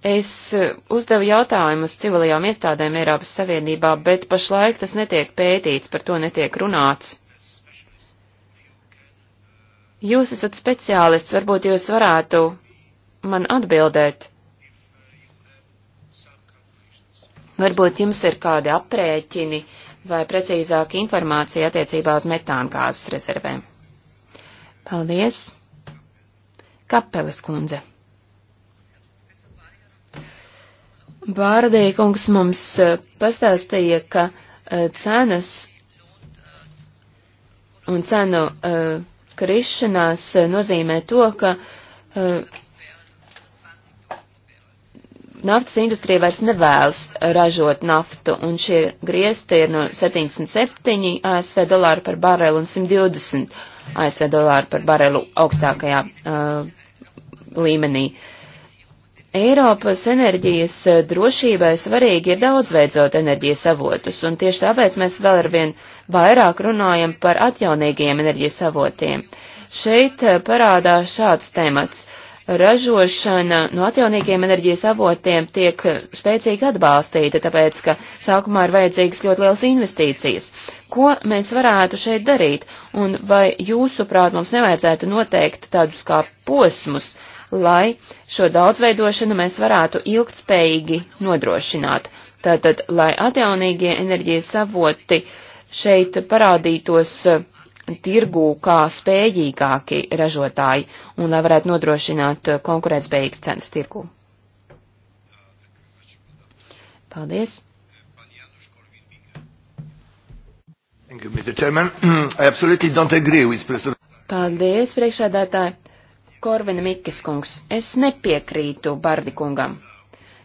Es eh, uzdevu jautājumus civilajām iestādēm Eiropas Savienībā, bet pašlaik tas netiek pētīts, par to netiek runāts. Jūs esat speciālists, varbūt jūs varētu man atbildēt. Varbūt jums ir kādi aprēķini, uh, vai precīzāk informācija attiecībā uz metāngāzes rezervēm. Paldies! Kapeles kundze. Bārdī kungs mums e, pastāstīja, ka e, cenas un cenu e, krišanās nozīmē to, ka naftas industrija vairs nevēlas ražot naftu, un šie griezti ir no 77 ASV dolāru par barelu un 120 ASV dolāru par barelu augstākajā uh, līmenī. Eiropas enerģijas uh, drošībai svarīgi ir daudzveidzot enerģijas avotus, un tieši tāpēc mēs vēl arvien vairāk runājam par atjaunīgiem enerģijas avotiem. Šeit uh, parādās šāds temats. Uh, ražošana no atjaunīgiem enerģijas avotiem tiek spēcīgi atbalstīta, tāpēc, ka sākumā ir vajadzīgas ļoti liels investīcijas. Ko mēs varētu šeit darīt, un vai jūsuprāt mums nevajadzētu noteikt tādus kā posmus, lai šo daudzveidošanu mēs varētu ilgtspējīgi nodrošināt? Tātad, lai atjaunīgie enerģijas avoti šeit parādītos uh, tirgū kā spējīgāki ražotāji un lai varētu nodrošināt uh, konkurētspējīgas cenas tirgū. Paldies! You, Paldies, priekšādātāji! Korvina Mikkes kungs, es nepiekrītu Bardikungam.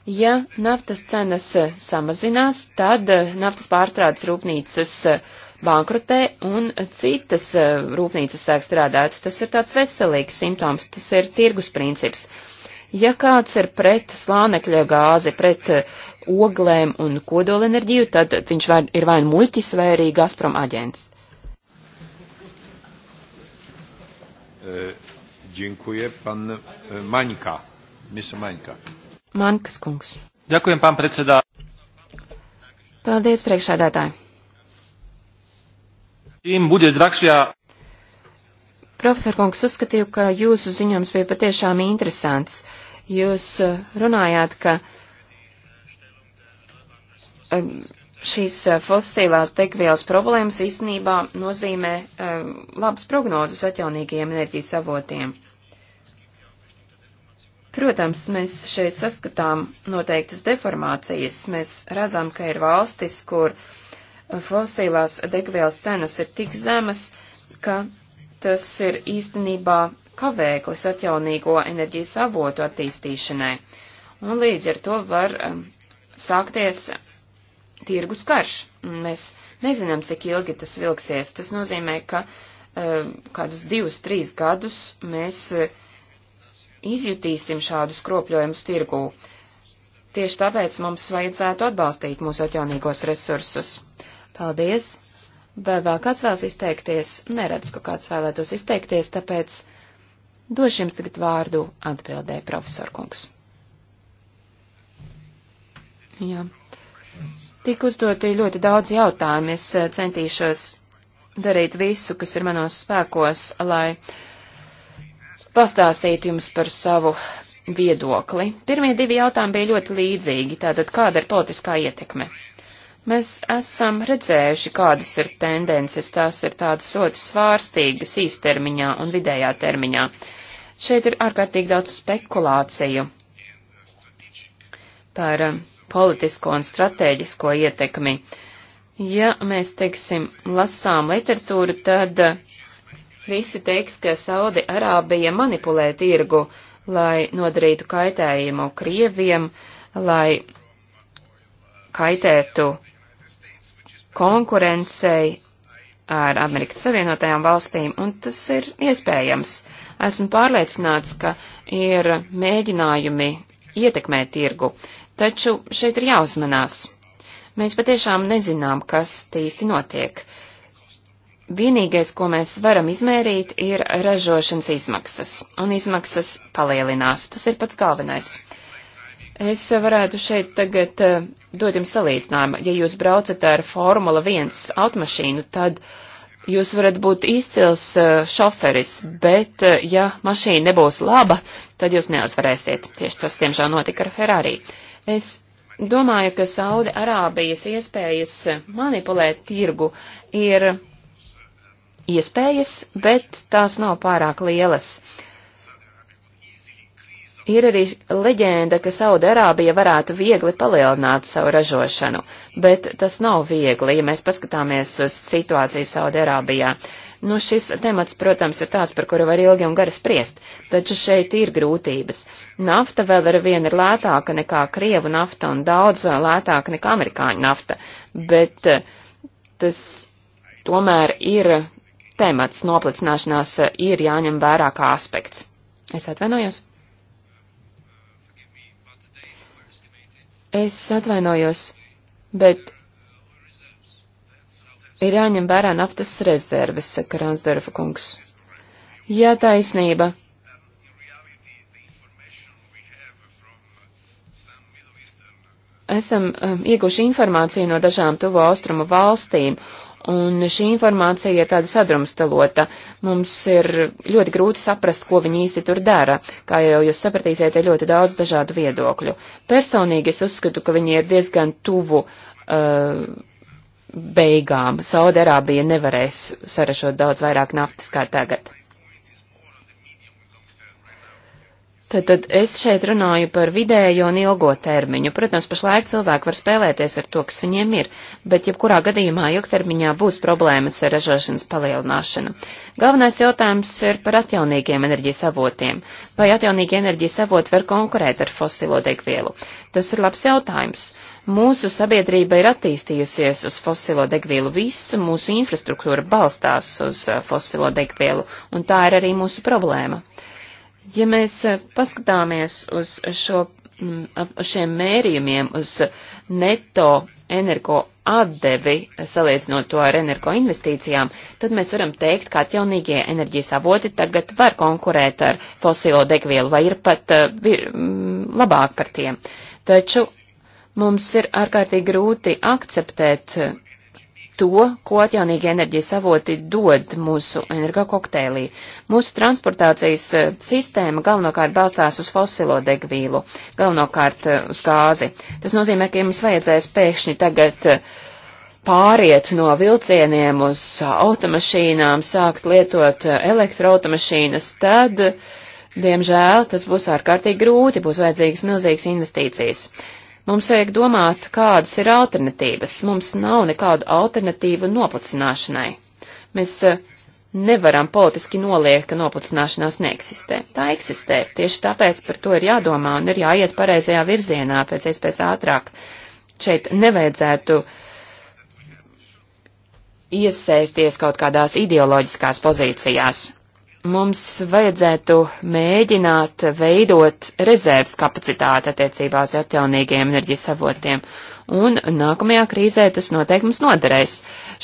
Ja naftas cenas uh, samazinās, tad uh, naftas pārstrādes rūpnīcas uh, bankrotē un citas e, rūpnīcas sāk strādāt. Tas ir tāds veselīgs simptoms, tas ir tirgus princips. Ja kāds ir pret slānekļa gāzi, pret e, oglēm un kodolenerģiju, tad viņš vai, ir vai nu muļķis, vai arī Gazprom aģents. E, dziękuję. Pan Mańka. Mr. Mańka. Maņkas kungs. Ďakujem, pán predsedā. Paldies, priekšsēdētāji. Profesor Kungs, uzskatīju, ka jūsu ziņojums bija patiešām interesants. Jūs eh, runājāt, ka eh, šīs eh, fosilās degvielas problēmas īstenībā nozīmē labas prognozes atjaunīgajiem enerģijas avotiem. Protams, mēs šeit saskatām noteiktas deformācijas. Mēs redzam, ka ir valstis, kur uh, fosilās degvielas cenas ir tik zemas, ka tas ir īstenībā kavēklis atjaunīgo enerģijas avotu attīstīšanai, un līdz ar to var um, sākties tirgus karš. Mēs nezinām, cik ilgi tas vilksies. Tas nozīmē, ka um, kādus divus, trīs gadus mēs uh, izjutīsim šādus kropļojumus tirgū. Tieši tāpēc mums vajadzētu atbalstīt mūsu atjaunīgos resursus. Paldies! Vai vēl kāds vēlas izteikties? Neredz, ka kāds vēlētos izteikties, tāpēc došu jums tagad vārdu atbildē, profesor kungs. Jā. Tik uzdoti ļoti daudz jautājumu. Es eh, centīšos darīt visu, kas ir manos spēkos, lai pastāstītu jums par savu viedokli. Pirmie divi jautājumi bija ļoti līdzīgi. Tātad, kāda ir politiskā ietekme? Mēs esam redzējuši, kādas ir tendences, tās ir tādas ļoti svārstīgas īstermiņā un vidējā termiņā. Šeit ir ārkārtīgi daudz spekulāciju par um, politisko un strateģisko ietekmi. Ja mēs, teiksim, lasām literatūru, tad uh, visi teiks, ka Saudi Arābija manipulē tirgu, lai nodarītu kaitējumu Krieviem, lai kaitētu konkurencei ar Amerikas Savienotajām valstīm, un tas ir iespējams. Esmu pārliecināts, ka ir mēģinājumi ietekmēt tirgu, taču šeit ir jāuzmanās. Mēs patiešām nezinām, kas īsti notiek. Vienīgais, ko mēs varam izmērīt, ir ražošanas izmaksas, un izmaksas palielinās. Tas ir pats galvenais. Es varētu šeit tagad dod jums salīdzinājumu. Ja jūs braucat ar Formula 1 automašīnu, tad jūs varat būt izcils eh, šoferis, bet eh, ja mašīna nebūs laba, tad jūs neuzvarēsiet. Tieši tas, tiemžēl, notika ar Ferrari. Es domāju, ka Saudi Arābijas iespējas manipulēt tirgu ir iespējas, bet tās nav pārāk lielas. Uh, Ir arī leģenda, ka Saudarābija varētu viegli palielināt savu ražošanu, bet tas nav viegli, ja mēs paskatāmies uz situāciju Saudarābijā. Nu, šis temats, protams, ir tāds, par kuru var ilgi un gari spriest, taču šeit ir grūtības. Nafta vēl ar vienu ir lētāka nekā Krievu nafta un daudz lētāka nekā amerikāņu nafta, bet eh, tas tomēr ir temats, noplicināšanās eh, ir jāņem vērā kā aspekts. Es atvainojos. Es atvainojos, bet ir jāņem vērā naftas rezerves, saka Ransdorfa kungs. Jā, taisnība. Esam um, ieguši informāciju no dažām tuvo austrumu valstīm, Un šī informācija ir tāda sadrumstalota. Mums ir ļoti grūti saprast, ko viņi īsti tur dara. Kā jau jūs sapratīsiet, ir ļoti daudz dažādu viedokļu. Personīgi es uzskatu, ka viņi ir diezgan tuvu uh, beigām. Saudarābija nevarēs sarašot daudz vairāk naftas kā tagad. Tātad es šeit runāju par vidējo un ilgo termiņu. Protams, pašlaik cilvēki var spēlēties ar to, kas viņiem ir, bet jebkurā gadījumā ilgtermiņā būs problēmas ar ražošanas palielināšanu. Galvenais jautājums ir par atjaunīgiem enerģijas avotiem. Vai atjaunīgi enerģijas avoti var konkurēt ar fosilo degvielu? Tas ir labs jautājums. Mūsu sabiedrība ir attīstījusies uz fosilo degvielu, visa mūsu infrastruktūra balstās uz uh, fosilo degvielu, un tā ir arī mūsu problēma. Ja mēs eh, paskatāmies uz šo, mm, uz šiem mērījumiem, uz neto energo atdevi, salīdzinot to ar energo investīcijām, tad mēs varam teikt, ka atjaunīgie enerģijas avoti tagad var konkurēt ar fosilo degvielu vai ir pat uh, vir, mm, labāk par tiem. Taču mums ir ārkārtīgi grūti akceptēt to, ko atjaunīgi enerģijas avoti dod mūsu energokokteilī. Mūsu transportācijas e, sistēma galvenokārt balstās uz fosilo degvīlu, galvenokārt e, uz gāzi. Tas nozīmē, ka ja mums vajadzēs pēkšņi tagad e, pāriet no vilcieniem uz automašīnām, sākt lietot elektroautomašīnas, tad, diemžēl, tas būs ārkārtīgi grūti, būs vajadzīgas milzīgas investīcijas. Mums vajag domāt, kādas ir alternatīvas. Mums nav nekādu alternatīvu nopucināšanai. Mēs eh, nevaram politiski noliegt, ka nopucināšanās neeksistē. Tā eksistē. Tieši tāpēc par to ir jādomā un ir jāiet pareizajā virzienā pēc iespējas ātrāk. Šeit nevajadzētu iesaisties kaut kādās ideoloģiskās pozīcijās mums vajadzētu mēģināt veidot rezerves kapacitāti attiecībā uz atjaunīgiem enerģijas avotiem. Un nākamajā krīzē tas noteikti mums noderēs.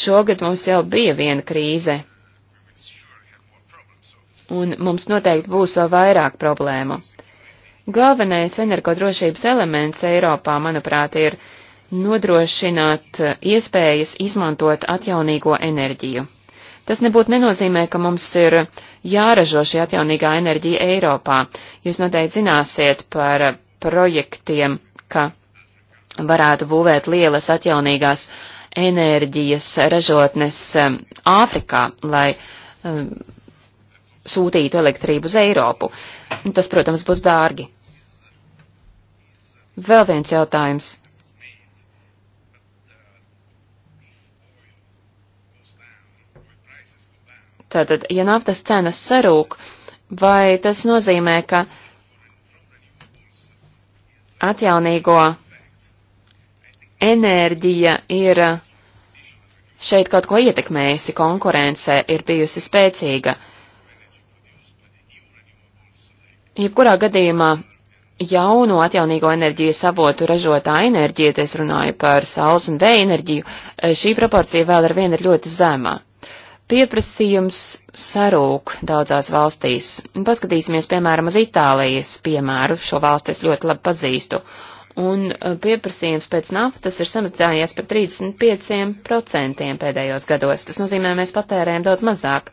Šogad mums jau bija viena krīze. Un mums noteikti būs vēl vairāk problēmu. Galvenais energodrošības elements Eiropā, manuprāt, ir nodrošināt iespējas izmantot atjaunīgo enerģiju. Tas nebūtu nenozīmē, ka mums ir jāražo šī atjaunīgā enerģija Eiropā. Jūs noteikti zināsiet par projektiem, ka varētu būvēt lielas atjaunīgās enerģijas ražotnes um, Āfrikā, lai um, sūtītu elektrību uz Eiropu. Tas, protams, būs dārgi. Vēl viens jautājums. Tātad, ja naftas cenas sarūk, vai tas nozīmē, ka atjaunīgo enerģija ir šeit kaut ko ietekmējusi, konkurence ir bijusi spēcīga. Jebkurā gadījumā jauno atjaunīgo enerģiju savotu ražotā enerģija, es runāju par saules un vēja enerģiju, šī proporcija vēl ar vienu ir ļoti zemā. Pieprasījums sarūk daudzās valstīs. Paskatīsimies, piemēram, uz Itālijas piemēru. Šo valsti es ļoti labi pazīstu. Un e, pieprasījums pēc naftas ir samazinājies par 35% pēdējos gados. Tas nozīmē, mēs patērējam daudz mazāk.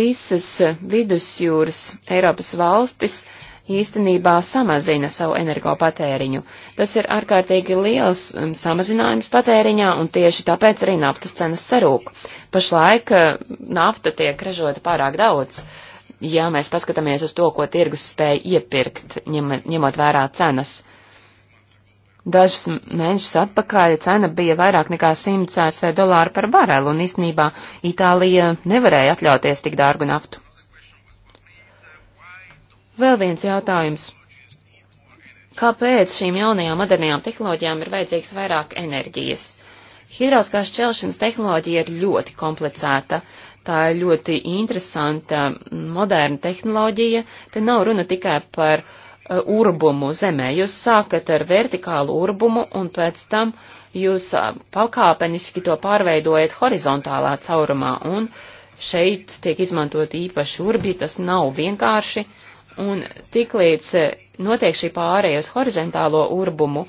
Visas vidusjūras Eiropas valstis uh, īstenībā samazina savu energopatēriņu. Tas ir ārkārtīgi liels um, samazinājums patēriņā, un tieši tāpēc arī naftas cenas sarūk. Pašlaik uh, nafta tiek ražota pārāk daudz. Ja mēs paskatāmies uz to, ko tirgus spēja iepirkt, ņem, ņemot vērā cenas, Dažus mēnešus atpakaļ cena bija vairāk nekā 100 ASV dolāru par barelu, un īstenībā Itālija nevarēja atļauties tik dārgu naftu. Vēl viens jautājums. Kāpēc šīm jaunajām modernajām tehnoloģijām ir vajadzīgs vairāk enerģijas? Hidrauskās šķelšanas tehnoloģija ir ļoti komplicēta. Tā ir ļoti interesanta, moderna tehnoloģija. Te nav runa tikai par uh, urbumu zemē. Jūs sākat ar vertikālu urbumu un pēc tam jūs uh, pakāpeniski to pārveidojat horizontālā caurumā. Un šeit tiek izmantot īpaši urbi, tas nav vienkārši. Uh, Un tiklīdz eh, notiek šī pārēja uz horizontālo urbumu,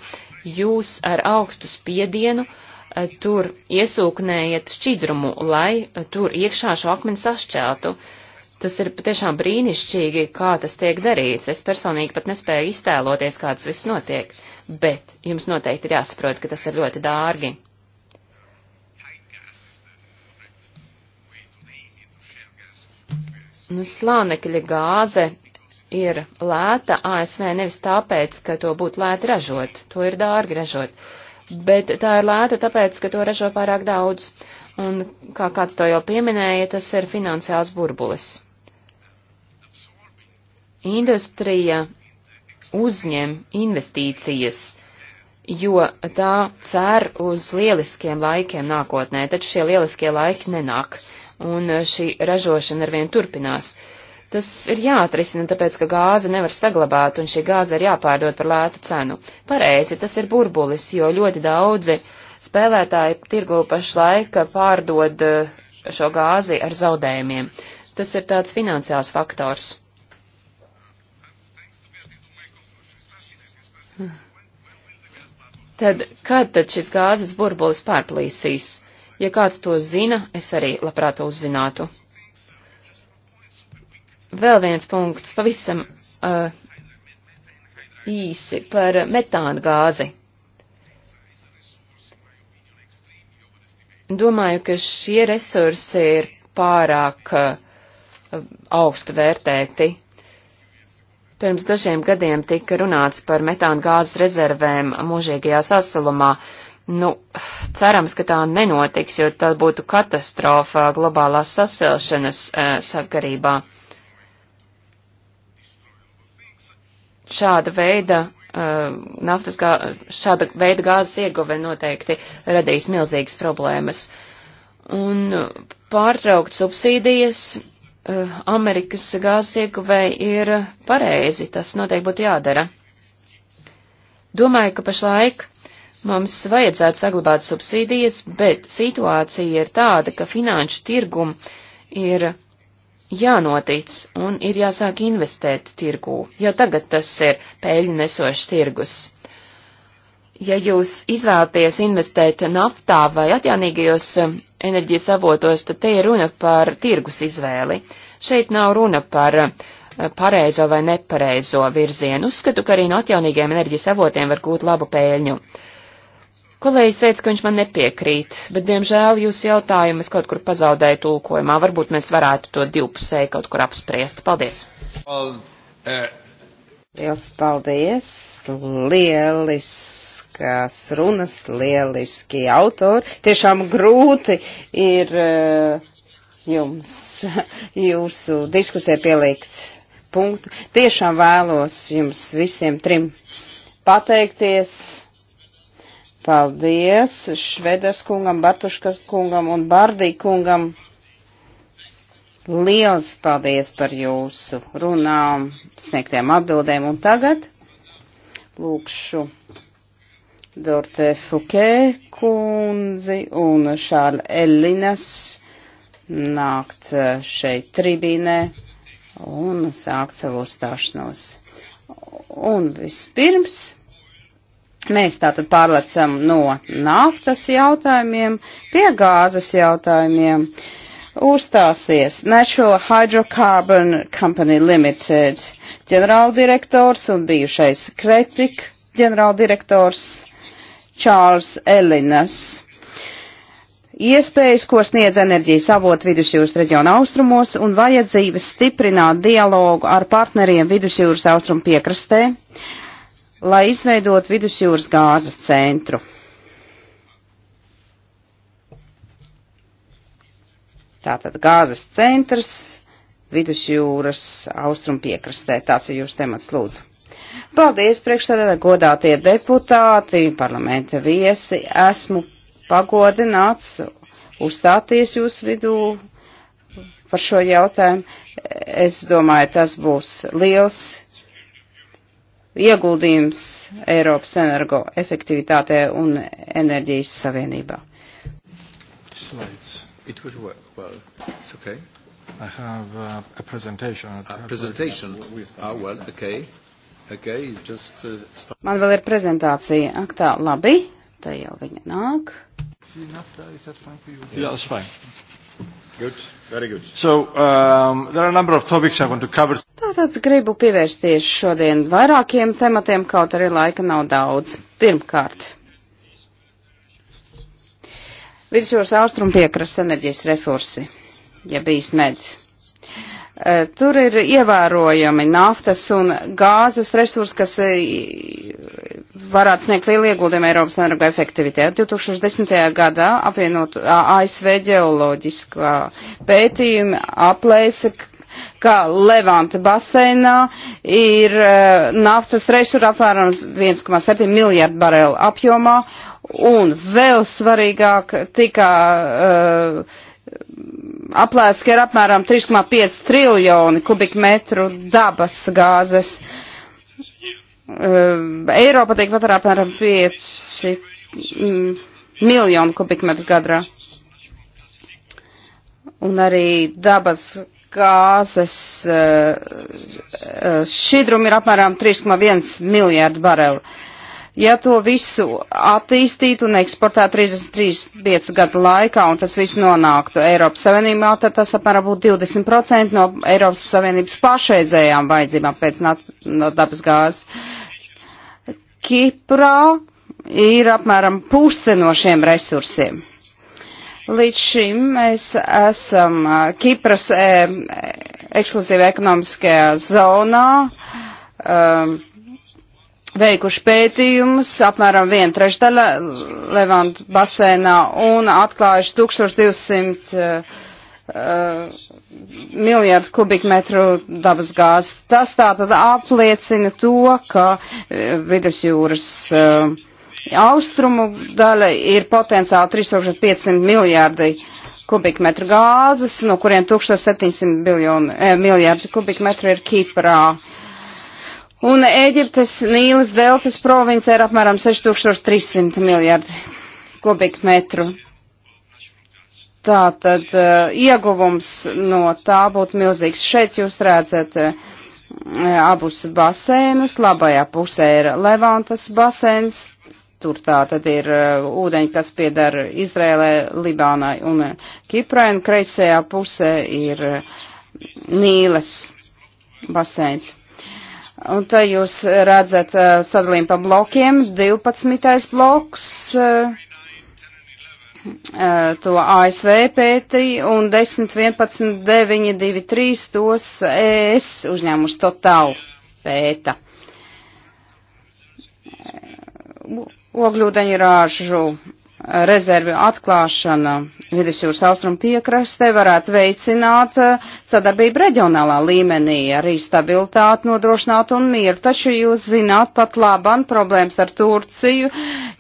jūs ar augstu spiedienu eh, tur iesūknējat šķidrumu, lai eh, tur iekšā šo akmeni sašķeltu. Tas ir patiešām brīnišķīgi, kā tas tiek darīts. Es personīgi pat nespēju iztēloties, kā tas viss notiek, bet jums noteikti ir jāsaprot, ka tas ir ļoti dārgi. Nu, slānekļa gāze ir lēta ASV nevis tāpēc, ka to būtu lēti ražot, to ir dārgi ražot, bet tā ir lēta tāpēc, ka to ražo pārāk daudz, un kā kāds to jau pieminēja, tas ir finansiāls burbulis. Industrija uzņem investīcijas, jo tā cer uz lieliskiem laikiem nākotnē, taču šie lieliskie laiki nenāk, un eh, šī ražošana arvien turpinās. Uh, Tas ir jāatrisina, tāpēc, ka gāzi nevar saglabāt, un šī gāze ir jāpārdod par lētu cenu. Pareizi, tas ir burbulis, jo ļoti daudzi spēlētāji tirgu pašlaik pārdod eh, šo gāzi ar zaudējumiem. Tas ir tāds finansiāls faktors. Tad, kad tad šis gāzes burbulis pārplīsīs? Ja kāds to zina, es arī labprāt uzzinātu. Vēl viens punkts, pavisam uh, īsi par metāna gāzi. Domāju, ka šie resursi ir pārāk uh, eh, augstu vērtēti. Pirms dažiem gadiem tika runāts par metāna gāzes rezervēm mūžīgajā sasalumā. Nu, cerams, ka tā nenotiks, jo tad būtu katastrofa globālās sasilšanas uh, sakarībā. šāda veida uh, naftas, gā, šāda veida gāzes ieguve noteikti radīs milzīgas problēmas. Un pārtraukt subsīdijas uh, Amerikas gāzes ieguvei ir pareizi, tas noteikti būtu jādara. Domāju, ka pašlaik mums vajadzētu saglabāt subsīdijas, bet situācija ir tāda, ka finanšu tirgum ir jānotic un ir jāsāk investēt tirgū, jo tagad tas ir peļņu nesošs tirgus. Ja jūs izvēlaties investēt naftā vai atjaunīgajos um, enerģijas avotos, tad te ir runa par tirgus izvēli. Šeit nav runa par uh, pareizo vai nepareizo virzienu. Uzskatu, ka arī no atjaunīgiem enerģijas avotiem var gūt labu pēļņu. Uh, Kolēģis teica, ka viņš man nepiekrīt, bet, diemžēl, jūs jautājumu es kaut kur pazaudēju tulkojumā. Varbūt mēs varētu to divpusēji kaut kur apspriest. Paldies! Liels paldies! Lieliskas runas, lieliski autori. Tiešām grūti ir eh, jums jūsu diskusē pielikt punktu. Tiešām vēlos jums visiem trim pateikties Paldies Švedas kungam, Bartuškas kungam un Bardī kungam. Liels paldies par jūsu runām, sniegtiem atbildēm. Un tagad lūkšu Dorte Fouquet kundzi un Šārla Ellinas nākt eh, šeit tribīnē un sākt savu stāšanos. Un vispirms. Mēs tātad pārlecam no naftas jautājumiem pie gāzes jautājumiem. Uzstāsies Natural Hydrocarbon Company Limited ģenerāldirektors un bijušais Kretik ģenerāldirektors Čārls Elinas. Iespējas, ko sniedz enerģijas avot vidusjūras reģiona austrumos un vajadzības stiprināt dialogu ar partneriem vidusjūras austrumu piekrastē, lai izveidot vidusjūras gāzes centru. Tātad gāzes centrs vidusjūras austrumpiekrastē. Tās ir jūsu temats, lūdzu. Paldies, priekšsēdētāji, godātie deputāti, parlamenta viesi. Esmu pagodināts uzstāties jūsu vidū par šo jautājumu. Es domāju, tas būs liels ieguldījums Eiropas energoefektivitātē un enerģijas savienībā. Slides. It would work well. It's okay. I have uh, a presentation. A presentation? Ah, well, okay. Okay, it's just... Uh, start. Man vēl ir prezentācija. Ak tā, labi. Tā jau viņa nāk. Yeah, that's fine. Good, very good. So, um, there are a number of topics I want to cover. Tātad gribu pievērsties šodien vairākiem tematiem, kaut arī laika nav daudz. Pirmkārt, vidusjūras austrumu piekrasts enerģijas resursi, ja bijis medz. E, tur ir ievērojami naftas un gāzes resursi, kas e, varētu sniegt lielu ieguldījumu Eiropas energoefektivitē. 2010. gadā apvienot ASV ģeoloģiskā pētījuma aplēsa, ka Levanta baseinā ir uh, naftas resursu apmērams 1,7 miljardu barelu apjomā, un vēl svarīgāk tika uh, aplēsts, ka ir apmēram 3,5 triljoni kubikmetru dabas gāzes. Uh, Eiropa tiek patērā apmēram 5 mm, miljonu kubikmetru gadrā. Un arī dabas gāzes eh, eh, šķidrumi ir apmēram 3,1 miljārdu barelu. Ja to visu attīstītu un eksportētu 33 gadu laikā un tas viss nonāktu Eiropas Savienībā, tad tas apmēram būtu 20% no Eiropas Savienības pašreizējām vajadzībām pēc dabas gāzes. Kiprā ir apmēram puse no šiem resursiem. Līdz šim mēs esam Kipras e, ekskluzīva ekonomiskajā zonā. Um, veikuši pētījumus apmēram viena trešdaļa Levantu basēnā un atklājuši 1200 uh, uh, miljardu kubikmetru dabas gāzes. Tas tātad apliecina to, ka uh, vidusjūras uh, Austrumu daļa ir potenciāli 3500 miljārdi kubikmetru gāzes, no kuriem 1700 biljonu, eh, miljārdi kubikmetru ir Kiprā. Un Ēģiptes Nīlas deltas province ir apmēram 6300 miljārdi kubikmetru. Tātad uh, ieguvums no tā būtu milzīgs. Šeit jūs redzat uh, abus basēnus. Labajā pusē ir Levantas basēns, Tur tā tad ir uh, ūdeņi, kas piedara Izrēlē, Libānai un uh, Kiprai, un kreisajā pusē ir uh, Nīles baseins. Un te jūs redzat sadalījumu pa blokiem, 12. bloks, to ASV pētī, un 10, 11, 9, 2, 3 tos ES uzņēmums totālu pēta ogļūdeņrāžu eh, rezervju atklāšana vidusjūras austrumu piekrastē varētu veicināt eh, sadarbību reģionālā līmenī, arī stabilitāti nodrošināt un mieru. Taču jūs zināt pat laban problēmas ar Turciju,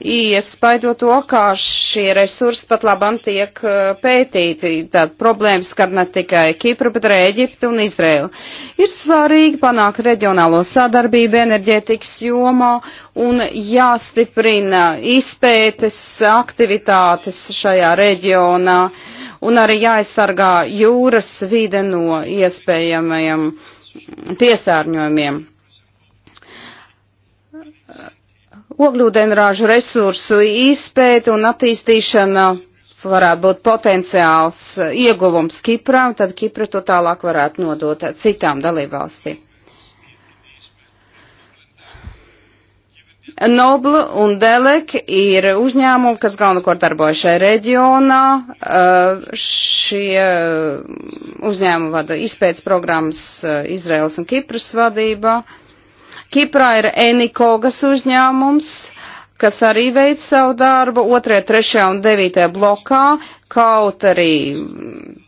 iespaido to, kā šie resursi pat laban tiek eh, pētīti. Tad problēmas skar ne tikai Kipru, bet arī Eģiptu un Izraēlu. Ir svarīgi panākt reģionālo sadarbību enerģētikas jomā un jāstiprina izpētes aktivitātes šajā reģionā un arī jāaizsargā jūras vide no iespējamajiem piesārņojumiem. Ogļūdenrāžu resursu izpēta un attīstīšana varētu būt potenciāls ieguvums Kipram, tad Kipra to tālāk varētu nodot citām dalībvalstīm. Nobla un Delek ir uzņēmumi, kas galvenokārt darbojas šajā reģionā. Eh, šie uzņēmumi vada izpētes programmas eh, Izraels un Kipras vadībā. Kiprā ir Enikogas uzņēmums, kas arī veic savu darbu 2., 3. un 9. blokā, kaut arī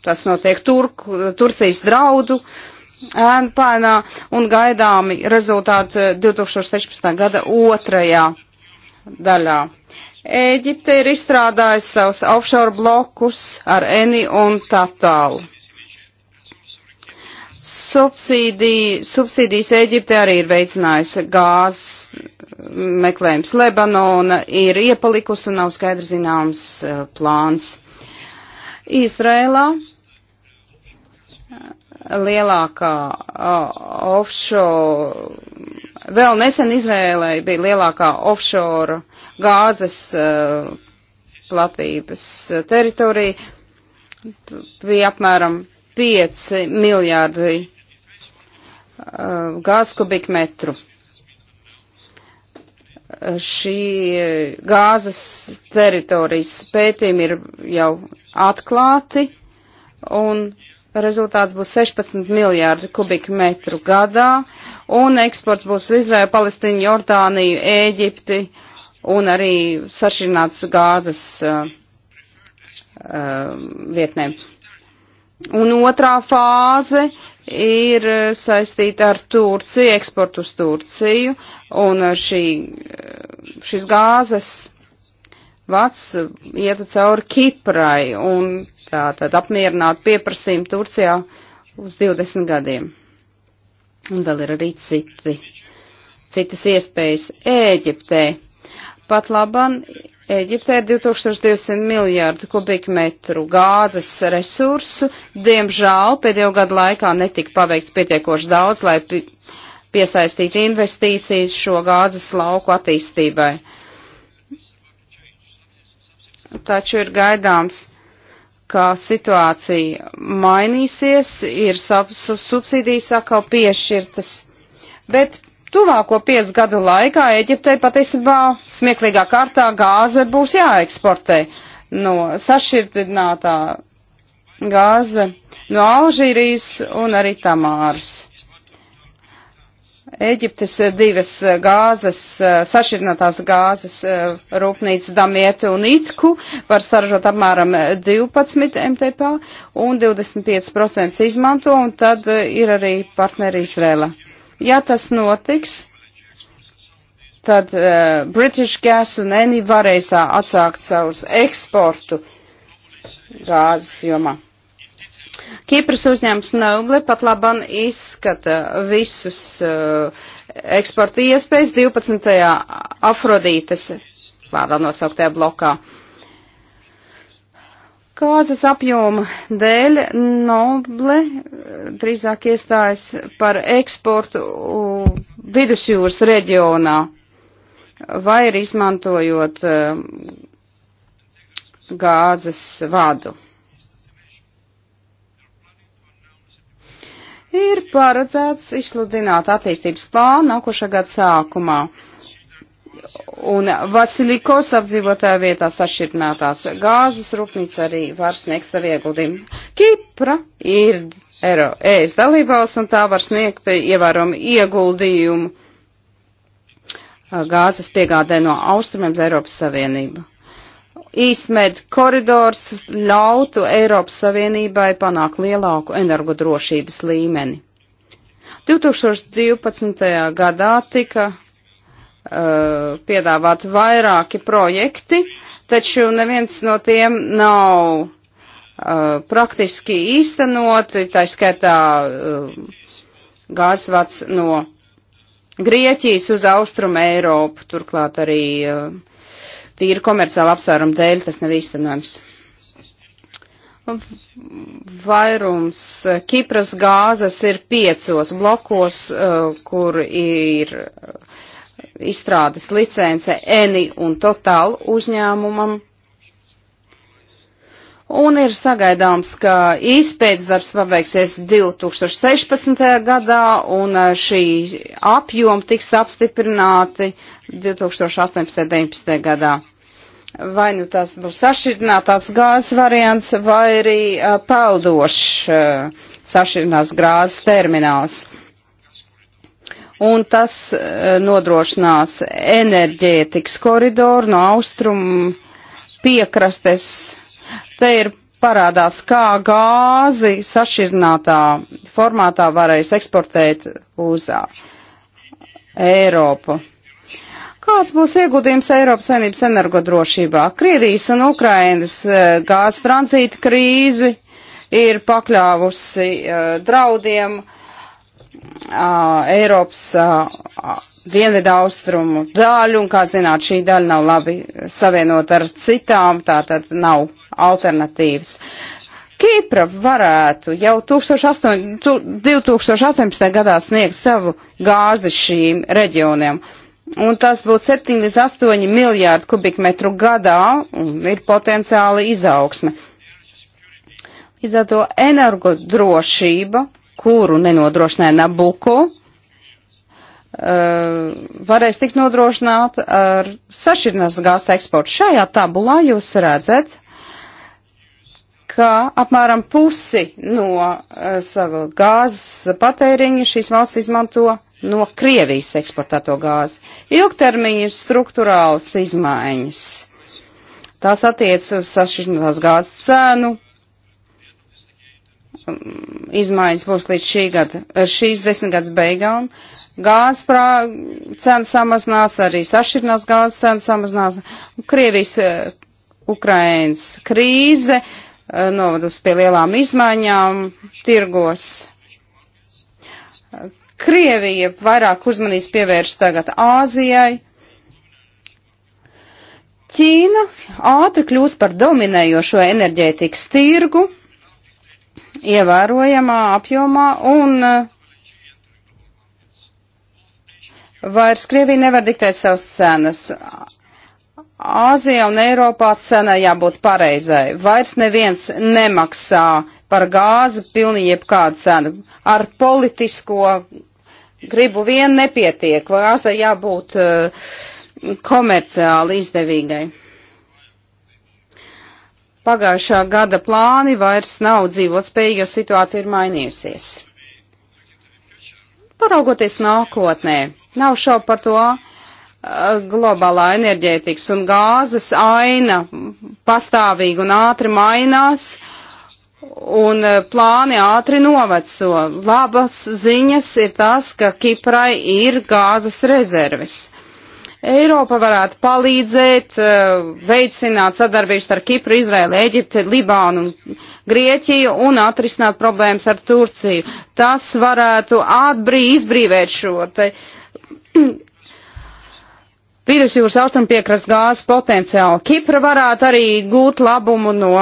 tas notiek Turk, Turcijas draudu uh, ēnu pēnā un gaidāmi rezultāti 2016. Eh, gada otrajā daļā. Ēģipte ir izstrādājusi savus offshore blokus ar Eni un Tatālu. Subsīdī, subsīdijas Eģipte arī ir veicinājusi gāzes meklējums. Lebanona ir iepalikusi un nav skaidrs zināms eh, plāns. Izrēlā lielākā uh, offshore, vēl nesen Izrēlē bija lielākā offshore gāzes uh, platības teritorija, T bija apmēram 5 miljārdi uh, gāzes kubikmetru. Šī gāzes teritorijas pētījumi ir jau atklāti un rezultāts būs 16 miljārdi kubikmetru gadā, un eksports būs uz Izraēlu, Palestīnu, Jordāniju, Ēģipti un arī sašķirināts gāzes uh, eh, uh, eh, vietnēm. Un otrā fāze ir saistīta ar Turciju, eksportu uz Turciju, un šī, eh, šis gāzes vats uh, ietu cauri Kiprai un tā tad apmierinātu pieprasījumu Turcijā uz 20 gadiem. Un vēl ir arī citi, citas iespējas Ēģiptē. Pat laban Ēģiptē ir 2200 miljārdu kubikmetru gāzes resursu. Diemžēl pēdējo gadu laikā netika paveikts pietiekoši daudz, lai piesaistītu investīcijas šo gāzes lauku attīstībai taču ir gaidāms, ka situācija mainīsies, ir subsīdijas atkal piešķirtas, bet tuvāko piecu gadu laikā Eģiptei patiesībā smieklīgā kārtā gāze būs jāeksportē no sašķirtinātā gāze no Alžīrijas un arī Tamāras. Eģiptes eh, divas eh, gāzes, eh, sašķirinātās gāzes rūpnīcas Damietu un Itku var saražot apmēram 12 MTP un 25% izmanto, un tad ir arī partneri Izrēla. Ja tas notiks, tad uh, British Gas un Eni varēs atsākt savus eksportu gāzes jomā. Kipras uzņēmums Noble pat laban izskata visus uh, eksporta iespējas 12. afrodītes vārdā nosauktajā blokā. Kāzas apjoma dēļ Noble eh, drīzāk iestājas par eksportu uh, vidusjūras reģionā vai ir izmantojot uh, gāzes vadu. ir paredzēts izsludināt attīstības plānu nākošā gada sākumā. Un Vasilikos apdzīvotāja vietā sašķirtinātās gāzes rūpnīca arī var sniegt savu ieguldījumu. Kipra ir Eiro ES dalībvalsts un tā var sniegt ievērumu ieguldījumu gāzes piegādē no austrumiem uz Eiropas Savienību īstmed koridors ļautu Eiropas Savienībai panākt lielāku energodrošības līmeni. 2012. gadā tika uh, piedāvāt vairāki projekti, taču neviens no tiem nav uh, praktiski īstenoti, tā skaitā uh, gāzvats no Grieķijas uz Austrumu Eiropu, turklāt arī uh, tīri komerciāla apsvēruma dēļ tas nav īstenojams. Vairums Kipras gāzes ir piecos blokos, eh, kur ir eh, izstrādes licence Eni un Total uzņēmumam un ir sagaidāms, ka izpēcdarbs pabeigsies 2016. gadā, un eh, šī apjoma tiks apstiprināti 2018.19. gadā. Vai nu tas būs sašķirtinātās gāzes variants, vai arī eh, peldošs eh, sašķirtinās grāzes termināls. Un tas nodrošinās enerģētikas koridoru no austrumu piekrastes Te ir parādās, kā gāzi sašķirinātā formātā varēs eksportēt uz Eiropu. Kāds būs ieguldījums Eiropas saimnības energodrošībā? Krievijas un Ukrainas e, gāzes tranzīta krīzi ir pakļāvusi e, draudiem Eiropas dienvidu austrumu daļu, un, kā zināt, šī daļa nav labi savienota ar citām, tā tad nav alternatīvas. Kīpra varētu jau 2008, 2018. gadā sniegt savu gāzi šīm reģioniem. Un tas būtu 7 līdz 8 miljārdu kubikmetru gadā un ir potenciāli izaugsme. Līdz ar to energodrošība, kuru nenodrošināja Nabuko, Uh, varēs tikt nodrošināta ar sašķirnās gāzes eksportu. Šajā tabulā jūs redzat, ka apmēram pusi no uh, eh, sava gāzes patēriņa šīs valsts izmanto no Krievijas eksportēto gāzi. Ilgtermiņa ir struktūrāls izmaiņas. Tās attiec uz sašķirtās gāzes cenu. Mm, izmaiņas būs līdz šī gada, eh, šīs desmitgades beigām. Gāzes prā, cena samazinās, arī sašķirtās gāzes cena samazinās. Krievijas, eh, Ukrainas krīze. Uh, Eh, novedusi pie lielām izmaiņām tirgos. Krievija vairāk uzmanības pievērš tagad Āzijai. Ķīna ātri kļūst par dominējošo enerģētikas tirgu ievērojamā apjomā un eh, vairs Krievija nevar diktēt savas cenas. Āzijā un Eiropā cena jābūt pareizai. Vairs neviens nemaksā par gāzi pilnīgi jebkādu cenu. Ar politisko gribu vien nepietiek. Gāzai jābūt uh, komerciāli izdevīgai. Pagājušā gada plāni vairs nav dzīvotspējīgi, jo situācija ir mainījusies. Paraugoties nākotnē, nav šaubu par to, globālā enerģētikas un gāzes aina pastāvīgi un ātri mainās, un eh, plāni ātri noveco. Labas ziņas ir tas, ka Kiprai ir gāzes rezerves. Eiropa varētu palīdzēt, eh, veicināt sadarbības ar Kipru, Izraēlu, Eģipti, Libānu un Grieķiju un atrisināt problēmas ar Turciju. Tas varētu atbrī izbrīvēt šo te vidusjūras austrumpiekrasts gāzes potenciālu. Kipra varētu arī gūt labumu no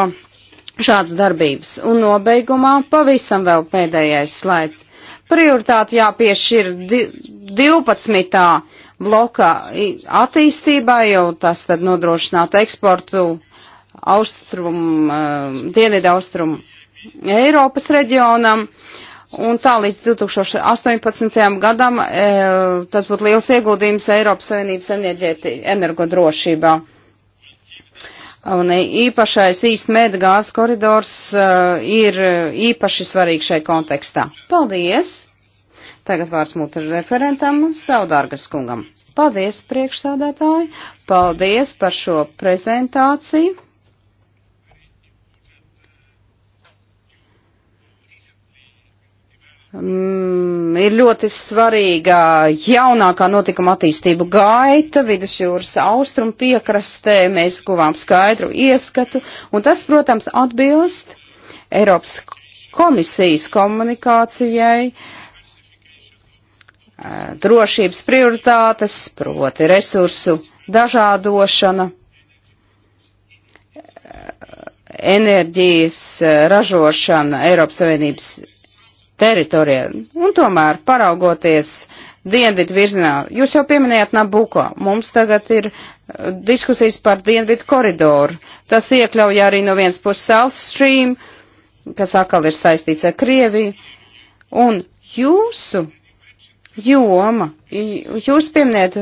šādas darbības. Un nobeigumā pavisam vēl pēdējais slaids. Prioritāti jāpiešķir 12. blokā attīstībai, jo tas tad nodrošinātu eksportu austrum, eh, dienvidu austrumu Eiropas reģionam. Uh, un tā līdz 2018. gadam e, tas būtu liels ieguldījums Eiropas Savienības energodrošībā. Un īpašais īst mēdgāzes koridors e, ir īpaši svarīgs šai kontekstā. Paldies! Tagad vārds mūtu referentam Saudārgas kungam. Paldies, priekšsādātāji! Paldies par šo prezentāciju! mm, ir ļoti svarīga jaunākā notikuma attīstību gaita vidusjūras austrumu piekrastē. Mēs guvām skaidru ieskatu, un tas, protams, atbilst Eiropas komisijas komunikācijai eh, drošības prioritātes, proti resursu dažādošana, eh, enerģijas eh, ražošana Eiropas Savienības teritorijā. Un tomēr, paraugoties dienvidu virzienā, jūs jau pieminējāt Nabuko, mums tagad ir eh, diskusijas par dienvidu koridoru. Tas iekļauj arī no vienas puses South Stream, kas atkal ir saistīts ar Krieviju. Un jūsu joma, jūs pieminējat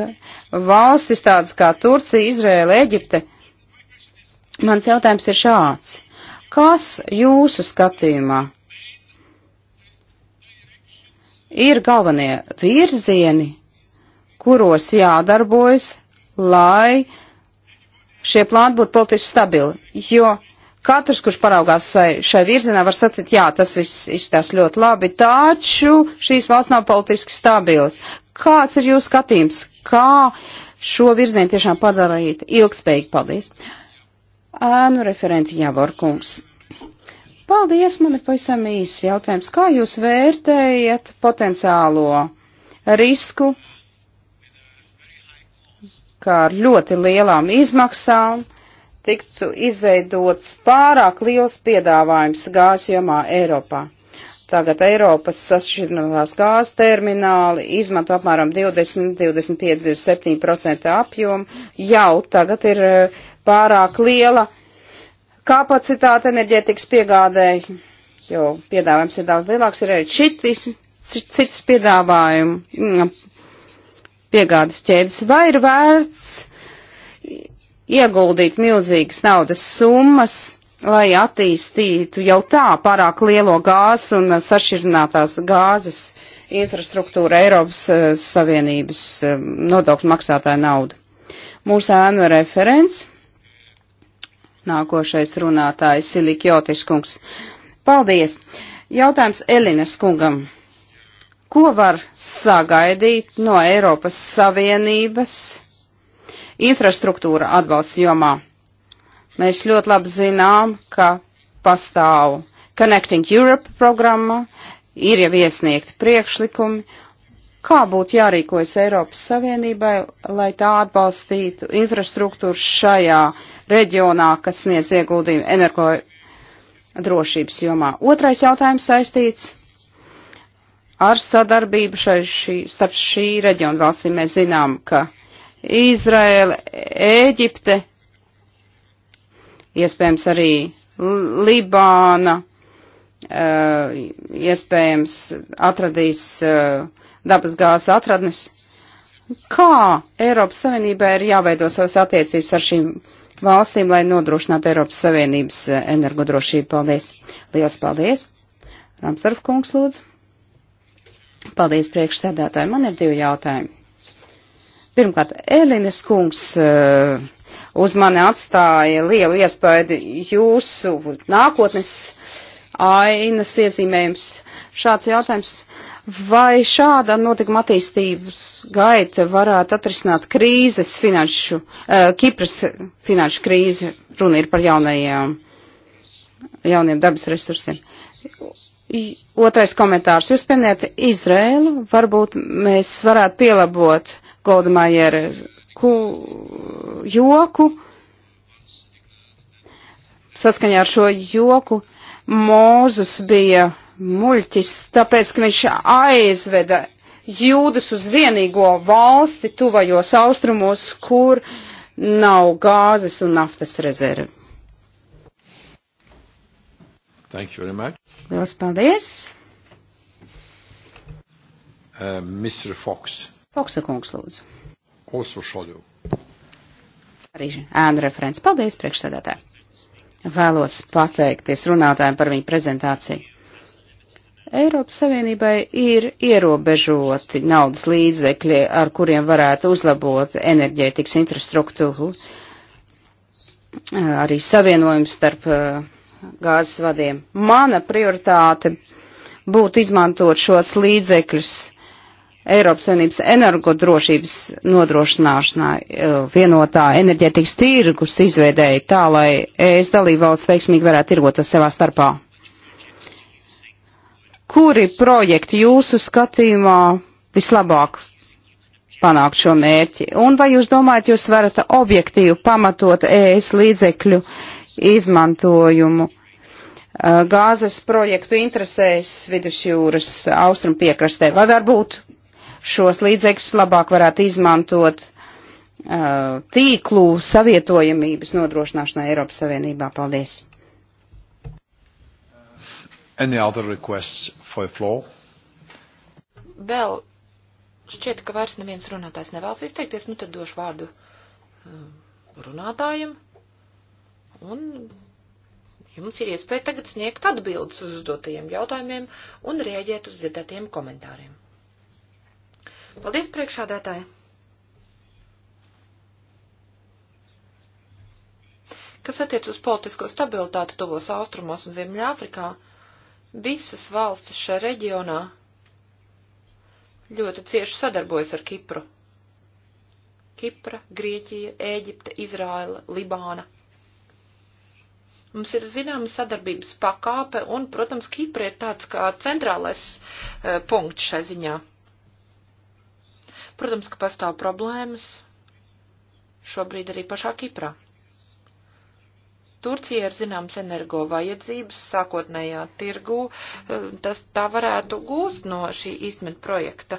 valstis tādas kā Turcija, Izraēla, Eģipte. Mans jautājums ir šāds. Kas jūsu skatījumā ir galvenie virzieni, kuros jādarbojas, lai šie plāni būtu politiski stabili. Jo katrs, kurš paraugās šai virzienā, var sacīt, jā, tas viss izskatās ļoti labi, taču šīs valsts nav politiski stabilas. Kāds ir jūsu skatījums? Kā šo virzienu tiešām padarīt ilgspējīgi? Paldies! Ēnu referenti Javor kungs. Paldies, man ir pavisam īsts jautājums. Kā jūs vērtējat potenciālo risku, kā ar ļoti lielām izmaksām tiktu izveidots pārāk liels piedāvājums gāzes jomā Eiropā? Tagad Eiropas sašķirnotās gāzes termināli izmanto apmēram 20, 25, 27% apjomu. Jau tagad ir eh, pārāk liela kapacitāte enerģētikas piegādēji, jo piedāvājums ir daudz lielāks, ir arī šitis, cits piedāvājumi mm, piegādes ķēdes. Vai ir vērts ieguldīt milzīgas naudas summas, lai attīstītu jau tā pārāk lielo gāzes un sašķirinātās gāzes infrastruktūru Eiropas eh, Savienības eh, nodokļu maksātāja naudu? Mūsu ēnu referents Nākošais runātājs Silikjotis kungs. Paldies! Jautājums Elinas kungam. Ko var sagaidīt no Eiropas Savienības infrastruktūra atbalsts jomā? Mēs ļoti labi zinām, ka pastāv Connecting Europe programma, ir jau iesniegti priekšlikumi, kā būtu jārīkojas Eiropas Savienībai, lai tā atbalstītu infrastruktūru šajā reģionā, kas sniedz ieguldījumu energo drošības jomā. Otrais jautājums saistīts ar sadarbību šai, šī, starp šī reģiona valstīm. Mēs zinām, ka Izraela, Ēģipte, iespējams arī Libāna, eh, iespējams atradīs eh, dabasgāzes atradnes. Kā Eiropas Savienībai ir jāveido savas attiecības ar šīm valstīm, lai nodrošinātu Eiropas Savienības eh, energodrošību. Paldies! Lielas paldies! Ramsdorf kungs lūdzu. Paldies priekšsēdētāji. Man ir divi jautājumi. Pirmkārt, Elīnes kungs eh, uz mani atstāja lielu iespēju jūsu nākotnes ainas iezīmējums. Šāds jautājums Vai šāda notikuma attīstības gaita varētu atrisināt krīzes finanšu, uh, Kipras finanšu krīzi, runa ir par jaunajiem, jauniem dabas resursiem. Otrais komentārs. Jūs pieminējat Izrēlu, varbūt mēs varētu pielabot Goldmajera joku. Saskaņā ar šo joku Mūzus bija muļķis, tāpēc, ka viņš aizveda jūdas uz vienīgo valsti tuvajos austrumos, kur nav gāzes un naftas rezervi. Lielas paldies! Uh, Mr. Fox. Foksa kungs, lūdzu. Also šodien. Arī ēnu referents. Paldies, priekšsēdētāji. Vēlos pateikties runātājiem par viņu prezentāciju. Eiropas Savienībai ir ierobežoti naudas līdzekļi, ar kuriem varētu uzlabot enerģētikas infrastruktūru, eh, arī savienojums starp eh, gāzes vadiem. Mana prioritāte būtu izmantot šos līdzekļus Eiropas Savienības energodrošības nodrošināšanai, eh, vienotā enerģētikas tirgus izveidēji tā, lai ES dalībvalsts veiksmīgi varētu tirgoties savā starpā kuri projekti jūsu skatījumā vislabāk panākt šo mērķi? Un vai jūs domājat, jūs varat objektīvi pamatot ES līdzekļu izmantojumu eh, gāzes projektu interesēs vidusjūras austrum piekrastē? Vai varbūt šos līdzekļus labāk varētu izmantot eh, tīklu savietojamības nodrošināšanai Eiropas Savienībā? Paldies! Any other requests for the floor. Vēl šķiet, ka vairs neviens runātājs nevēlas izteikties, nu tad došu vārdu eh, runātājiem. Un jums ir iespēja tagad sniegt atbildes uz uzdotajiem jautājumiem un rēģēt uz dzirdētajiem komentāriem. Paldies priekšādātāji! Kas attiec uz politisko stabilitāti tuvos austrumos un Ziemļāfrikā, Afrikā, Visas valstis šajā reģionā ļoti cieši sadarbojas ar Kipru. Kipra, Grieķija, Ēģipte, Izraela, Libāna. Mums ir zināma sadarbības pakāpe, un, protams, Kipra ir tāds kā centrālais e, punkts šai ziņā. Protams, ka pastāv problēmas šobrīd arī pašā Kiprā. Turcija ir zināms energo vajadzības sākotnējā tirgū, eh, tas tā varētu gūst no šī īstmet projekta.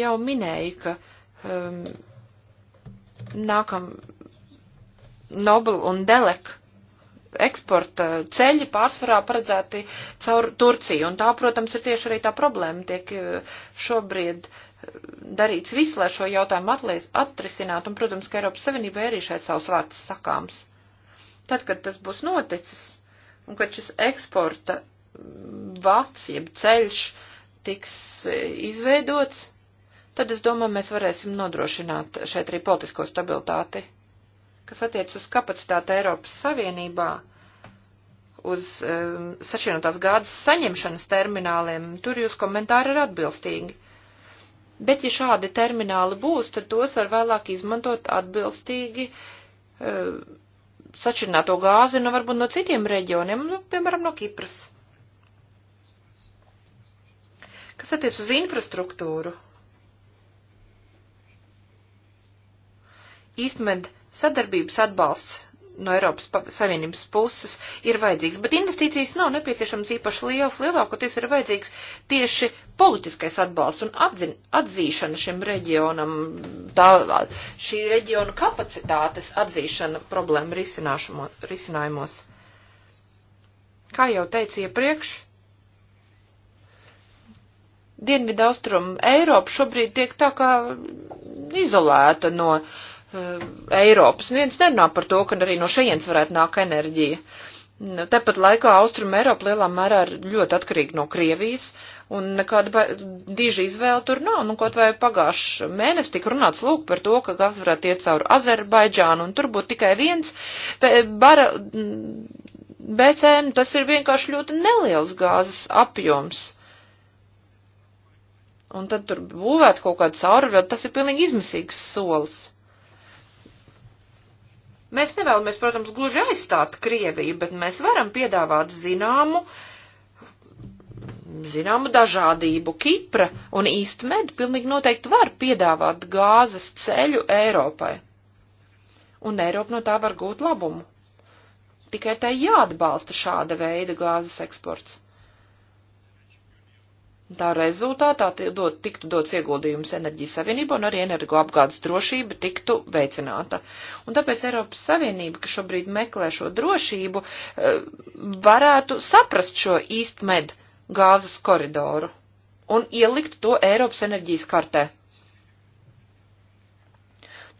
Jau minēju, ka um, nākam Nobel un Delek eksporta ceļi pārsvarā paredzēti caur Turciju. Un tā, protams, ir tieši arī tā problēma. Tiek eh, šobrīd uh, darīts viss, lai šo jautājumu atlies, atrisināt, un, protams, ka Eiropas Savienībai arī šeit savs vārds sakāms. Tad, kad tas būs noticis, un kad šis eksporta mm, vats, jeb ceļš tiks e, izveidots, tad, es domāju, mēs varēsim nodrošināt šeit arī politisko stabilitāti, kas attiec uz kapacitāti Eiropas Savienībā uz um, sašķirotās gādas saņemšanas termināliem, tur jūs komentāri ir atbilstīgi. Bet, ja šādi termināli būs, tad tos var vēlāk izmantot atbilstīgi e, sačināto gāzi, nu varbūt no citiem reģioniem, nu, piemēram, no Kipras. Kas attiec uz infrastruktūru? Īstmed sadarbības atbalsts no Eiropas Savienības puses ir vajadzīgs. Bet investīcijas nav nepieciešams īpaši liels. Lielākoties ir vajadzīgs tieši politiskais atbalsts un atzin, atzīšana šim reģionam, tā, šī reģiona kapacitātes atzīšana problēmu risinājumos. Kā jau teicu iepriekš, Dienvidaustrum Eiropa šobrīd tiek tā kā izolēta no uh, Ehm, Eiropas. Neviens nu, nerunā par to, ka arī no šejienes varētu nākt enerģija. Nu, Tāpat laikā Austrum Eiropa lielā mērā ir ļoti atkarīga no Krievijas, un nekāda diža izvēle tur nav. Nu, kaut vai pagājuši mēnesi tika runāts lūk par to, ka gaz varētu iet cauri Azerbaidžānu, un tur būtu tikai viens bara BCM, tas ir vienkārši ļoti neliels gāzes apjoms. Un tad tur būvēt kaut kādu caurvietu, tas ir pilnīgi izmisīgs solis. Mēs nevēlamies, protams, gluži aizstāt Krieviju, bet mēs varam piedāvāt zināmu, zināmu dažādību. Kipra un īstmed pilnīgi noteikti var piedāvāt gāzes ceļu Eiropai. Un Eiropa no tā var gūt labumu. Tikai tai jāatbalsta šāda veida gāzes eksports. Tā rezultātā dot, tiktu dots ieguldījums enerģijas savienībā un arī energoapgādes drošība tiktu veicināta. Un tāpēc Eiropas Savienība, kas šobrīd meklē šo drošību, eh, varētu saprast šo īstmed gāzes koridoru un ielikt to Eiropas enerģijas kartē.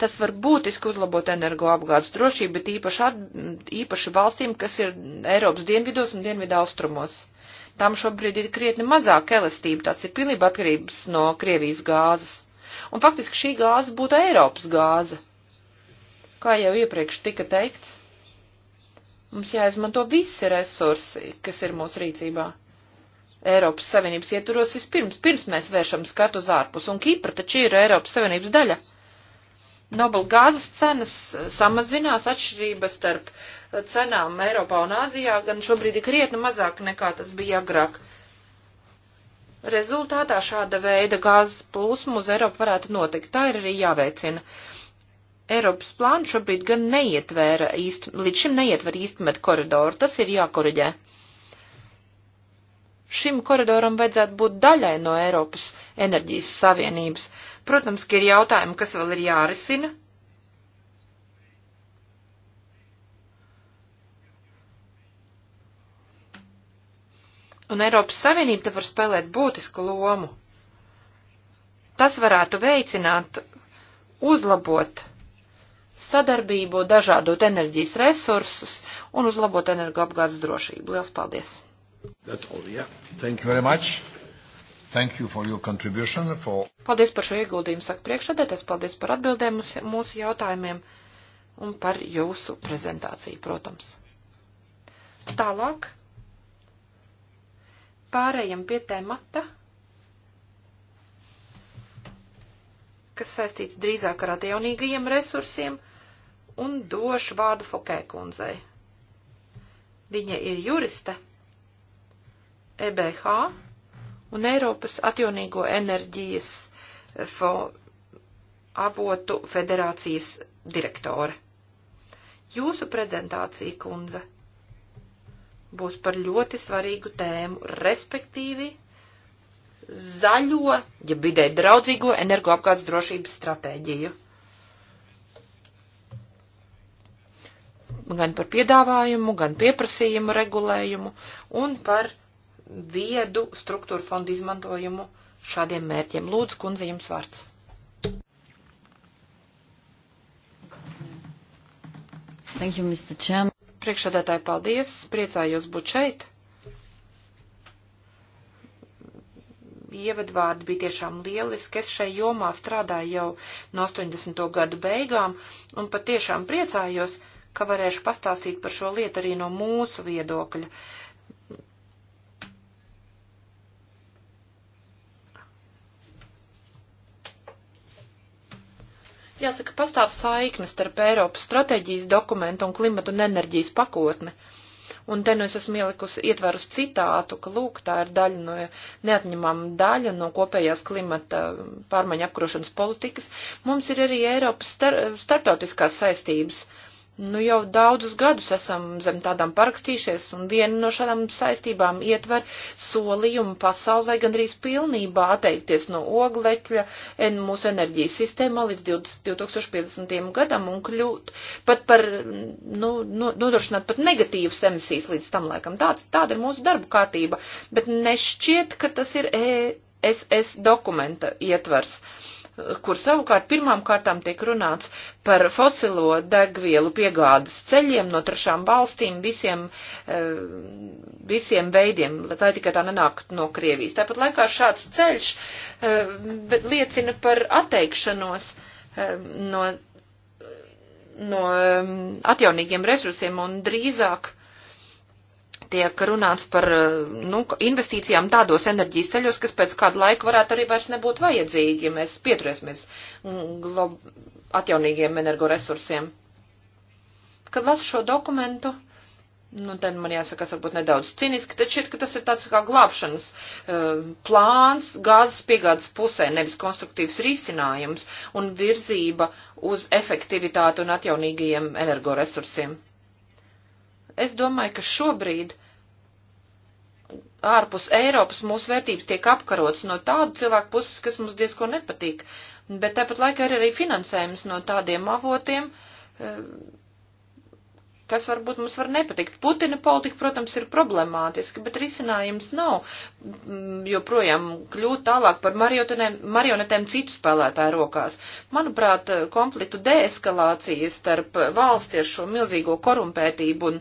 Tas var būtiski uzlabot energoapgādes drošību, bet īpaši, at, īpaši valstīm, kas ir Eiropas dienvidos un dienvidu austrumos. Tam šobrīd ir krietni mazāk elastība, tas ir pilnība atkarības no Krievijas gāzes. Un faktiski šī gāze būtu Eiropas gāze. Kā jau iepriekš tika teikts, mums jāizmanto visi resursi, kas ir mūsu rīcībā. Eiropas Savienības ietvaros vispirms, pirms mēs vēršam skatu uz ārpus, un Kipra taču ir Eiropas Savienības daļa. Nobel gāzes cenas samazinās atšķirības starp cenām Eiropā un Āzijā gan šobrīd ir krietni mazāk nekā tas bija agrāk. Rezultātā šāda veida gāzes plūsma uz Eiropu varētu notikt. Tā ir arī jāveicina. Eiropas plāns šobrīd gan neietvēra īst, līdz šim neietver īstmet koridoru, tas ir jākoriģē. Šim koridoram vajadzētu būt daļai no Eiropas enerģijas savienības. Protams, ka ir jautājumi, kas vēl ir jārisina, Un Eiropas Savienība te var spēlēt būtisku lomu. Tas varētu veicināt, uzlabot sadarbību, dažādot enerģijas resursus un uzlabot energoapgādes drošību. Lielas paldies! That's all, yeah. Thank you very much. Thank you for your contribution. For... Paldies par šo ieguldījumu, saka priekšsēdētājs, paldies par atbildēm uz mūsu jautājumiem un par jūsu prezentāciju, protams. Tālāk Pārējam pie temata, kas saistīts drīzāk ar atjaunīgajiem resursiem, un došu vārdu Fokē kundzei. Viņa ir juriste EBH un Eiropas atjaunīgo enerģijas eh, fo, avotu federācijas direktore. Jūsu prezentācija, kundze, būs par ļoti svarīgu tēmu, respektīvi zaļo, ja vidē draudzīgo energoapgādes drošības stratēģiju. Gan par piedāvājumu, gan pieprasījumu regulējumu un par viedu struktūru fondu izmantojumu šādiem mērķiem. Lūdzu, kundze, jums vārds. Thank you, Mr. Chairman. Priekšādātāji, paldies, priecājos būt šeit. Ievadvārdi bija tiešām lieliski. Es šai jomā strādāju jau no 80. gadu beigām un patiešām priecājos, ka varēšu pastāstīt par šo lietu arī no mūsu viedokļa. Uh, Jāsaka, pastāv saikne starp Eiropas stratēģijas dokumentu un klimatu un enerģijas pakotni. Un te nu es esmu ielikusi ietverus citātu, ka lūk, tā ir daļa no neatņemama daļa no kopējās klimata pārmaiņa apkrošanas politikas. Mums ir arī Eiropas star starptautiskās saistības. Uh, Nu jau daudzus gadus esam zem tādām parakstījušies, un viena no šādām saistībām ietver solījumu pasaulē gandrīz pilnībā atteikties no oglekļa en mūsu enerģijas sistēmā līdz 20, 2050. gadam un kļūt pat par, nu, nodrošināt pat negatīvas emisijas līdz tam laikam. Tāds, tāda ir mūsu darba kārtība, bet nešķiet, ka tas ir ESS dokumenta ietvers. Uh, kur savukārt pirmām kārtām tiek runāts par fosilo degvielu piegādes ceļiem no trešām valstīm visiem, eh, visiem veidiem, lai tā tikai tā nenāktu no Krievijas. Tāpat laikā šāds ceļš eh, liecina par atteikšanos eh, no, no atjaunīgiem resursiem un drīzāk tiek runāts par eh, nu, investīcijām tādos enerģijas ceļos, kas pēc kāda laika varētu arī vairs nebūt vajadzīgi, ja mēs pieturēsimies mm, atjaunīgiem energoresursiem. Kad lasu šo dokumentu, nu, tad man jāsaka, es varbūt nedaudz ciniski, taču šķiet, ka tas ir tāds kā glābšanas uh, plāns gāzes piegādes pusē, nevis konstruktīvs risinājums un virzība uz efektivitāti un atjaunīgajiem energoresursiem. Es domāju, ka šobrīd ārpus Eiropas mūsu vērtības tiek apkarotas no tādu cilvēku puses, kas mums diezko nepatīk. Bet tāpat laikā ir arī finansējums no tādiem avotiem, eh, Tas varbūt mums var nepatikt. Putina politika, protams, ir problemātiska, bet risinājums nav mm, joprojām kļūt tālāk par marionetēm citu spēlētāju rokās. Manuprāt, konfliktu deeskalācija starp valsti ar šo milzīgo korumpētību un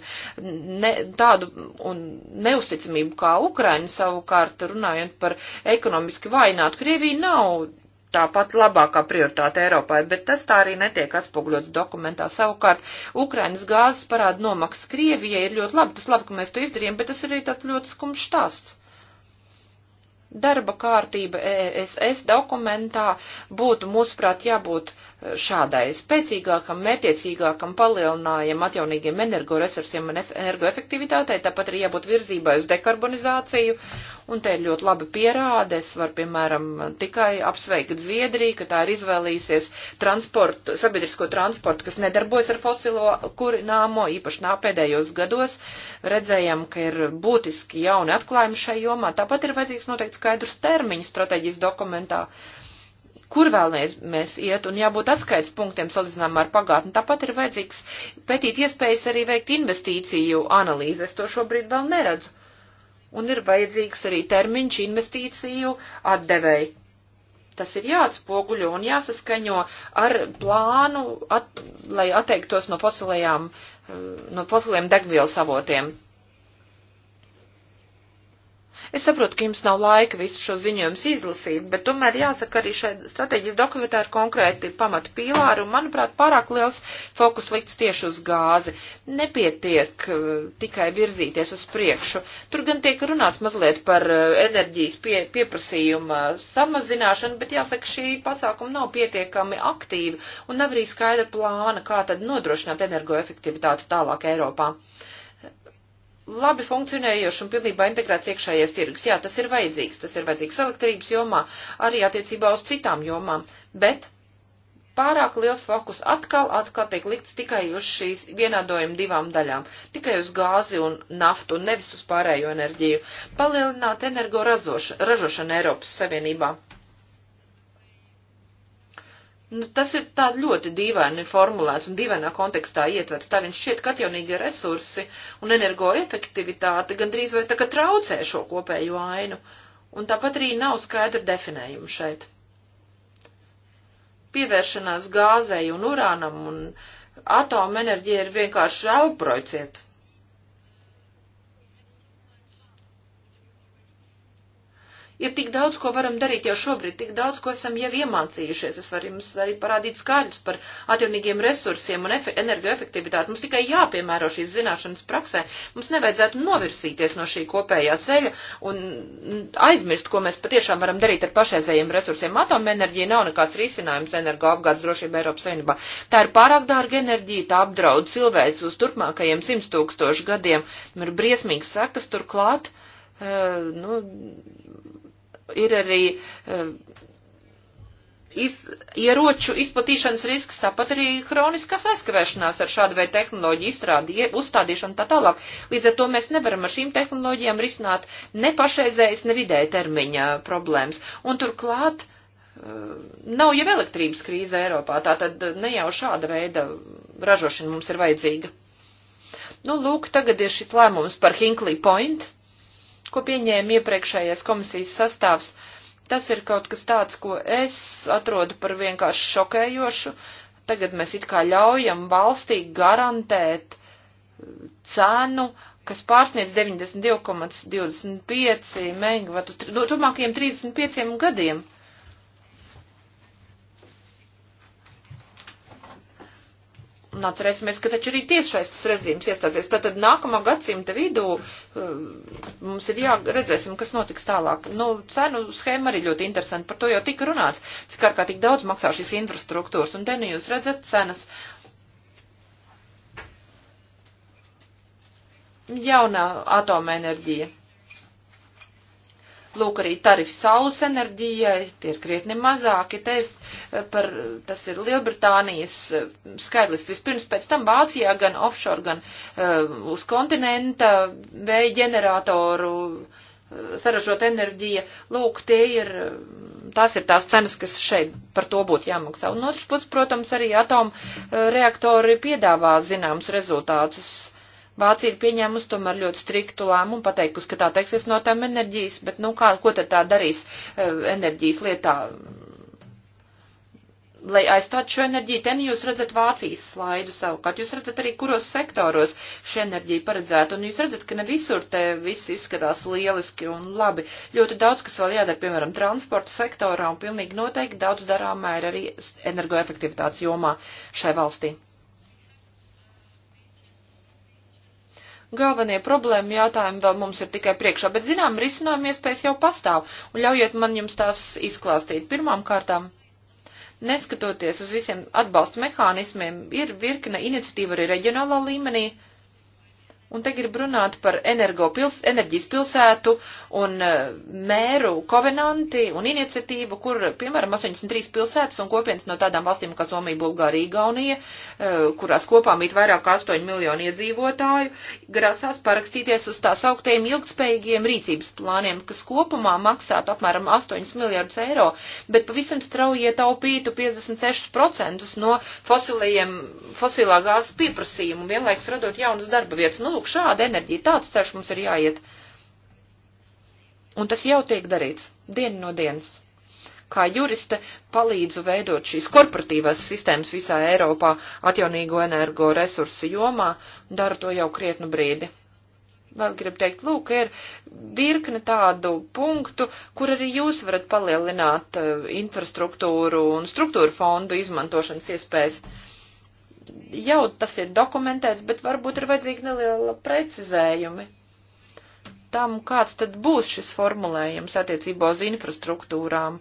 ne, tādu un neusticamību kā Ukraina savukārt runājot par ekonomiski vainātu Krieviju nav tāpat labākā prioritāte Eiropai, bet tas tā arī netiek atspoguļots dokumentā. Savukārt, Ukrainas gāzes parāda nomaksas Krievijai ir ļoti labi, tas labi, ka mēs to izdarījām, bet tas ir arī tāds ļoti skumjš stāsts. Darba kārtība ESS e dokumentā būtu, mūsuprāt, jābūt eh, šādai spēcīgākam, mētiecīgākam palielinājumam atjaunīgiem energoresursiem un energoefektivitātei, tāpat arī jābūt virzībai uz dekarbonizāciju un te ir ļoti laba pierāde. Es varu, piemēram, tikai apsveikt Zviedriju, ka tā ir izvēlījusies transportu, sabiedrisko transportu, kas nedarbojas ar fosilo kurināmo, īpaši nā pēdējos gados. Redzējām, ka ir būtiski jauni atklājumi šai jomā. Tāpat ir vajadzīgs noteikti skaidrs termiņu strateģijas dokumentā kur vēlamies mēs iet, un jābūt atskaits punktiem salīdzinām ar pagātni. Tāpat ir vajadzīgs pētīt iespējas arī veikt investīciju analīzi. Es to šobrīd vēl neredzu un ir vajadzīgs arī termiņš investīciju atdevēji. Tas ir jāatspoguļo un jāsaskaņo ar plānu, at, lai atteiktos no fosilējām, eh, no fosiliem degvielas avotiem. Es saprotu, ka jums nav laika visu šo ziņojumus izlasīt, bet tomēr jāsaka arī šai strateģijas dokumentā ir konkrēti pamata pīlāri un, manuprāt, pārāk liels fokus likts tieši uz gāzi. Nepietiek uh, tikai virzīties uz priekšu. Tur gan tiek runāts mazliet par uh, enerģijas pie, pieprasījuma samazināšanu, bet jāsaka, šī pasākuma nav pietiekami aktīva un nav arī skaidra plāna, kā tad nodrošināt energoefektivitāti tālāk Eiropā. Uh, labi funkcionējošs un pilnībā integrēts iekšējais tirgus. Jā, tas ir vajadzīgs. Tas ir vajadzīgs elektrības jomā, arī attiecībā uz citām jomām. Bet pārāk liels fokus atkal, atkal tiek likts tikai uz šīs vienādojuma divām daļām, tikai uz gāzi un naftu un nevis uz pārējo enerģiju. Palielināt energo razoša, ražošanu Eiropas Savienībā Nu, tas ir tā ļoti dīvaini formulēts un dīvainā kontekstā ietverts. Tā viņš šķiet, ka atjaunīgie resursi un energoefektivitāte gandrīz vai tā kā traucē šo kopējo ainu. Un tāpat arī nav skaidra definējuma šeit. Pievēršanās gāzei un urānam un atomenerģija ir vienkārši elprojciet. Ir tik daudz, ko varam darīt jau šobrīd, tik daudz, ko esam jau iemācījušies. Es varu jums arī parādīt skaidrs par atjaunīgiem resursiem un energoefektivitāti. Mums tikai jāpiemēro šīs zināšanas praksē. Mums nevajadzētu novirsīties no šī kopējā ceļa un aizmirst, ko mēs patiešām varam darīt ar pašreizējiem resursiem. Atomenerģija nav nekāds risinājums energoapgādes drošība Eiropas Savienībā. Tā ir pārāk dārga enerģija, tā apdraud cilvēks uz turpmākajiem simt tūkstošu gadiem. Ir briesmīgas sekas turklāt. Uh, nu, ir arī eh, iz, ieroču izplatīšanas risks, tāpat arī hroniskās aizkavēšanās ar šādu veidu tehnoloģiju izstrādi, uzstādīšanu tā tālāk. Līdz ar to mēs nevaram ar šīm tehnoloģijām risināt ne pašreizējas, ne vidēja termiņa problēmas. Un turklāt eh, nav jau elektrības krīze Eiropā, tātad ne jau šāda veida ražošana mums ir vajadzīga. Nu, lūk, tagad ir šis lēmums par Hinkley Point ko pieņēma iepriekšējais komisijas sastāvs. Tas ir kaut kas tāds, ko es atrodu par vienkārši šokējošu. Tagad mēs it kā ļaujam valstī garantēt uh, cenu, kas pārsniedz 92,25 megavatus nu, turpmākajiem 35 gadiem. Un atcerēsimies, ka taču arī tiešais režīms iestāsies. Tātad nākamā gadsimta vidū eh, mums ir jāredzēsim, kas notiks tālāk. Nu, cenu schēma arī ļoti interesanti. Par to jau tika runāts, cik ārkārtīgi daudz maksā šīs infrastruktūras. Un te nu jūs redzat cenas. Jaunā atomenerģija. Lūk, arī tarifi saules enerģijai, tie ir krietni mazāki. Tais, eh, par, tas ir Lielbritānijas eh, skaidrs. Vispirms pēc tam Vācijā gan offshore, gan uh, uz kontinenta vēja ģeneratoru uh, saražot enerģija. Lūk, tie ir, tās ir tās cenas, kas šeit par to būtu jāmaksā. Un otrs puses, protams, arī atomu reaktori piedāvā zināms rezultātus. Uh, Vācija ir pieņēmusi tomēr ļoti striktu lēmumu, pateikusi, ka tā teiksies no tām enerģijas, bet, nu, kā, ko tad tā darīs e, enerģijas lietā? Lai aizstātu šo enerģiju, ten jūs redzat Vācijas slaidu savukārt, jūs redzat arī, kuros sektoros šī enerģija paredzēta, un jūs redzat, ka ne visur te viss izskatās lieliski un labi. Ļoti daudz, kas vēl jādara, piemēram, transporta sektorā, un pilnīgi noteikti daudz darāmā ir arī energoefektivitātes jomā šai valstī. Galvenie problēma jautājumi vēl mums ir tikai priekšā, bet zinām, risinājumi iespējas jau pastāv, un ļaujiet man jums tās izklāstīt. Pirmām kārtām, neskatoties uz visiem atbalsta mehānismiem, ir virkne iniciatīva arī reģionālā līmenī Un te grib runāt par pils, enerģijas pilsētu un e, mēru kovenanti un iniciatīvu, kur, piemēram, 83 pilsētas un kopienas no tādām valstīm kā Somija, Bulgārija, Igaunija, e, kurās kopā mīt vairāk kā 8 miljonu iedzīvotāju, grasās parakstīties uz tās augtajiem ilgspējīgiem rīcības plāniem, kas kopumā maksātu apmēram 8 miljardus eiro, bet pavisam strauji ietaupītu 56% no fosilajiem, fosilā gāzes pieprasījumu, vienlaiks radot jaunas darba vietas. Nu, lūk, šāda enerģija, tāds ceļš mums ir jāiet. Un tas jau tiek darīts dienu no dienas. Kā juriste palīdzu veidot šīs korporatīvās sistēmas visā Eiropā atjaunīgo energo resursu jomā, daru to jau krietnu brīdi. Vēl gribu teikt, lūk, ir virkne tādu punktu, kur arī jūs varat palielināt eh, infrastruktūru un struktūru fondu izmantošanas iespējas. Uh, jau tas ir dokumentēts, bet varbūt ir vajadzīgi neliela precizējumi tam, kāds tad būs šis formulējums attiecībā uz infrastruktūrām,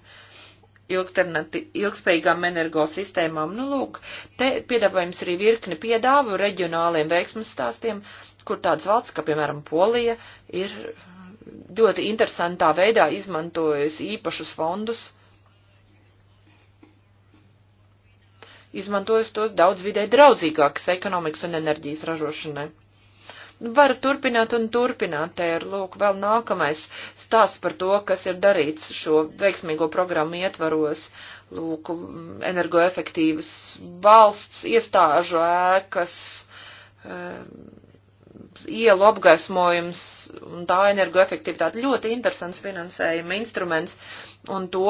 ilgspējīgām energosistēmām. Nu, lūk, te piedāvājums arī virkni piedāvu reģionāliem veiksmas stāstiem, kur tāds valsts, kā piemēram Polija, ir ļoti interesantā veidā izmantojusi īpašus fondus izmantojis tos daudz vidē draudzīgākas ekonomikas un enerģijas ražošanai. Var turpināt un turpināt, te ir lūk vēl nākamais stāsts par to, kas ir darīts šo veiksmīgo programmu ietvaros, lūk, energoefektīvas valsts iestāžu ēkas. Um, ielu apgaismojums un tā energoefektivitāte ļoti interesants finansējuma instruments, un to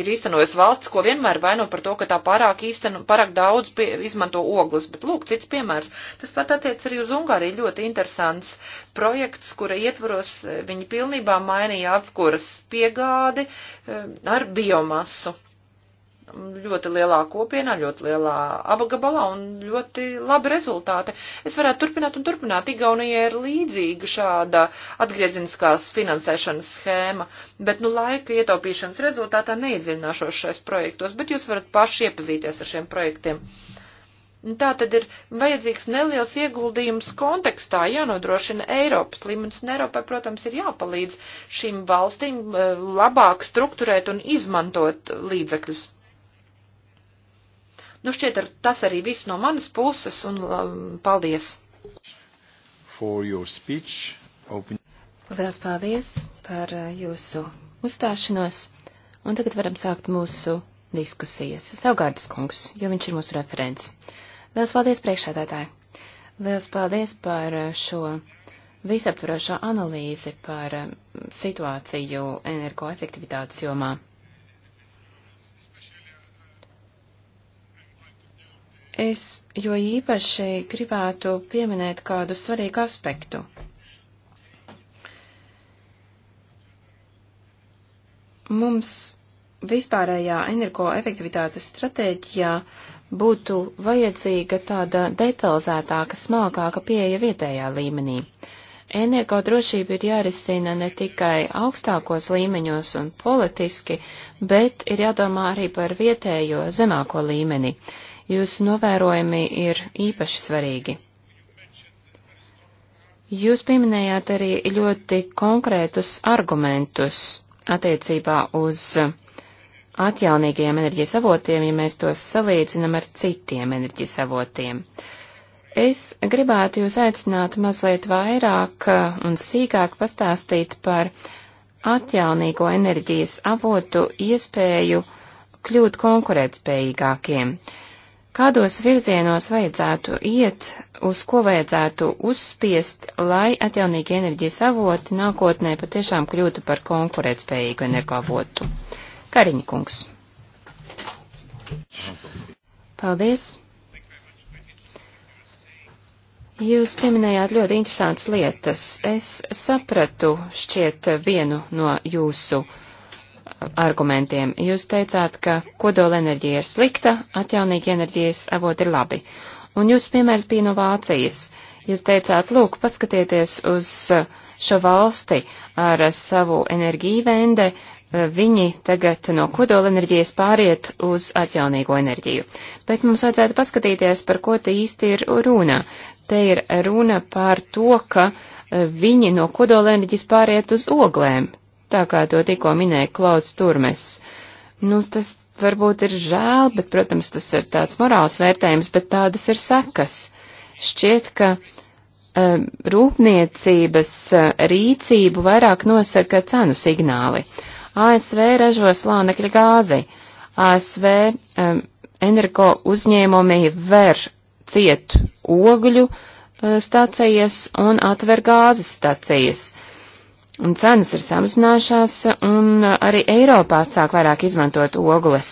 ir īstenojis valsts, ko vienmēr vaino par to, ka tā pārāk, īstenu, pārāk daudz pie, izmanto ogles, bet lūk, cits piemērs. Tas pat attiec arī uz Ungāriju ļoti interesants projekts, kura ietvaros eh, viņi pilnībā mainīja apkuras piegādi eh, ar biomasu ļoti lielā kopienā, ļoti lielā apgabalā un ļoti labi rezultāti. Es varētu turpināt un turpināt. Igaunijai ir līdzīga šāda atgrieziniskās finansēšanas schēma, bet nu laika ietaupīšanas rezultātā neiedzināšos šais projektos, bet jūs varat paši iepazīties ar šiem projektiem. Tā tad ir vajadzīgs neliels ieguldījums kontekstā, jānodrošina Eiropas līmenis, un Eiropai, protams, ir jāpalīdz šīm valstīm eh, labāk strukturēt un izmantot līdzekļus. Nu, šķiet, ar tas arī viss no manas puses, un um, paldies! Speech, open... Lielas paldies par uh, jūsu uzstāšanos, un tagad varam sākt mūsu diskusijas. Savgārdas kungs, jo viņš ir mūsu referents. Lielas paldies priekšsēdētāji! Lielas paldies par uh, šo visaptvarošo analīzi par um, situāciju energoefektivitātes jomā. Es jo īpaši gribētu pieminēt kādu svarīgu aspektu. Mums vispārējā energoefektivitātes stratēģijā būtu vajadzīga tāda detalizētāka, smalkāka pieeja vietējā līmenī. Energodrošība ir jārisina ne tikai augstākos līmeņos un politiski, bet ir jādomā arī par vietējo zemāko līmeni. Uh, Jūsu novērojumi ir īpaši svarīgi. Jūs pieminējāt arī ļoti konkrētus argumentus attiecībā uz atjaunīgajiem enerģijas avotiem, ja mēs tos salīdzinam ar citiem enerģijas avotiem. Es gribētu jūs aicināt mazliet vairāk un sīkāk pastāstīt par atjaunīgo enerģijas avotu iespēju kļūt konkurētspējīgākiem. Uh, Kādos virzienos vajadzētu iet, uz ko vajadzētu uzspiest, lai atjaunīgi enerģijas avoti nākotnē patiešām kļūtu par konkurētspējīgu energoavotu? Kariņa kungs. Paldies. Jūs pieminējāt ļoti interesantas lietas. Es sapratu šķiet vienu no jūsu uh, argumentiem. Jūs teicāt, ka kodola enerģija ir slikta, atjaunīgi enerģijas avoti ir labi. Un jūsu piemērs bija no Vācijas. Jūs teicāt, lūk, paskatieties uz eh, šo valsti ar eh, savu enerģiju vende, eh, viņi tagad no kodola enerģijas pāriet uz atjaunīgo enerģiju. Bet mums vajadzētu paskatīties, par ko te īsti ir runa. Te ir runa par to, ka viņi no kodola enerģijas pāriet uz oglēm, tā kā to tikko minēja Klauds Turmes. Nu, tas varbūt ir žēl, bet, protams, tas ir tāds morāls vērtējums, bet tādas ir sekas. Šķiet, ka um, rūpniecības eh, rīcību vairāk nosaka cenu signāli. ASV ražo slānekļa gāzi, ASV um, eh, energo uzņēmumi ver ciet ogļu uh, stācijas un atver gāzes stācijas. Uh, Un cenas ir samazinājušās, un arī Eiropā sāk vairāk izmantot ogles.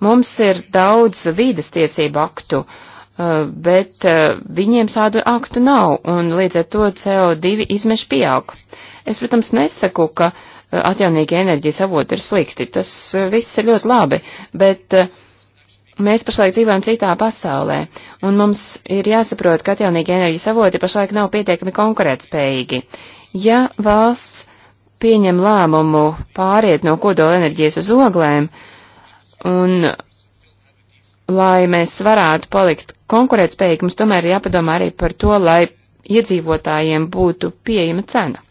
Mums ir daudz vīdas tiesību aktu, eh, bet eh, viņiem tādu aktu nav, un līdz ar to CO2 izmeši pieaug. Es, protams, nesaku, ka eh, atjaunīgi enerģijas avoti ir slikti, tas viss ir ļoti labi, bet mēs pašlaik dzīvojam citā pasaulē, un mums ir jāsaprot, ka atjaunīgi enerģijas avoti pašlaik nav pietiekami konkurētspējīgi. Ja valsts pieņem lēmumu pāriet no kodola enerģijas uz oglēm, un lai mēs varētu palikt konkurētspējīgi, mums tomēr ir jāpadomā arī par to, lai iedzīvotājiem būtu pieejama cena.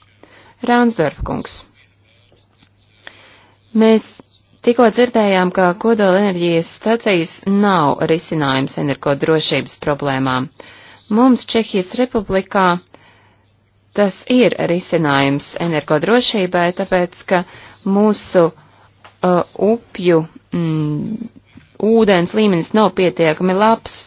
Rānsdorf kungs. Mēs tikko dzirdējām, ka kodola enerģijas stacijas nav risinājums energo drošības problēmām. Mums Čehijas republikā Tas ir risinājums energodrošībai, tāpēc, ka mūsu uh, upju mm, ūdens līmenis nav pietiekami labs,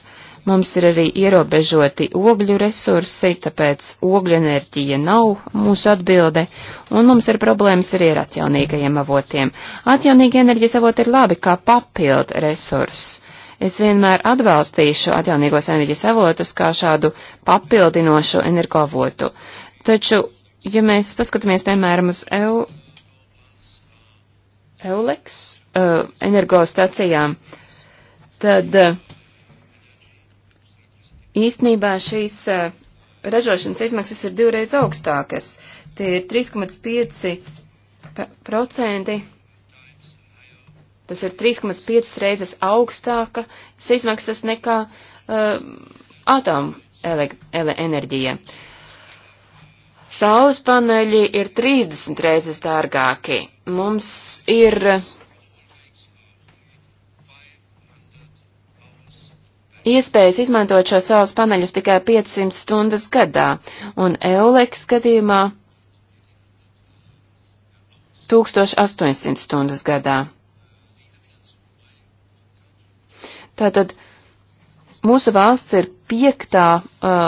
mums ir arī ierobežoti ogļu resursi, tāpēc ogļu enerģija nav mūsu atbilde, un mums ir problēmas arī ar atjaunīgajiem avotiem. Atjaunīgi enerģijas avoti ir labi kā papild resurss. Es vienmēr atbalstīšu atjaunīgos enerģijas avotus kā šādu papildinošu energoavotu. Taču, ja mēs paskatāmies, piemēram, uz EU, EULEX uh, energostacijām, tad uh, īstenībā šīs uh, ražošanas izmaksas ir divreiz augstākas. Tie ir 3,5%. Tas ir 3,5 reizes augstāka izmaksas nekā uh, atomu ele enerģija. Uh, Saules paneļi ir 30 reizes dārgāki. Mums ir iespējas izmantot šo saules paneļus tikai 500 stundas gadā, un Euleks skatījumā 1800 stundas gadā. Tātad mūsu valsts ir piektā uh,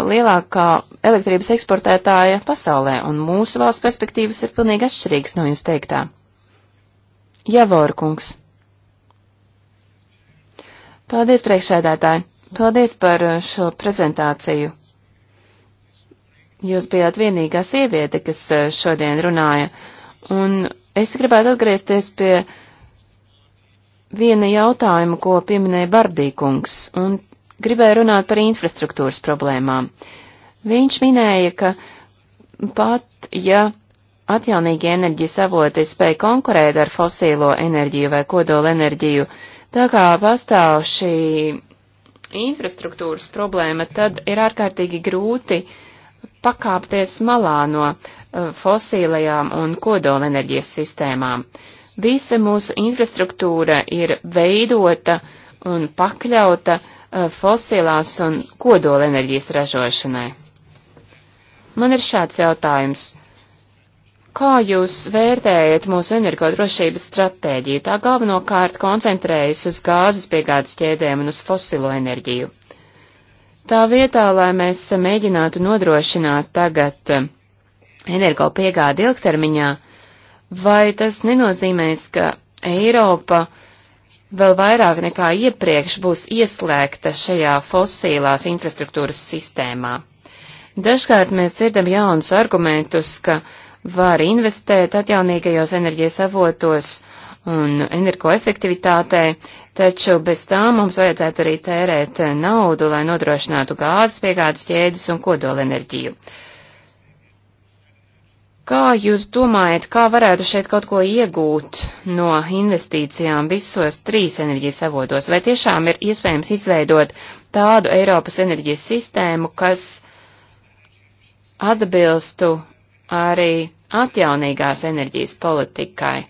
lielākā elektrības eksportētāja pasaulē, un mūsu valsts perspektīvas ir pilnīgi atšķirīgas no jums teiktā. Javorkungs. Paldies, priekšsēdētāji. Paldies par uh, šo prezentāciju. Jūs bijāt vienīgā sieviete, kas uh, šodien runāja, un es gribētu atgriezties pie viena jautājuma, ko pieminēja Bardīkungs, un gribēju runāt par infrastruktūras problēmām. Viņš minēja, ka pat ja atjaunīgi enerģijas avoti spēja konkurēt ar fosīlo enerģiju vai kodola enerģiju, tā kā pastāv šī infrastruktūras problēma, tad ir ārkārtīgi grūti pakāpties malā no eh, fosīlajām un kodola enerģijas sistēmām. Visa mūsu infrastruktūra ir veidota un pakļauta uh, Uh, fosilās un kodola enerģijas ražošanai. Man ir šāds jautājums. Kā jūs vērtējat mūsu energodrošības stratēģiju? Tā galvenokārt koncentrējas uz gāzes piegādes ķēdēm un uz fosilo enerģiju. Tā vietā, lai mēs mēģinātu nodrošināt tagad uh, energo piegādi ilgtermiņā, vai tas nenozīmēs, ka Eiropa uh, vēl vairāk nekā iepriekš būs ieslēgta šajā fosīlās infrastruktūras sistēmā. Dažkārt mēs dzirdam jaunus argumentus, ka var investēt atjaunīgajos enerģijas avotos un energoefektivitātē, taču bez tā mums vajadzētu arī tērēt naudu, lai nodrošinātu gāzes piegādes ķēdes un kodolenerģiju. enerģiju. Kā jūs domājat, kā varētu šeit kaut ko iegūt no investīcijām visos trīs enerģijas avotos? Vai tiešām ir iespējams izveidot tādu Eiropas enerģijas sistēmu, kas atbilstu arī atjaunīgās enerģijas politikai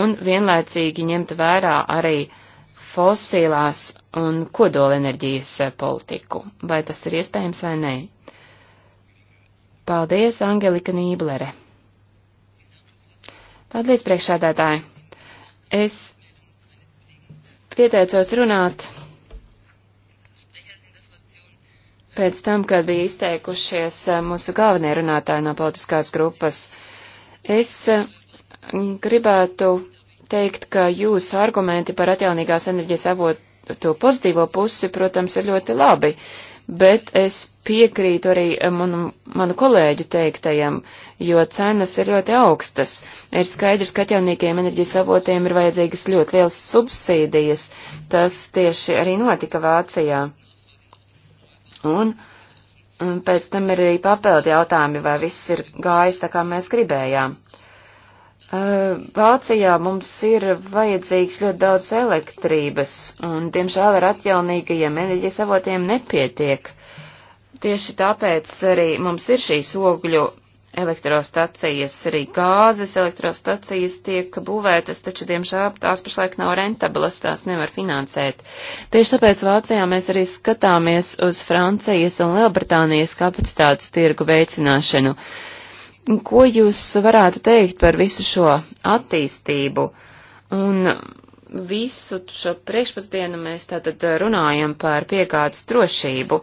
un vienlaicīgi ņemt vērā arī fosilās un kodolenerģijas politiku. Vai tas ir iespējams vai nē? Paldies, Angelika Nīblere! Paldies, priekšādātāji. Es pieteicos runāt pēc tam, kad bija izteikušies eh, mūsu galvenie runātāji no politiskās grupas. Es eh, gribētu teikt, ka jūsu argumenti par atjaunīgās enerģijas avotu pozitīvo pusi, protams, ir ļoti labi. Uh, bet es piekrītu arī eh, manu, manu kolēģu teiktajam, jo cenas ir ļoti augstas. Ir skaidrs, ka atjaunīgiem enerģijas avotiem ir vajadzīgas ļoti liels subsīdijas. Tas tieši arī notika Vācijā. Un, un pēc tam ir arī papildi jautājumi, vai viss ir gājis tā, kā mēs gribējām. Vācijā mums ir vajadzīgs ļoti daudz elektrības, un, diemžēl, ar atjaunīgajiem enerģijas avotiem nepietiek. Tieši tāpēc arī mums ir šīs ogļu elektrostacijas, arī gāzes elektrostacijas tiek būvētas, taču, diemžēl, tās pašlaik nav rentablas, tās nevar finansēt. Tieši tāpēc Vācijā mēs arī skatāmies uz Francijas un Lielbritānijas kapacitātes tirgu veicināšanu. Uh, Ko jūs varētu teikt par visu šo attīstību? Un visu šo priekšpusdienu mēs tātad runājam par piegādes drošību.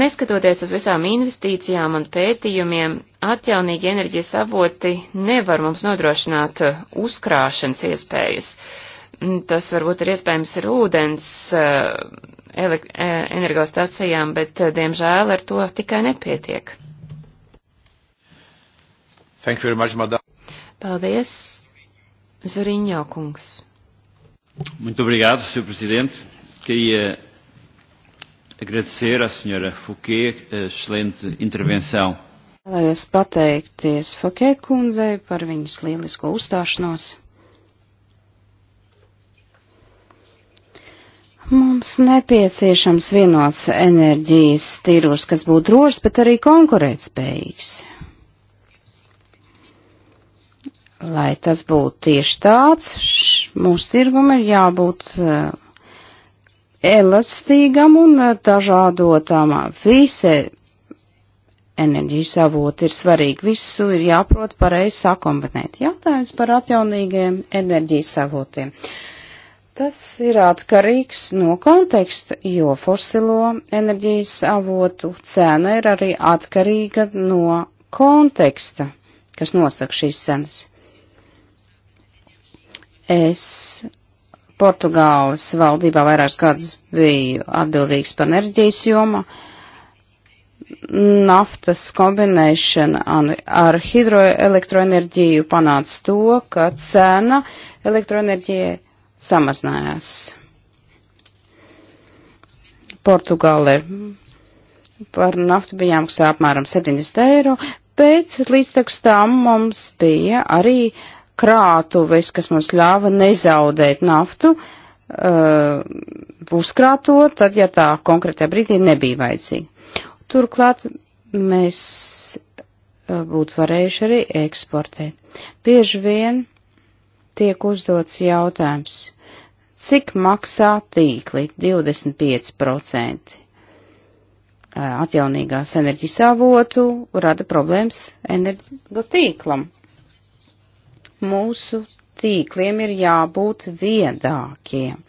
Neskatoties uz visām investīcijām un pētījumiem, atjaunīgi enerģijas avoti nevar mums nodrošināt uzkrāšanas iespējas. Tas varbūt ir iespējams ar ūdens eh, eh, energostacijām, bet eh, diemžēl ar to tikai nepietiek. Thank you very much, madam. Paldies, Zariņo kungs. Muito obrigado, Sr. Presidente. Queria agradecer à Sra. Fouquet a excelente intervenção. Vēlējos pateikties Fokē kundzei par viņas lielisko uzstāšanos. Mums nepieciešams vienots enerģijas tirgus, kas būtu drošs, bet arī konkurētspējīgs. lai tas būtu tieši tāds, mūsu tirgum ir jābūt eh, elastīgam un eh, dažādotam. Visi enerģijas avoti ir svarīgi, visu ir jāprot pareizi sakombinēt. Jautājums par atjaunīgiem enerģijas avotiem. Tas ir atkarīgs no konteksta, jo fosilo enerģijas avotu cena ir arī atkarīga no konteksta, kas nosaka šīs cenas. Es Portugāles valdībā vairākas gadus biju atbildīgs par enerģijas jomu. Naftas kombinēšana ar hidroelektroenerģiju panāca to, ka cena elektroenerģijai samazinājās. Portugāle par naftu bija jāmaksā apmēram 70 eiro, bet līdz tam mums bija arī uh, krātuves, kas mums ļāva nezaudēt naftu, uh, uzkrāto, tad, ja tā konkrētā brīdī nebija vajadzīga. Turklāt mēs uh, būtu varējuši arī eksportēt. Bieži vien tiek uzdots jautājums, cik maksā tīkli 25% uh, atjaunīgās enerģijas avotu rada problēmas energotīklam mūsu tīkliem ir jābūt viedākiem.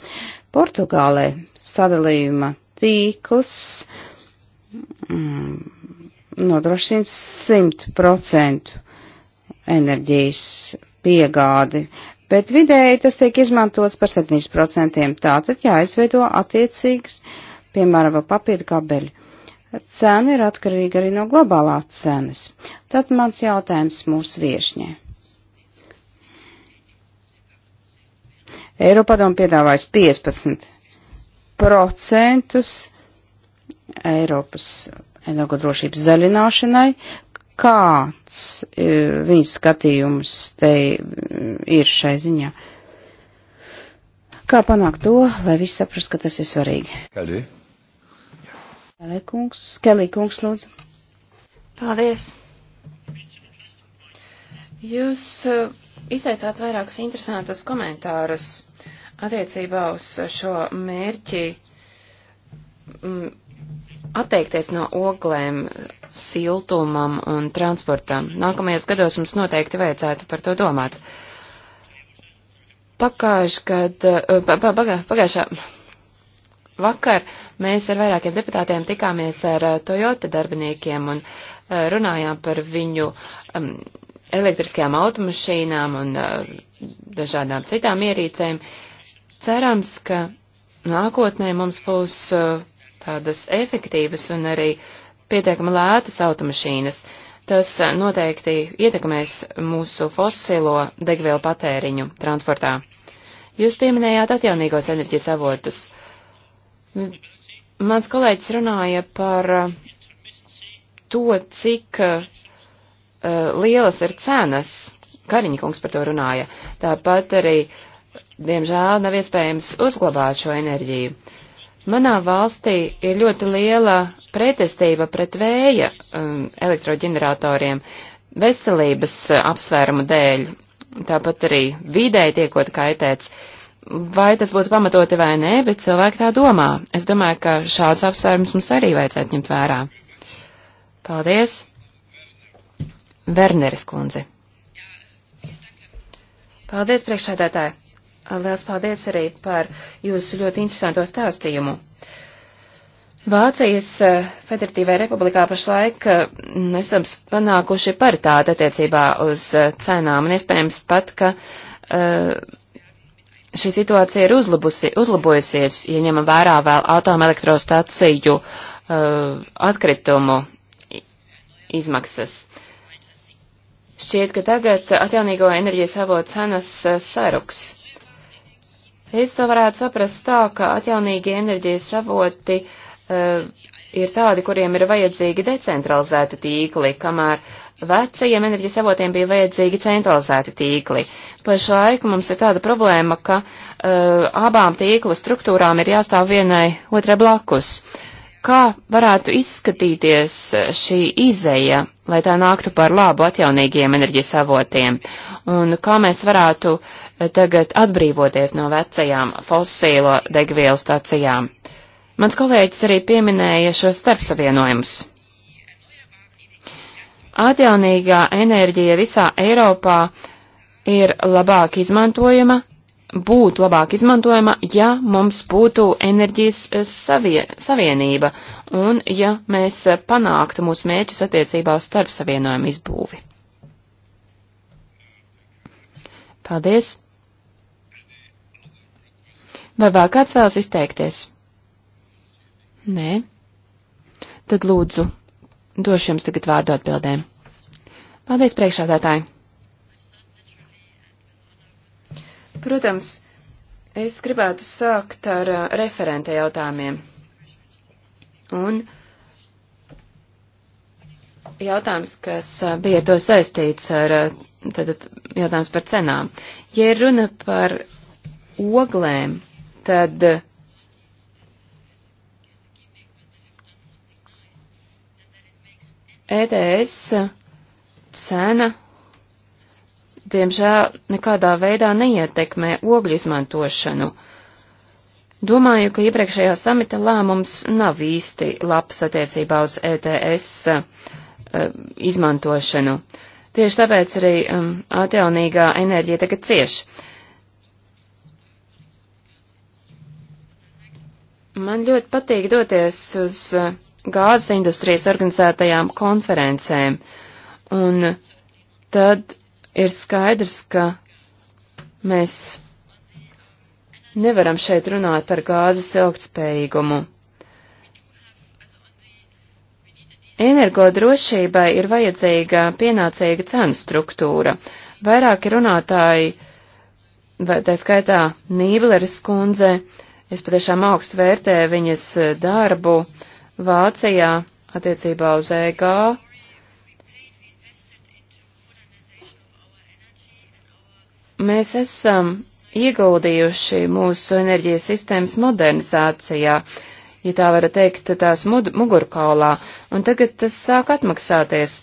Portugālē sadalījuma tīkls mm, nodrošina 100% enerģijas piegādi, bet vidēji tas tiek izmantots par 7%. Tātad jāizveido attiecīgs, piemēram, vēl papīra kabeļi. Cena ir atkarīga arī no globālās cenas. Tad mans jautājums mūsu viešņai Eiropadoma piedāvājas 15 procentus Eiropas energodrošības zaļināšanai. Kāds e, viņas skatījums te mm, ir šai ziņā? Kā panākt to, lai visi saprast, ka tas ir svarīgi? Kalī. Kalī kungs, Kelī kungs, lūdzu. Paldies. Jūs e, izteicāt vairākus interesantus komentārus attiecībā uz šo mērķi mm, atteikties no oglēm, siltumam un transportam. Nākamajos gados mums noteikti vajadzētu par to domāt. Pagājuši, kad, eh, pagājušā vakar mēs ar vairākiem deputātiem tikāmies ar eh, Toyota darbiniekiem un eh, runājām par viņu um, elektriskajām automašīnām un uh, dažādām citām ierīcēm. Uh, Cerams, ka nākotnē mums būs tādas efektīvas un arī pietiekami lētas automašīnas. Tas noteikti ietekmēs mūsu fosilo degvielu patēriņu transportā. Jūs pieminējāt atjaunīgos enerģijas avotus. Mans kolēģis runāja par to, cik uh, lielas ir cenas. Kariņkungs par to runāja. Tāpat arī uh, diemžēl nav iespējams uzglabāt šo enerģiju. Manā valstī ir ļoti liela pretestība pret vēja um, elektroģeneratoriem veselības uh, apsvērumu dēļ, tāpat arī vidēji tiekot kaitēts. Vai tas būtu pamatoti vai nē, bet cilvēki tā domā. Es domāju, ka šāds apsvērums mums arī vajadzētu ņemt vērā. Paldies! Werneris kundze. Paldies, priekšsēdētāji! Liels paldies arī par jūsu ļoti interesanto stāstījumu. Vācijas eh, Federatīvajā republikā pašlaik eh, esam panākuši paritāti attiecībā uz eh, cenām, un iespējams pat, ka uh, šī situācija ir uzlabusi, uzlabojusies, ja ņemam vērā vēl atomelektrostaciju uh, atkritumu izmaksas. Šķiet, ka tagad atjaunīgo enerģijas avotu cenas saruks. Es to varētu saprast tā, ka atjaunīgi enerģijas avoti uh, ir tādi, kuriem ir vajadzīgi decentralizēti tīkli, kamēr vecajiem enerģijas avotiem bija vajadzīgi centralizēti tīkli. Pašlaik mums ir tāda problēma, ka uh, abām tīklu struktūrām ir jāstāv vienai otrai blakus. Kā varētu izskatīties šī izeja, lai tā nāktu par labu atjaunīgiem enerģijas avotiem? Un kā mēs varētu uh, tagad atbrīvoties no vecajām fosīlo degvielu stacijām. Mans kolēģis arī pieminēja šos starpsavienojumus. Atjaunīgā enerģija visā Eiropā ir labāk izmantojama, būtu labāk izmantojama, ja mums būtu enerģijas eh, savie, savienība un ja mēs eh, panāktu mūsu mērķus attiecībā uz starpsavienojumu izbūvi. Paldies! Vai vēl kāds vēlas izteikties? Nē. Tad lūdzu, došu jums tagad vārdu atbildēm. Paldies, priekšādātāji! Protams, es gribētu sākt ar uh, referenta jautājumiem. Un jautājums, kas uh, bija to saistīts ar uh, tad, jautājums par cenām. Ja runa par oglēm, tad ETS cena, diemžēl, nekādā veidā neietekmē ogļu izmantošanu. Domāju, ka iepriekšējā samita lēmums nav īsti labs attiecībā uz ETS uh, eh, izmantošanu. Tieši tāpēc arī um, atjaunīgā enerģija tagad cieši. Man ļoti patīk doties uz uh, gāzes industrijas organizētajām konferencēm, un tad ir skaidrs, ka mēs nevaram šeit runāt par gāzes ilgtspējīgumu. Energodrošībai ir vajadzīga pienācīga cenu struktūra. Vairāki runātāji, tā skaitā Nībleris kundze, uh, Es patiešām augstu vērtēju viņas eh, darbu Vācijā attiecībā uz EG. Mēs esam ieguldījuši mūsu enerģijas sistēmas modernizācijā, ja tā var teikt, tās mugurkaulā, un tagad tas sāk atmaksāties.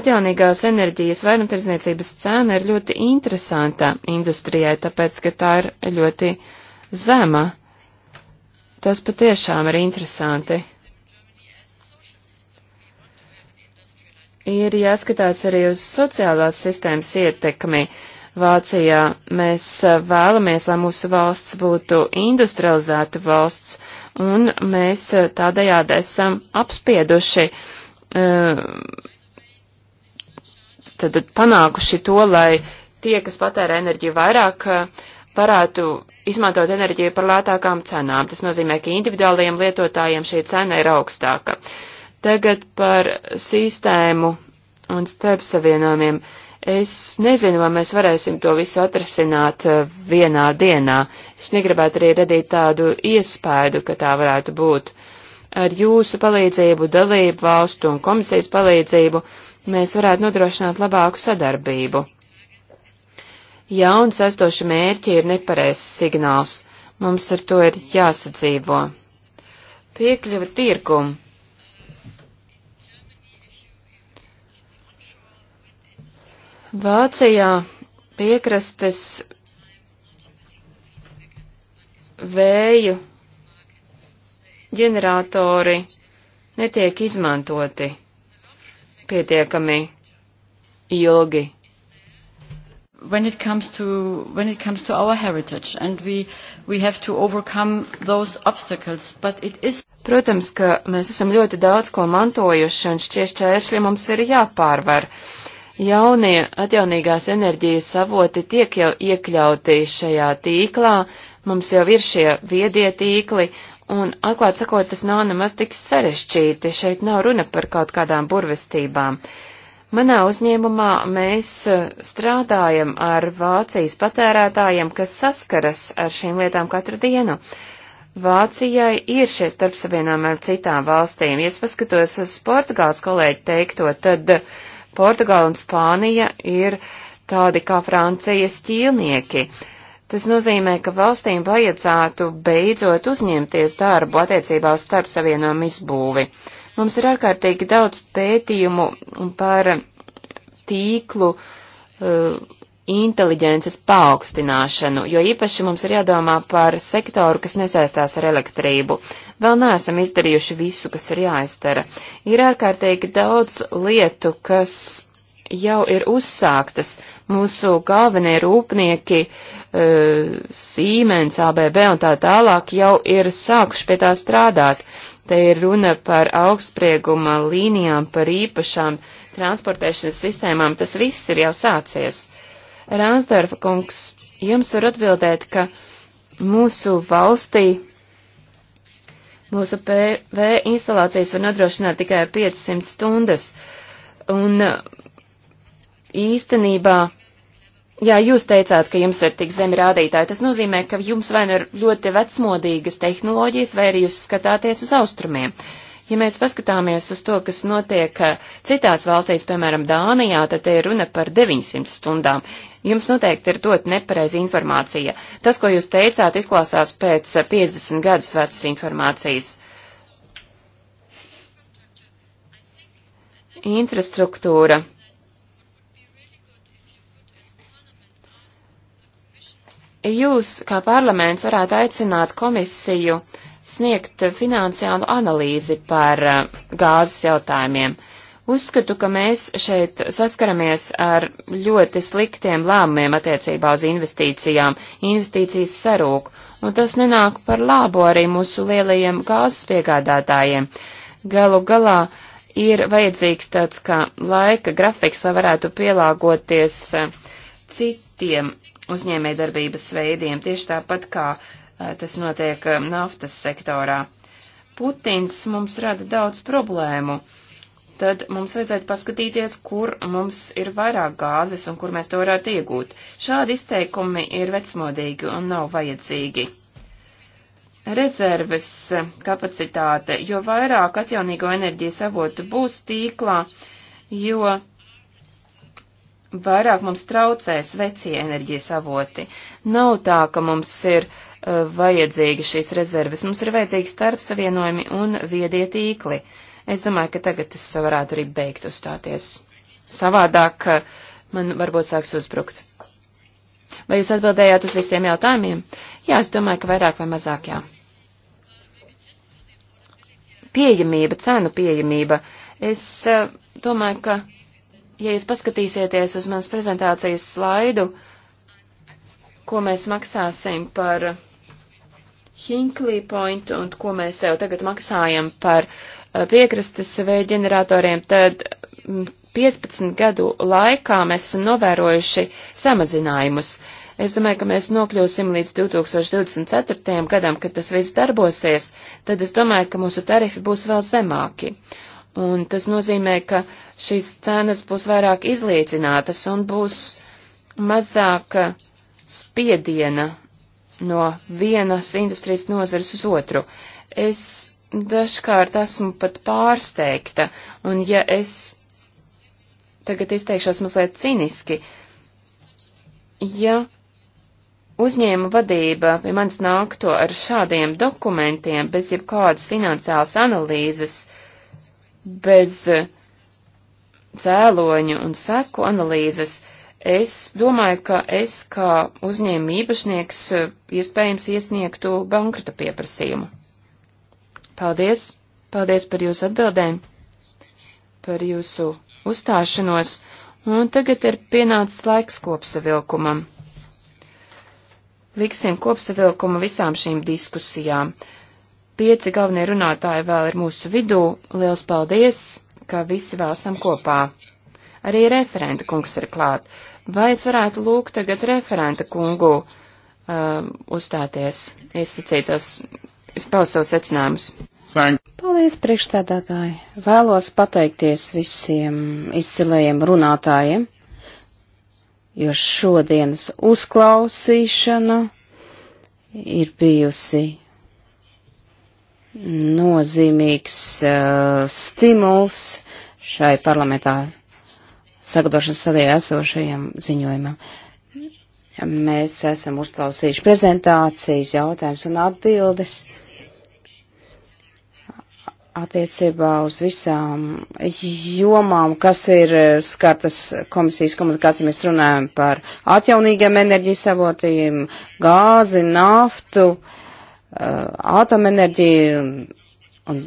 Atjaunīgās enerģijas vairumtirdzniecības cena ir ļoti interesanta industrijai, tāpēc, ka tā ir ļoti zema. Tas patiešām ir interesanti. Ir jāskatās arī uz sociālās sistēmas ietekmi. Vācijā mēs vēlamies, lai mūsu valsts būtu industrializēta valsts, un mēs tādējādi esam apspieduši, eh, tad panākuši to, lai tie, kas patēra enerģiju vairāk, uh, varētu izmantot enerģiju par lētākām cenām. Tas nozīmē, ka individuālajiem lietotājiem šī cena ir augstāka. Tagad par sistēmu un starpsavienojumiem. Es nezinu, vai mēs varēsim to visu atrasināt eh, vienā dienā. Es negribētu arī radīt tādu iespēju, ka tā varētu būt. Ar jūsu palīdzību, dalību valstu un komisijas palīdzību mēs varētu nodrošināt labāku sadarbību jauni saistoši mērķi ir nepareizs signāls. Mums ar to ir jāsadzīvo. Piekļuva tirkumu. Vācijā piekrastes vēju ģeneratori netiek izmantoti pietiekami ilgi when it comes to when it comes to our heritage and we we have to overcome those obstacles but it is Protams, ka mēs esam ļoti daudz ko mantojuši un šie šķēršļi mums ir jāpārvar. Jaunie atjaunīgās enerģijas avoti tiek jau iekļauti šajā tīklā, mums jau ir šie viedie tīkli, un, atklāt sakot, tas nav nemaz tik sarežģīti, šeit nav runa par kaut kādām burvestībām. Uh, Manā uzņēmumā mēs eh, strādājam ar Vācijas patērētājiem, kas saskaras ar šīm lietām katru dienu. Vācijai ir šie starpsavienojumi ar citām valstīm. Ja es paskatos uz Portugāles kolēģi teikto, tad Portugāla un Spānija ir tādi kā Francijas ķīlnieki. Tas nozīmē, ka valstīm vajadzētu beidzot uzņemties darbu attiecībā uz starpsavienojumu izbūvi. Uh, Mums ir ārkārtīgi daudz pētījumu par tīklu uh, inteliģences paaugstināšanu, jo īpaši mums ir jādomā par sektoru, kas nesaistās ar elektrību. Vēl neesam izdarījuši visu, kas ir jāizdara. Ir ārkārtīgi daudz lietu, kas jau ir uzsāktas. Mūsu galvenie rūpnieki, e, Siemens, ABB un tā tālāk jau ir sākuši pie tā strādāt. Te ir runa par augstsprieguma līnijām, par īpašām transportēšanas sistēmām. Tas viss ir jau sācies. Rānsdorfa kungs, jums var atbildēt, ka mūsu valstī mūsu PV instalācijas var nodrošināt tikai 500 stundas. Un uh, īstenībā Jā, jūs teicāt, ka jums ir tik zemi rādītāji. Tas nozīmē, ka jums vai nu ir ļoti vecmodīgas tehnoloģijas, vai arī jūs skatāties uz austrumiem. Ja mēs paskatāmies uz to, kas notiek eh, citās valstīs, piemēram, Dānijā, tad te ir runa par 900 stundām. Jums noteikti ir dot nepareizi informācija. Tas, ko jūs teicāt, izklausās pēc 50 gadus vecas informācijas. Infrastruktūra. jūs, kā parlaments, varētu aicināt komisiju sniegt finansiālu analīzi par eh, gāzes jautājumiem. Uzskatu, ka mēs šeit saskaramies ar ļoti sliktiem lēmumiem attiecībā uz investīcijām. Investīcijas sarūk, un tas nenāk par labu arī mūsu lielajiem gāzes piegādātājiem. Galu galā ir vajadzīgs tāds kā laika grafiks, lai varētu pielāgoties eh, citiem uzņēmējdarbības veidiem, tieši tāpat kā tas notiek naftas sektorā. Putins mums rada daudz problēmu. Tad mums vajadzētu paskatīties, kur mums ir vairāk gāzes un kur mēs to varētu iegūt. Šādi izteikumi ir vecmodīgi un nav vajadzīgi. Rezerves kapacitāte, jo vairāk atjaunīgo enerģijas avotu būs tīklā, jo vairāk mums traucēs vecie enerģijas avoti. Nav tā, ka mums ir uh, vajadzīga šīs rezerves, mums ir vajadzīgi starpsavienojumi un viedie tīkli. Es domāju, ka tagad es varētu arī beigt uzstāties. Savādāk uh, man varbūt sāks uzbrukt. Vai jūs atbildējāt uz visiem jautājumiem? Jā, es domāju, ka vairāk vai mazāk jā. Pieejamība, cenu pieejamība. Es uh, domāju, ka ja jūs paskatīsieties uz manas prezentācijas slaidu, ko mēs maksāsim par Hinkley Point un ko mēs jau tagad maksājam par eh, piekrastes vēja ģeneratoriem, tad 15 mm, gadu laikā mēs esam novērojuši samazinājumus. Es domāju, ka mēs nokļūsim līdz 2024. gadam, kad tas viss darbosies, tad es domāju, ka mūsu tarifi būs vēl zemāki. Un tas nozīmē, ka šīs cenas būs vairāk izlīdzinātas un būs mazāk spiediena no vienas industrijas nozares uz otru. Es dažkārt esmu pat pārsteigta, un ja es tagad izteikšos mazliet ciniski, ja uzņēma vadība pie manis nākto ar šādiem dokumentiem bez jebkādas finansiālas analīzes, uh, bez cēloņu un seku analīzes, es domāju, ka es kā uzņēmuma īpašnieks eh, iespējams iesniegtu bankrota pieprasījumu. Paldies! Paldies par jūsu atbildēm, par jūsu uzstāšanos, un tagad ir pienācis laiks kopsavilkumam. Liksim kopsavilkumu visām šīm diskusijām. Pieci galvenie runātāji vēl ir mūsu vidū. Liels paldies, ka visi vēl esam kopā. Arī referenta kungs ir klāt. Vai es varētu lūgt tagad referenta kungu uh, uzstāties, izsacīt savus, izpaust savus secinājumus? Paldies, priekšstādātāji. Vēlos pateikties visiem izcilējiem runātājiem, jo šodienas uzklausīšana ir bijusi nozīmīgs uh, stimuls šai parlamentā sagatavošanas stadijā esošajam ziņojumam. Mēs esam uzklausījuši prezentācijas, jautājumus un atbildes attiecībā uz visām jomām, kas ir skartas komisijas komunikācija. Mēs runājam par atjaunīgiem enerģijas avotiem, gāzi, naftu. Uh, Uh, atomenerģiju. Un, un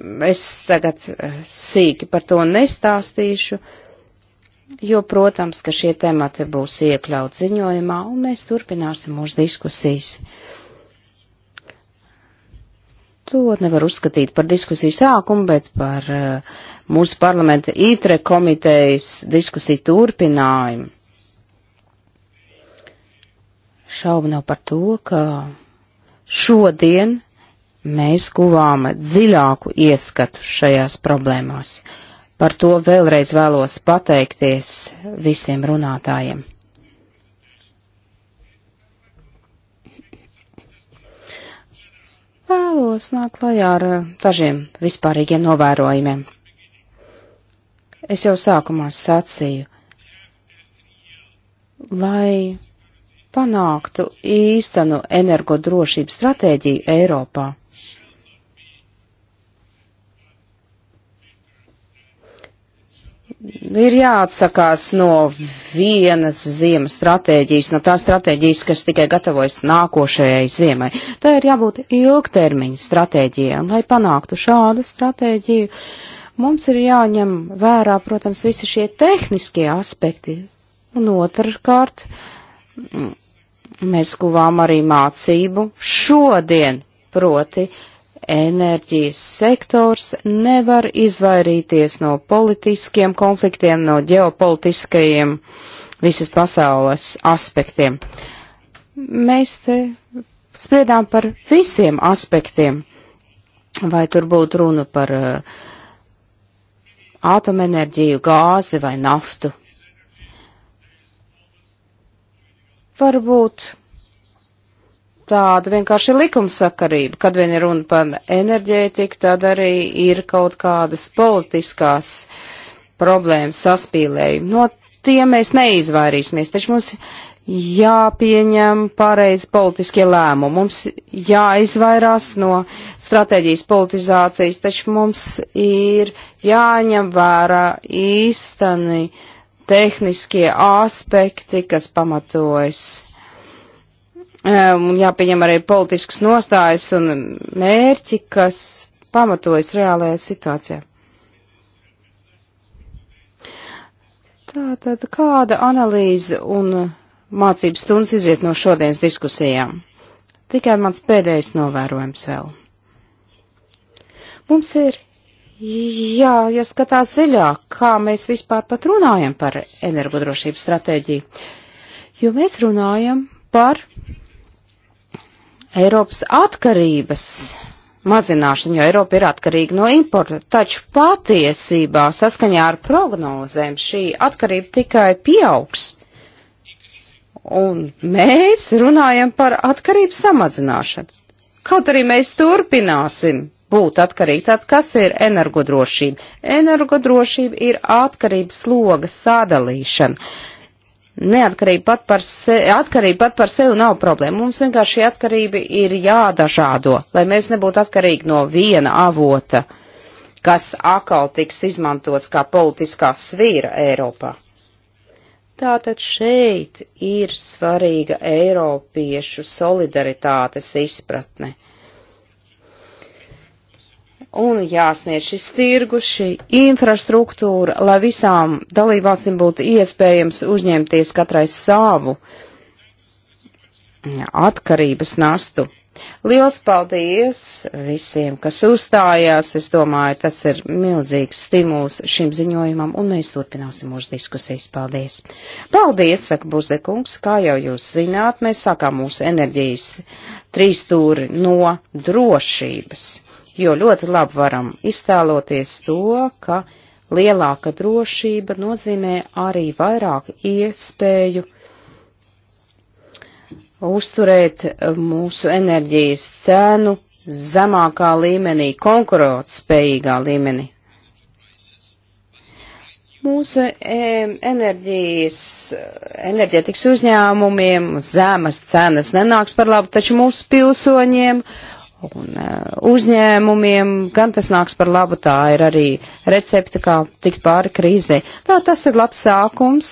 mm, es tagad uh, sīki par to nestāstīšu, jo, protams, ka šie temati būs iekļaut ziņojumā, un mēs turpināsim mūsu diskusijas. To nevar uzskatīt par diskusiju sākumu, bet par uh, mūsu parlamenta ITRE komitejas diskusiju turpinājumu. Šaubu nav par to, ka šodien mēs guvām dziļāku ieskatu šajās problēmās. Par to vēlreiz vēlos pateikties visiem runātājiem. Vēlos nākt klajā ar dažiem vispārīgiem novērojumiem. Es jau sākumā sacīju, lai panāktu īstenu energodrošības stratēģiju Eiropā. ir jāatsakās no vienas ziemas stratēģijas, no tās stratēģijas, kas tikai gatavojas nākošajai ziemai. Tā ir jābūt ilgtermiņa stratēģijai, un lai panāktu šādu stratēģiju, mums ir jāņem vērā, protams, visi šie tehniskie aspekti, un otrkārt mēs guvām arī mācību šodien, proti enerģijas sektors nevar izvairīties no politiskiem konfliktiem, no ģeopolitiskajiem visas pasaules aspektiem. Mēs te spriedām par visiem aspektiem, vai tur būtu runa par uh, atomenerģiju, gāzi vai naftu. varbūt tāda vienkārši likumsakarība, kad vien ir runa par enerģētiku, tad arī ir kaut kādas politiskās problēmas saspīlējumi. No tiem mēs neizvairīsimies, taču mums jāpieņem pareizi politiskie lēmumi, mums jāizvairās no stratēģijas politizācijas, taču mums ir jāņem vērā īsteni uh, tehniskie aspekti, kas pamatojas. Um, un jāpieņem arī politiskas nostājas un mērķi, kas pamatojas reālajā situācijā. Tātad kāda analīze un mācības stundas iziet no šodienas diskusijām? Tikai mans pēdējais novērojums vēl. Mums ir Jā, ja skatās ziļāk, kā mēs vispār pat runājam par energodrošības stratēģiju, jo mēs runājam par Eiropas atkarības mazināšanu, jo Eiropa ir atkarīga no importa. Taču patiesībā saskaņā ar prognozēm šī atkarība tikai pieaugs. Un mēs runājam par atkarību samazināšanu. Kaut arī mēs turpināsim būt atkarīgi. Tātad, kas ir energodrošība? Energodrošība ir atkarības sloga sadalīšana. Neatkarība pat par, se, atkarība pat par sevi nav problēma. Mums vienkārši atkarība ir jādažādo, lai mēs nebūtu atkarīgi no viena avota, kas atkal tiks izmantots kā politiskā svīra Eiropā. Tātad šeit ir svarīga Eiropiešu solidaritātes izpratne un jāsniedz šis tirgus, šī infrastruktūra, lai visām dalībvalstīm būtu iespējams uzņemties katrai savu mm, atkarības nastu. Liels paldies visiem, kas uzstājās. Es domāju, tas ir milzīgs stimuls šim ziņojumam, un mēs turpināsim mūsu diskusijas. Paldies! Paldies, saka Buzekungs, kā jau jūs zināt, mēs sākām mūsu enerģijas trīstūri no drošības jo ļoti labi varam iztēloties to, ka lielāka drošība nozīmē arī vairāk iespēju uzturēt mūsu enerģijas cenu zemākā līmenī, konkurēt spējīgā līmenī. Mūsu e, enerģijas, enerģetikas uzņēmumiem zemes cenas nenāks par labu, taču mūsu pilsoņiem uh, un eh, uzņēmumiem, gan tas nāks par labu, tā ir arī recepte, kā tikt pāri krīzē. Tā tas ir labs sākums,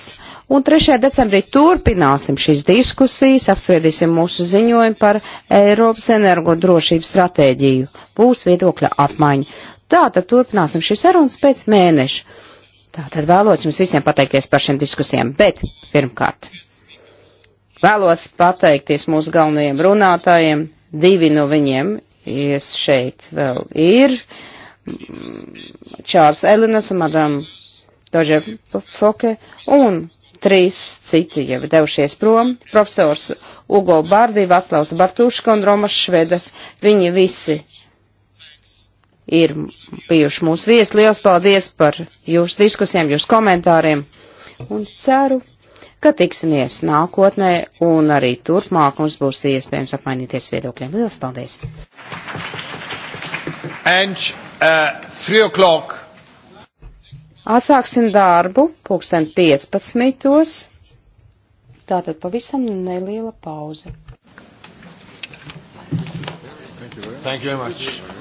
un 3. decembrī turpināsim šīs diskusijas, apspriedīsim mūsu ziņojumu par Eiropas energodrošības stratēģiju. Būs viedokļa apmaiņa. Tā tad turpināsim šīs sarunas pēc mēneša. Tā tad vēlos jums visiem pateikties par šiem diskusijām, bet pirmkārt. Vēlos pateikties mūsu galvenajiem runātājiem, Divi no viņiem es šeit vēl ir. Čārs Elinas, Madam Doža Foke un trīs citi jau devušies prom. Profesors Ugo Bārdī, Vaclavs Bartuška un Romas Švedas. Viņi visi ir bijuši mūsu viesi. Liels paldies par jūsu diskusijām, jūsu komentāriem. Un ceru, ka tiksimies nākotnē un arī turpmāk mums būs iespējams apmainīties viedokļiem. Lielas paldies! And, uh, Atsāksim darbu pulksten 15. Tātad pavisam neliela pauze. Thank you very much.